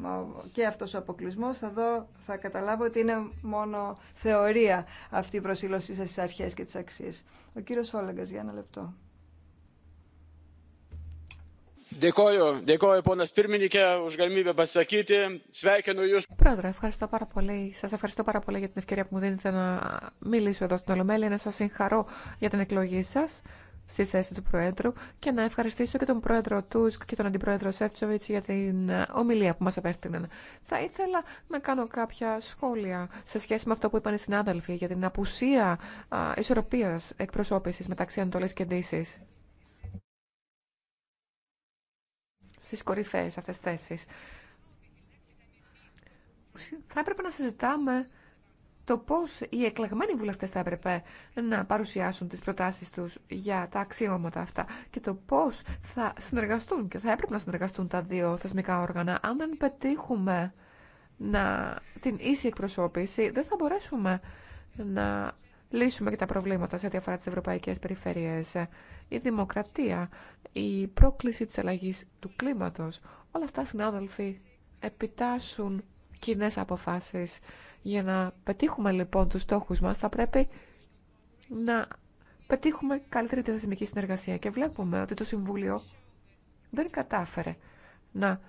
και αυτός ο αποκλεισμός θα, δω, θα καταλάβω ότι είναι μόνο θεωρία αυτή η προσήλωσή σας στις αρχές και τις αξίες. Ο κύριος Όλεγκας, για ένα λεπτό. Πρόεδρε, ευχαριστώ πάρα πολύ. Σα ευχαριστώ πάρα πολύ για την ευκαιρία που μου δίνετε να μιλήσω εδώ στην Ολομέλεια, να σα συγχαρώ για την εκλογή σα στη θέση του Προέδρου και να ευχαριστήσω και τον Πρόεδρο Τούσκ και τον Αντιπρόεδρο Σεύτσοβιτ για την ομιλία που μα απέφτυναν. Θα ήθελα να κάνω κάποια σχόλια σε σχέση με αυτό που είπαν οι συνάδελφοι για την απουσία ισορροπία εκπροσώπηση μεταξύ Ανατολή και Δύση στις κορυφαίε αυτές θέσεις. Θα έπρεπε να συζητάμε το πώς οι εκλεγμένοι βουλευτές θα έπρεπε να παρουσιάσουν τις προτάσεις τους για τα αξιώματα αυτά και το πώς θα συνεργαστούν και θα έπρεπε να συνεργαστούν τα δύο θεσμικά όργανα. Αν δεν πετύχουμε να την ίση εκπροσώπηση, δεν θα μπορέσουμε να λύσουμε και τα προβλήματα σε ό,τι αφορά τις ευρωπαϊκές περιφέρειες η δημοκρατία, η πρόκληση της αλλαγή του κλίματος. Όλα αυτά, συνάδελφοι, επιτάσσουν κοινέ αποφάσεις. Για να πετύχουμε λοιπόν τους στόχους μας θα πρέπει να πετύχουμε καλύτερη τη θεσμική συνεργασία και βλέπουμε ότι το Συμβούλιο δεν κατάφερε να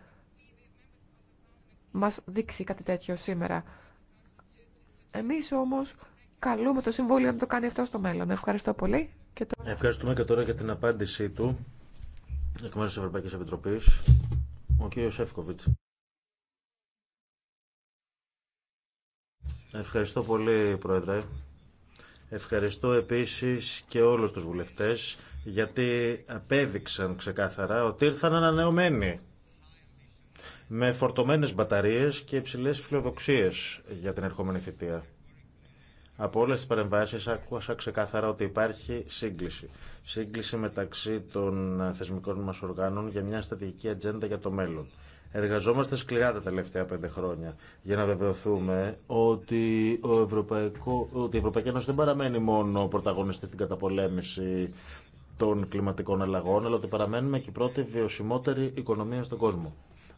μας δείξει κάτι τέτοιο σήμερα. Εμείς όμως καλούμε το Συμβούλιο να το κάνει αυτό στο μέλλον. Ευχαριστώ πολύ. Ευχαριστούμε και τώρα για την απάντησή του εκ μέρους της Ευρωπαϊκής ο κύριος Εύκοβιτς. Ευχαριστώ πολύ, Πρόεδρε. Ευχαριστώ επίσης και όλους τους βουλευτές, γιατί απέδειξαν ξεκάθαρα ότι ήρθαν ανανεωμένοι με φορτωμένες μπαταρίες και υψηλές φιλοδοξίες για την ερχόμενη θητεία. Από όλε τι παρεμβάσει άκουσα ξεκάθαρα ότι υπάρχει σύγκληση. Σύγκληση μεταξύ των θεσμικών μα οργάνων για μια στρατηγική ατζέντα για το μέλλον. Εργαζόμαστε σκληρά τα τελευταία πέντε χρόνια για να βεβαιωθούμε ότι, ο Ευρωπαϊκό, ότι η Ευρωπαϊκή Ένωση δεν παραμένει μόνο πρωταγωνιστή στην καταπολέμηση των κλιματικών αλλαγών, αλλά ότι παραμένουμε και η πρώτη βιωσιμότερη οικονομία στον κόσμο.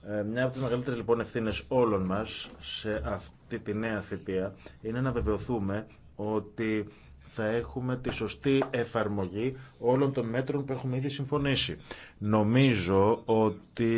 Ε, μια από τι μεγαλύτερε λοιπόν ευθύνε όλων μα σε αυτή τη νέα θητεία είναι να βεβαιωθούμε ότι θα έχουμε τη σωστή εφαρμογή όλων των μέτρων που έχουμε ήδη συμφωνήσει. Νομίζω ότι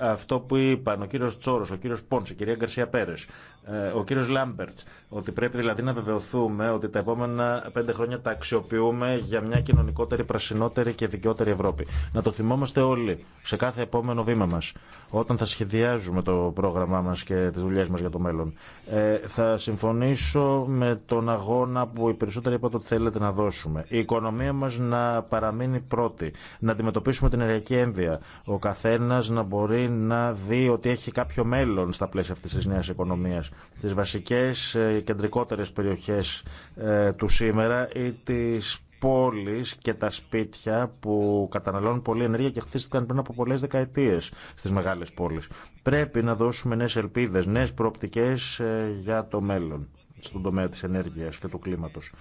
αυτό που είπαν ο κύριος Τσόρος, ο κύριος Πόνς, η κυρία Γκαρσία Πέρες, ε, ο κύριος Λάμπερτς, ότι πρέπει δηλαδή να βεβαιωθούμε ότι τα επόμενα πέντε χρόνια τα αξιοποιούμε για μια κοινωνικότερη, πρασινότερη και δικαιότερη Ευρώπη. Να το θυμόμαστε όλοι σε κάθε επόμενο βήμα μας, όταν θα σχεδιάζουμε το πρόγραμμά μας και τις δουλειές μας για το μέλλον. Ε, θα συμφωνήσω με τον αγώνα που οι περισσότεροι είπατε ότι θέλετε να δώσουμε. Η οικονομία μας να παραμείνει πρώτη, να αντιμετωπίσουμε την ενεργειακή ένδυα. Ο καθένας να μπορεί να δει ότι έχει κάποιο μέλλον στα πλαίσια αυτής της νέας οικονομίας τις βασικές ε, κεντρικότερες περιοχές ε, του σήμερα ή τις πόλεις και τα σπίτια που καταναλώνουν πολλή ενέργεια και χτίστηκαν πριν από πολλές δεκαετίες στις μεγάλες πόλεις. Πρέπει να δώσουμε νέες ελπίδες, νέες προοπτικές ε, για το μέλλον στον τομέα της ενέργειας και του κλίματος.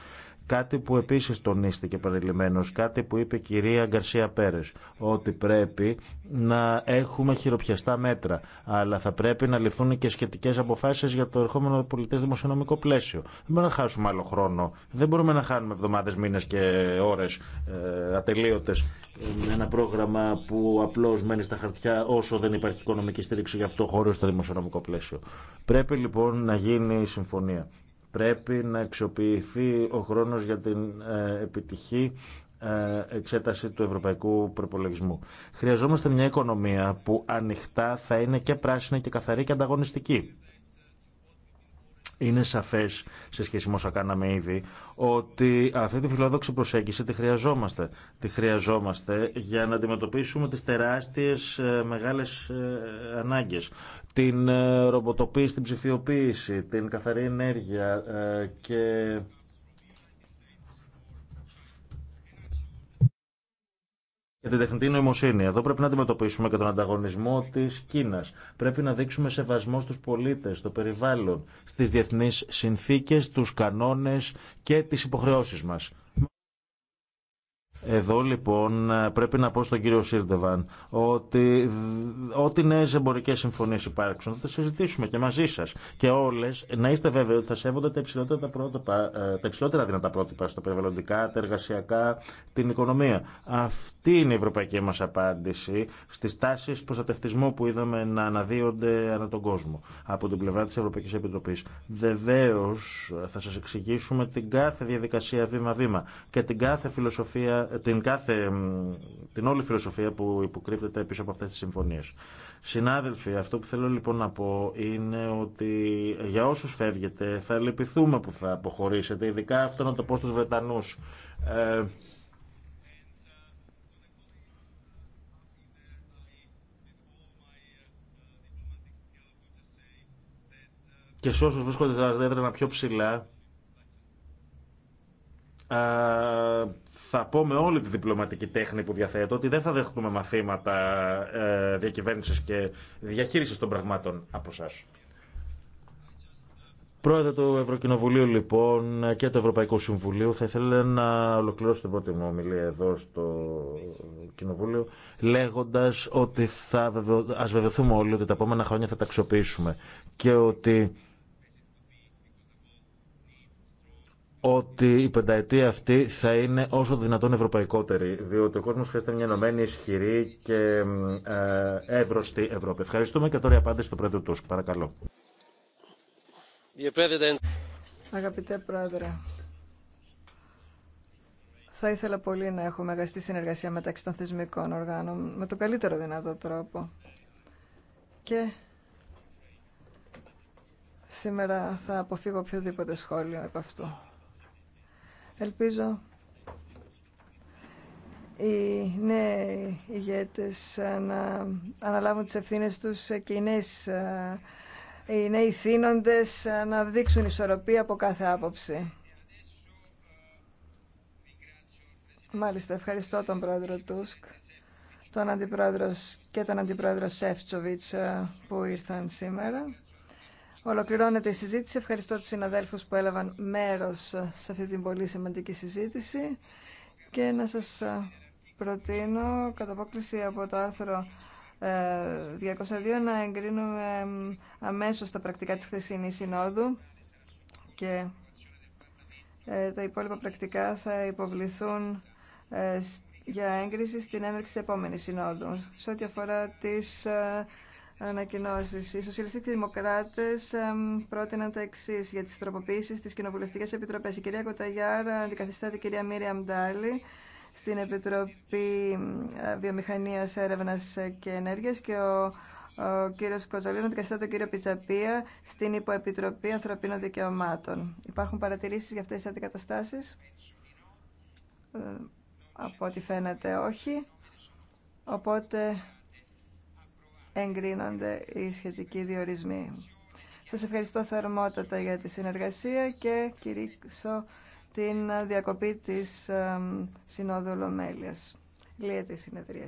Κάτι που επίσης τονίστηκε παρελειμμένος, κάτι που είπε η κυρία Γκαρσία Πέρες, ότι πρέπει να έχουμε χειροπιαστά μέτρα, αλλά θα πρέπει να ληφθούν και σχετικές αποφάσεις για το ερχόμενο πολιτές δημοσιονομικό πλαίσιο. Δεν μπορούμε να χάσουμε άλλο χρόνο, δεν μπορούμε να χάνουμε εβδομάδες, μήνες και ώρες ε, ατελείωτες με ένα πρόγραμμα που απλώς μένει στα χαρτιά όσο δεν υπάρχει οικονομική στήριξη για αυτό χωρίς στο δημοσιονομικό πλαίσιο. Πρέπει λοιπόν να γίνει συμφωνία Πρέπει να αξιοποιηθεί ο χρόνος για την ε, επιτυχή ε, εξέταση του ευρωπαϊκού προπολογισμού. Χρειαζόμαστε μια οικονομία που ανοιχτά θα είναι και πράσινη και καθαρή και ανταγωνιστική είναι σαφέ σε σχέση με όσα κάναμε ήδη ότι αυτή τη φιλόδοξη προσέγγιση τη χρειαζόμαστε. Τη χρειαζόμαστε για να αντιμετωπίσουμε τι τεράστιε ε, μεγάλε ανάγκε. Την ε, ρομποτοποίηση, την ψηφιοποίηση, την καθαρή ενέργεια ε, και για την τεχνητή νοημοσύνη. Εδώ πρέπει να αντιμετωπίσουμε και τον ανταγωνισμό τη Κίνα. Πρέπει να δείξουμε σεβασμό στου πολίτε, στο περιβάλλον, στι διεθνεί συνθήκε, του κανόνε και τι υποχρεώσει μα. Εδώ λοιπόν πρέπει να πω στον κύριο Σίρντεβαν ότι ό,τι νέε εμπορικέ συμφωνίε υπάρξουν θα συζητήσουμε και μαζί σα. Και όλε να είστε βέβαιοι ότι θα σέβονται τα υψηλότερα, πρότυπα, ε, τα υψηλότερα δυνατά πρότυπα στα περιβαλλοντικά, τα εργασιακά, την οικονομία. Αυτή είναι η ευρωπαϊκή μα απάντηση στι τάσει προστατευτισμού που είδαμε να αναδύονται ανά τον κόσμο από την πλευρά τη Ευρωπαϊκή Επιτροπή. Βεβαίω θα σα εξηγήσουμε την κάθε διαδικασία βήμα-βήμα και την κάθε φιλοσοφία την, κάθε, την όλη φιλοσοφία που υποκρύπτεται πίσω από αυτές τις συμφωνίες. Συνάδελφοι, αυτό που θέλω λοιπόν να πω είναι ότι για όσους φεύγετε θα λυπηθούμε που θα αποχωρήσετε, ειδικά αυτό να το πω στους Βρετανούς. Ε, και σε όσους βρίσκονται τα δέντρανα πιο ψηλά, θα πω με όλη τη διπλωματική τέχνη που διαθέτω ότι δεν θα δεχτούμε μαθήματα ε, διακυβέρνηση και διαχείριση των πραγμάτων από εσά. Πρόεδρε του Ευρωκοινοβουλίου λοιπόν και του Ευρωπαϊκού Συμβουλίου θα ήθελα να ολοκληρώσω την πρώτη μου ομιλία εδώ στο Κοινοβούλιο λέγοντας ότι θα ας βεβαιωθούμε όλοι ότι τα επόμενα χρόνια θα τα αξιοποιήσουμε και ότι ότι η πενταετία αυτή θα είναι όσο δυνατόν ευρωπαϊκότερη, διότι ο κόσμος χρειάζεται μια ενωμένη, ισχυρή και ε, εύρωστη Ευρώπη. Ευχαριστούμε και τώρα η απάντηση του Πρόεδρου Τούσκ. Παρακαλώ. Αγαπητέ Πρόεδρε, θα ήθελα πολύ να έχουμε αγαστή συνεργασία μεταξύ των θεσμικών οργάνων με τον καλύτερο δυνατό τρόπο. Και σήμερα θα αποφύγω οποιοδήποτε σχόλιο επ' αυτού. Ελπίζω οι νέοι ηγέτες να αναλάβουν τις ευθύνες τους και οι ε, οι νέοι θύνοντες να δείξουν ισορροπία από κάθε άποψη. Μάλιστα, ευχαριστώ τον πρόεδρο Τούσκ, τον αντιπρόεδρο και τον αντιπρόεδρο Σεφτσοβιτς ε, που ήρθαν σήμερα. Ολοκληρώνεται η συζήτηση. Ευχαριστώ τους συναδέλφους που έλαβαν μέρος σε αυτή την πολύ σημαντική συζήτηση και να σας ε, προτείνω κατά απόκληση από το άρθρο 202 ε, να εγκρίνουμε αμέσως τα πρακτικά της χθεσινής συνόδου και ε, τα υπόλοιπα πρακτικά θα υποβληθούν για έγκριση στην έναρξη επόμενη συνόδου. Σε ό,τι αφορά τις ανακοινώσει. Οι σοσιαλιστικοί δημοκράτε πρότειναν τα εξή για τι τροποποιήσει στι κοινοβουλευτικέ επιτροπέ. Η κυρία Κοταγιάρα αντικαθιστά την κυρία Μύρια Μντάλη στην Επιτροπή ε, Βιομηχανία, Έρευνα και Ενέργεια και ο ο κύριο Κοζολίνο αντικαθιστά τον κύριο Πιτσαπία στην Υποεπιτροπή Ανθρωπίνων Δικαιωμάτων. Υπάρχουν παρατηρήσει για αυτέ τι αντικαταστάσει. Ε, από ό,τι φαίνεται όχι. Οπότε εγκρίνονται οι σχετικοί διορισμοί. Σας ευχαριστώ θερμότατα για τη συνεργασία και κηρύξω την διακοπή της Συνόδου Ολομέλειας. Λύεται η συνεδρία.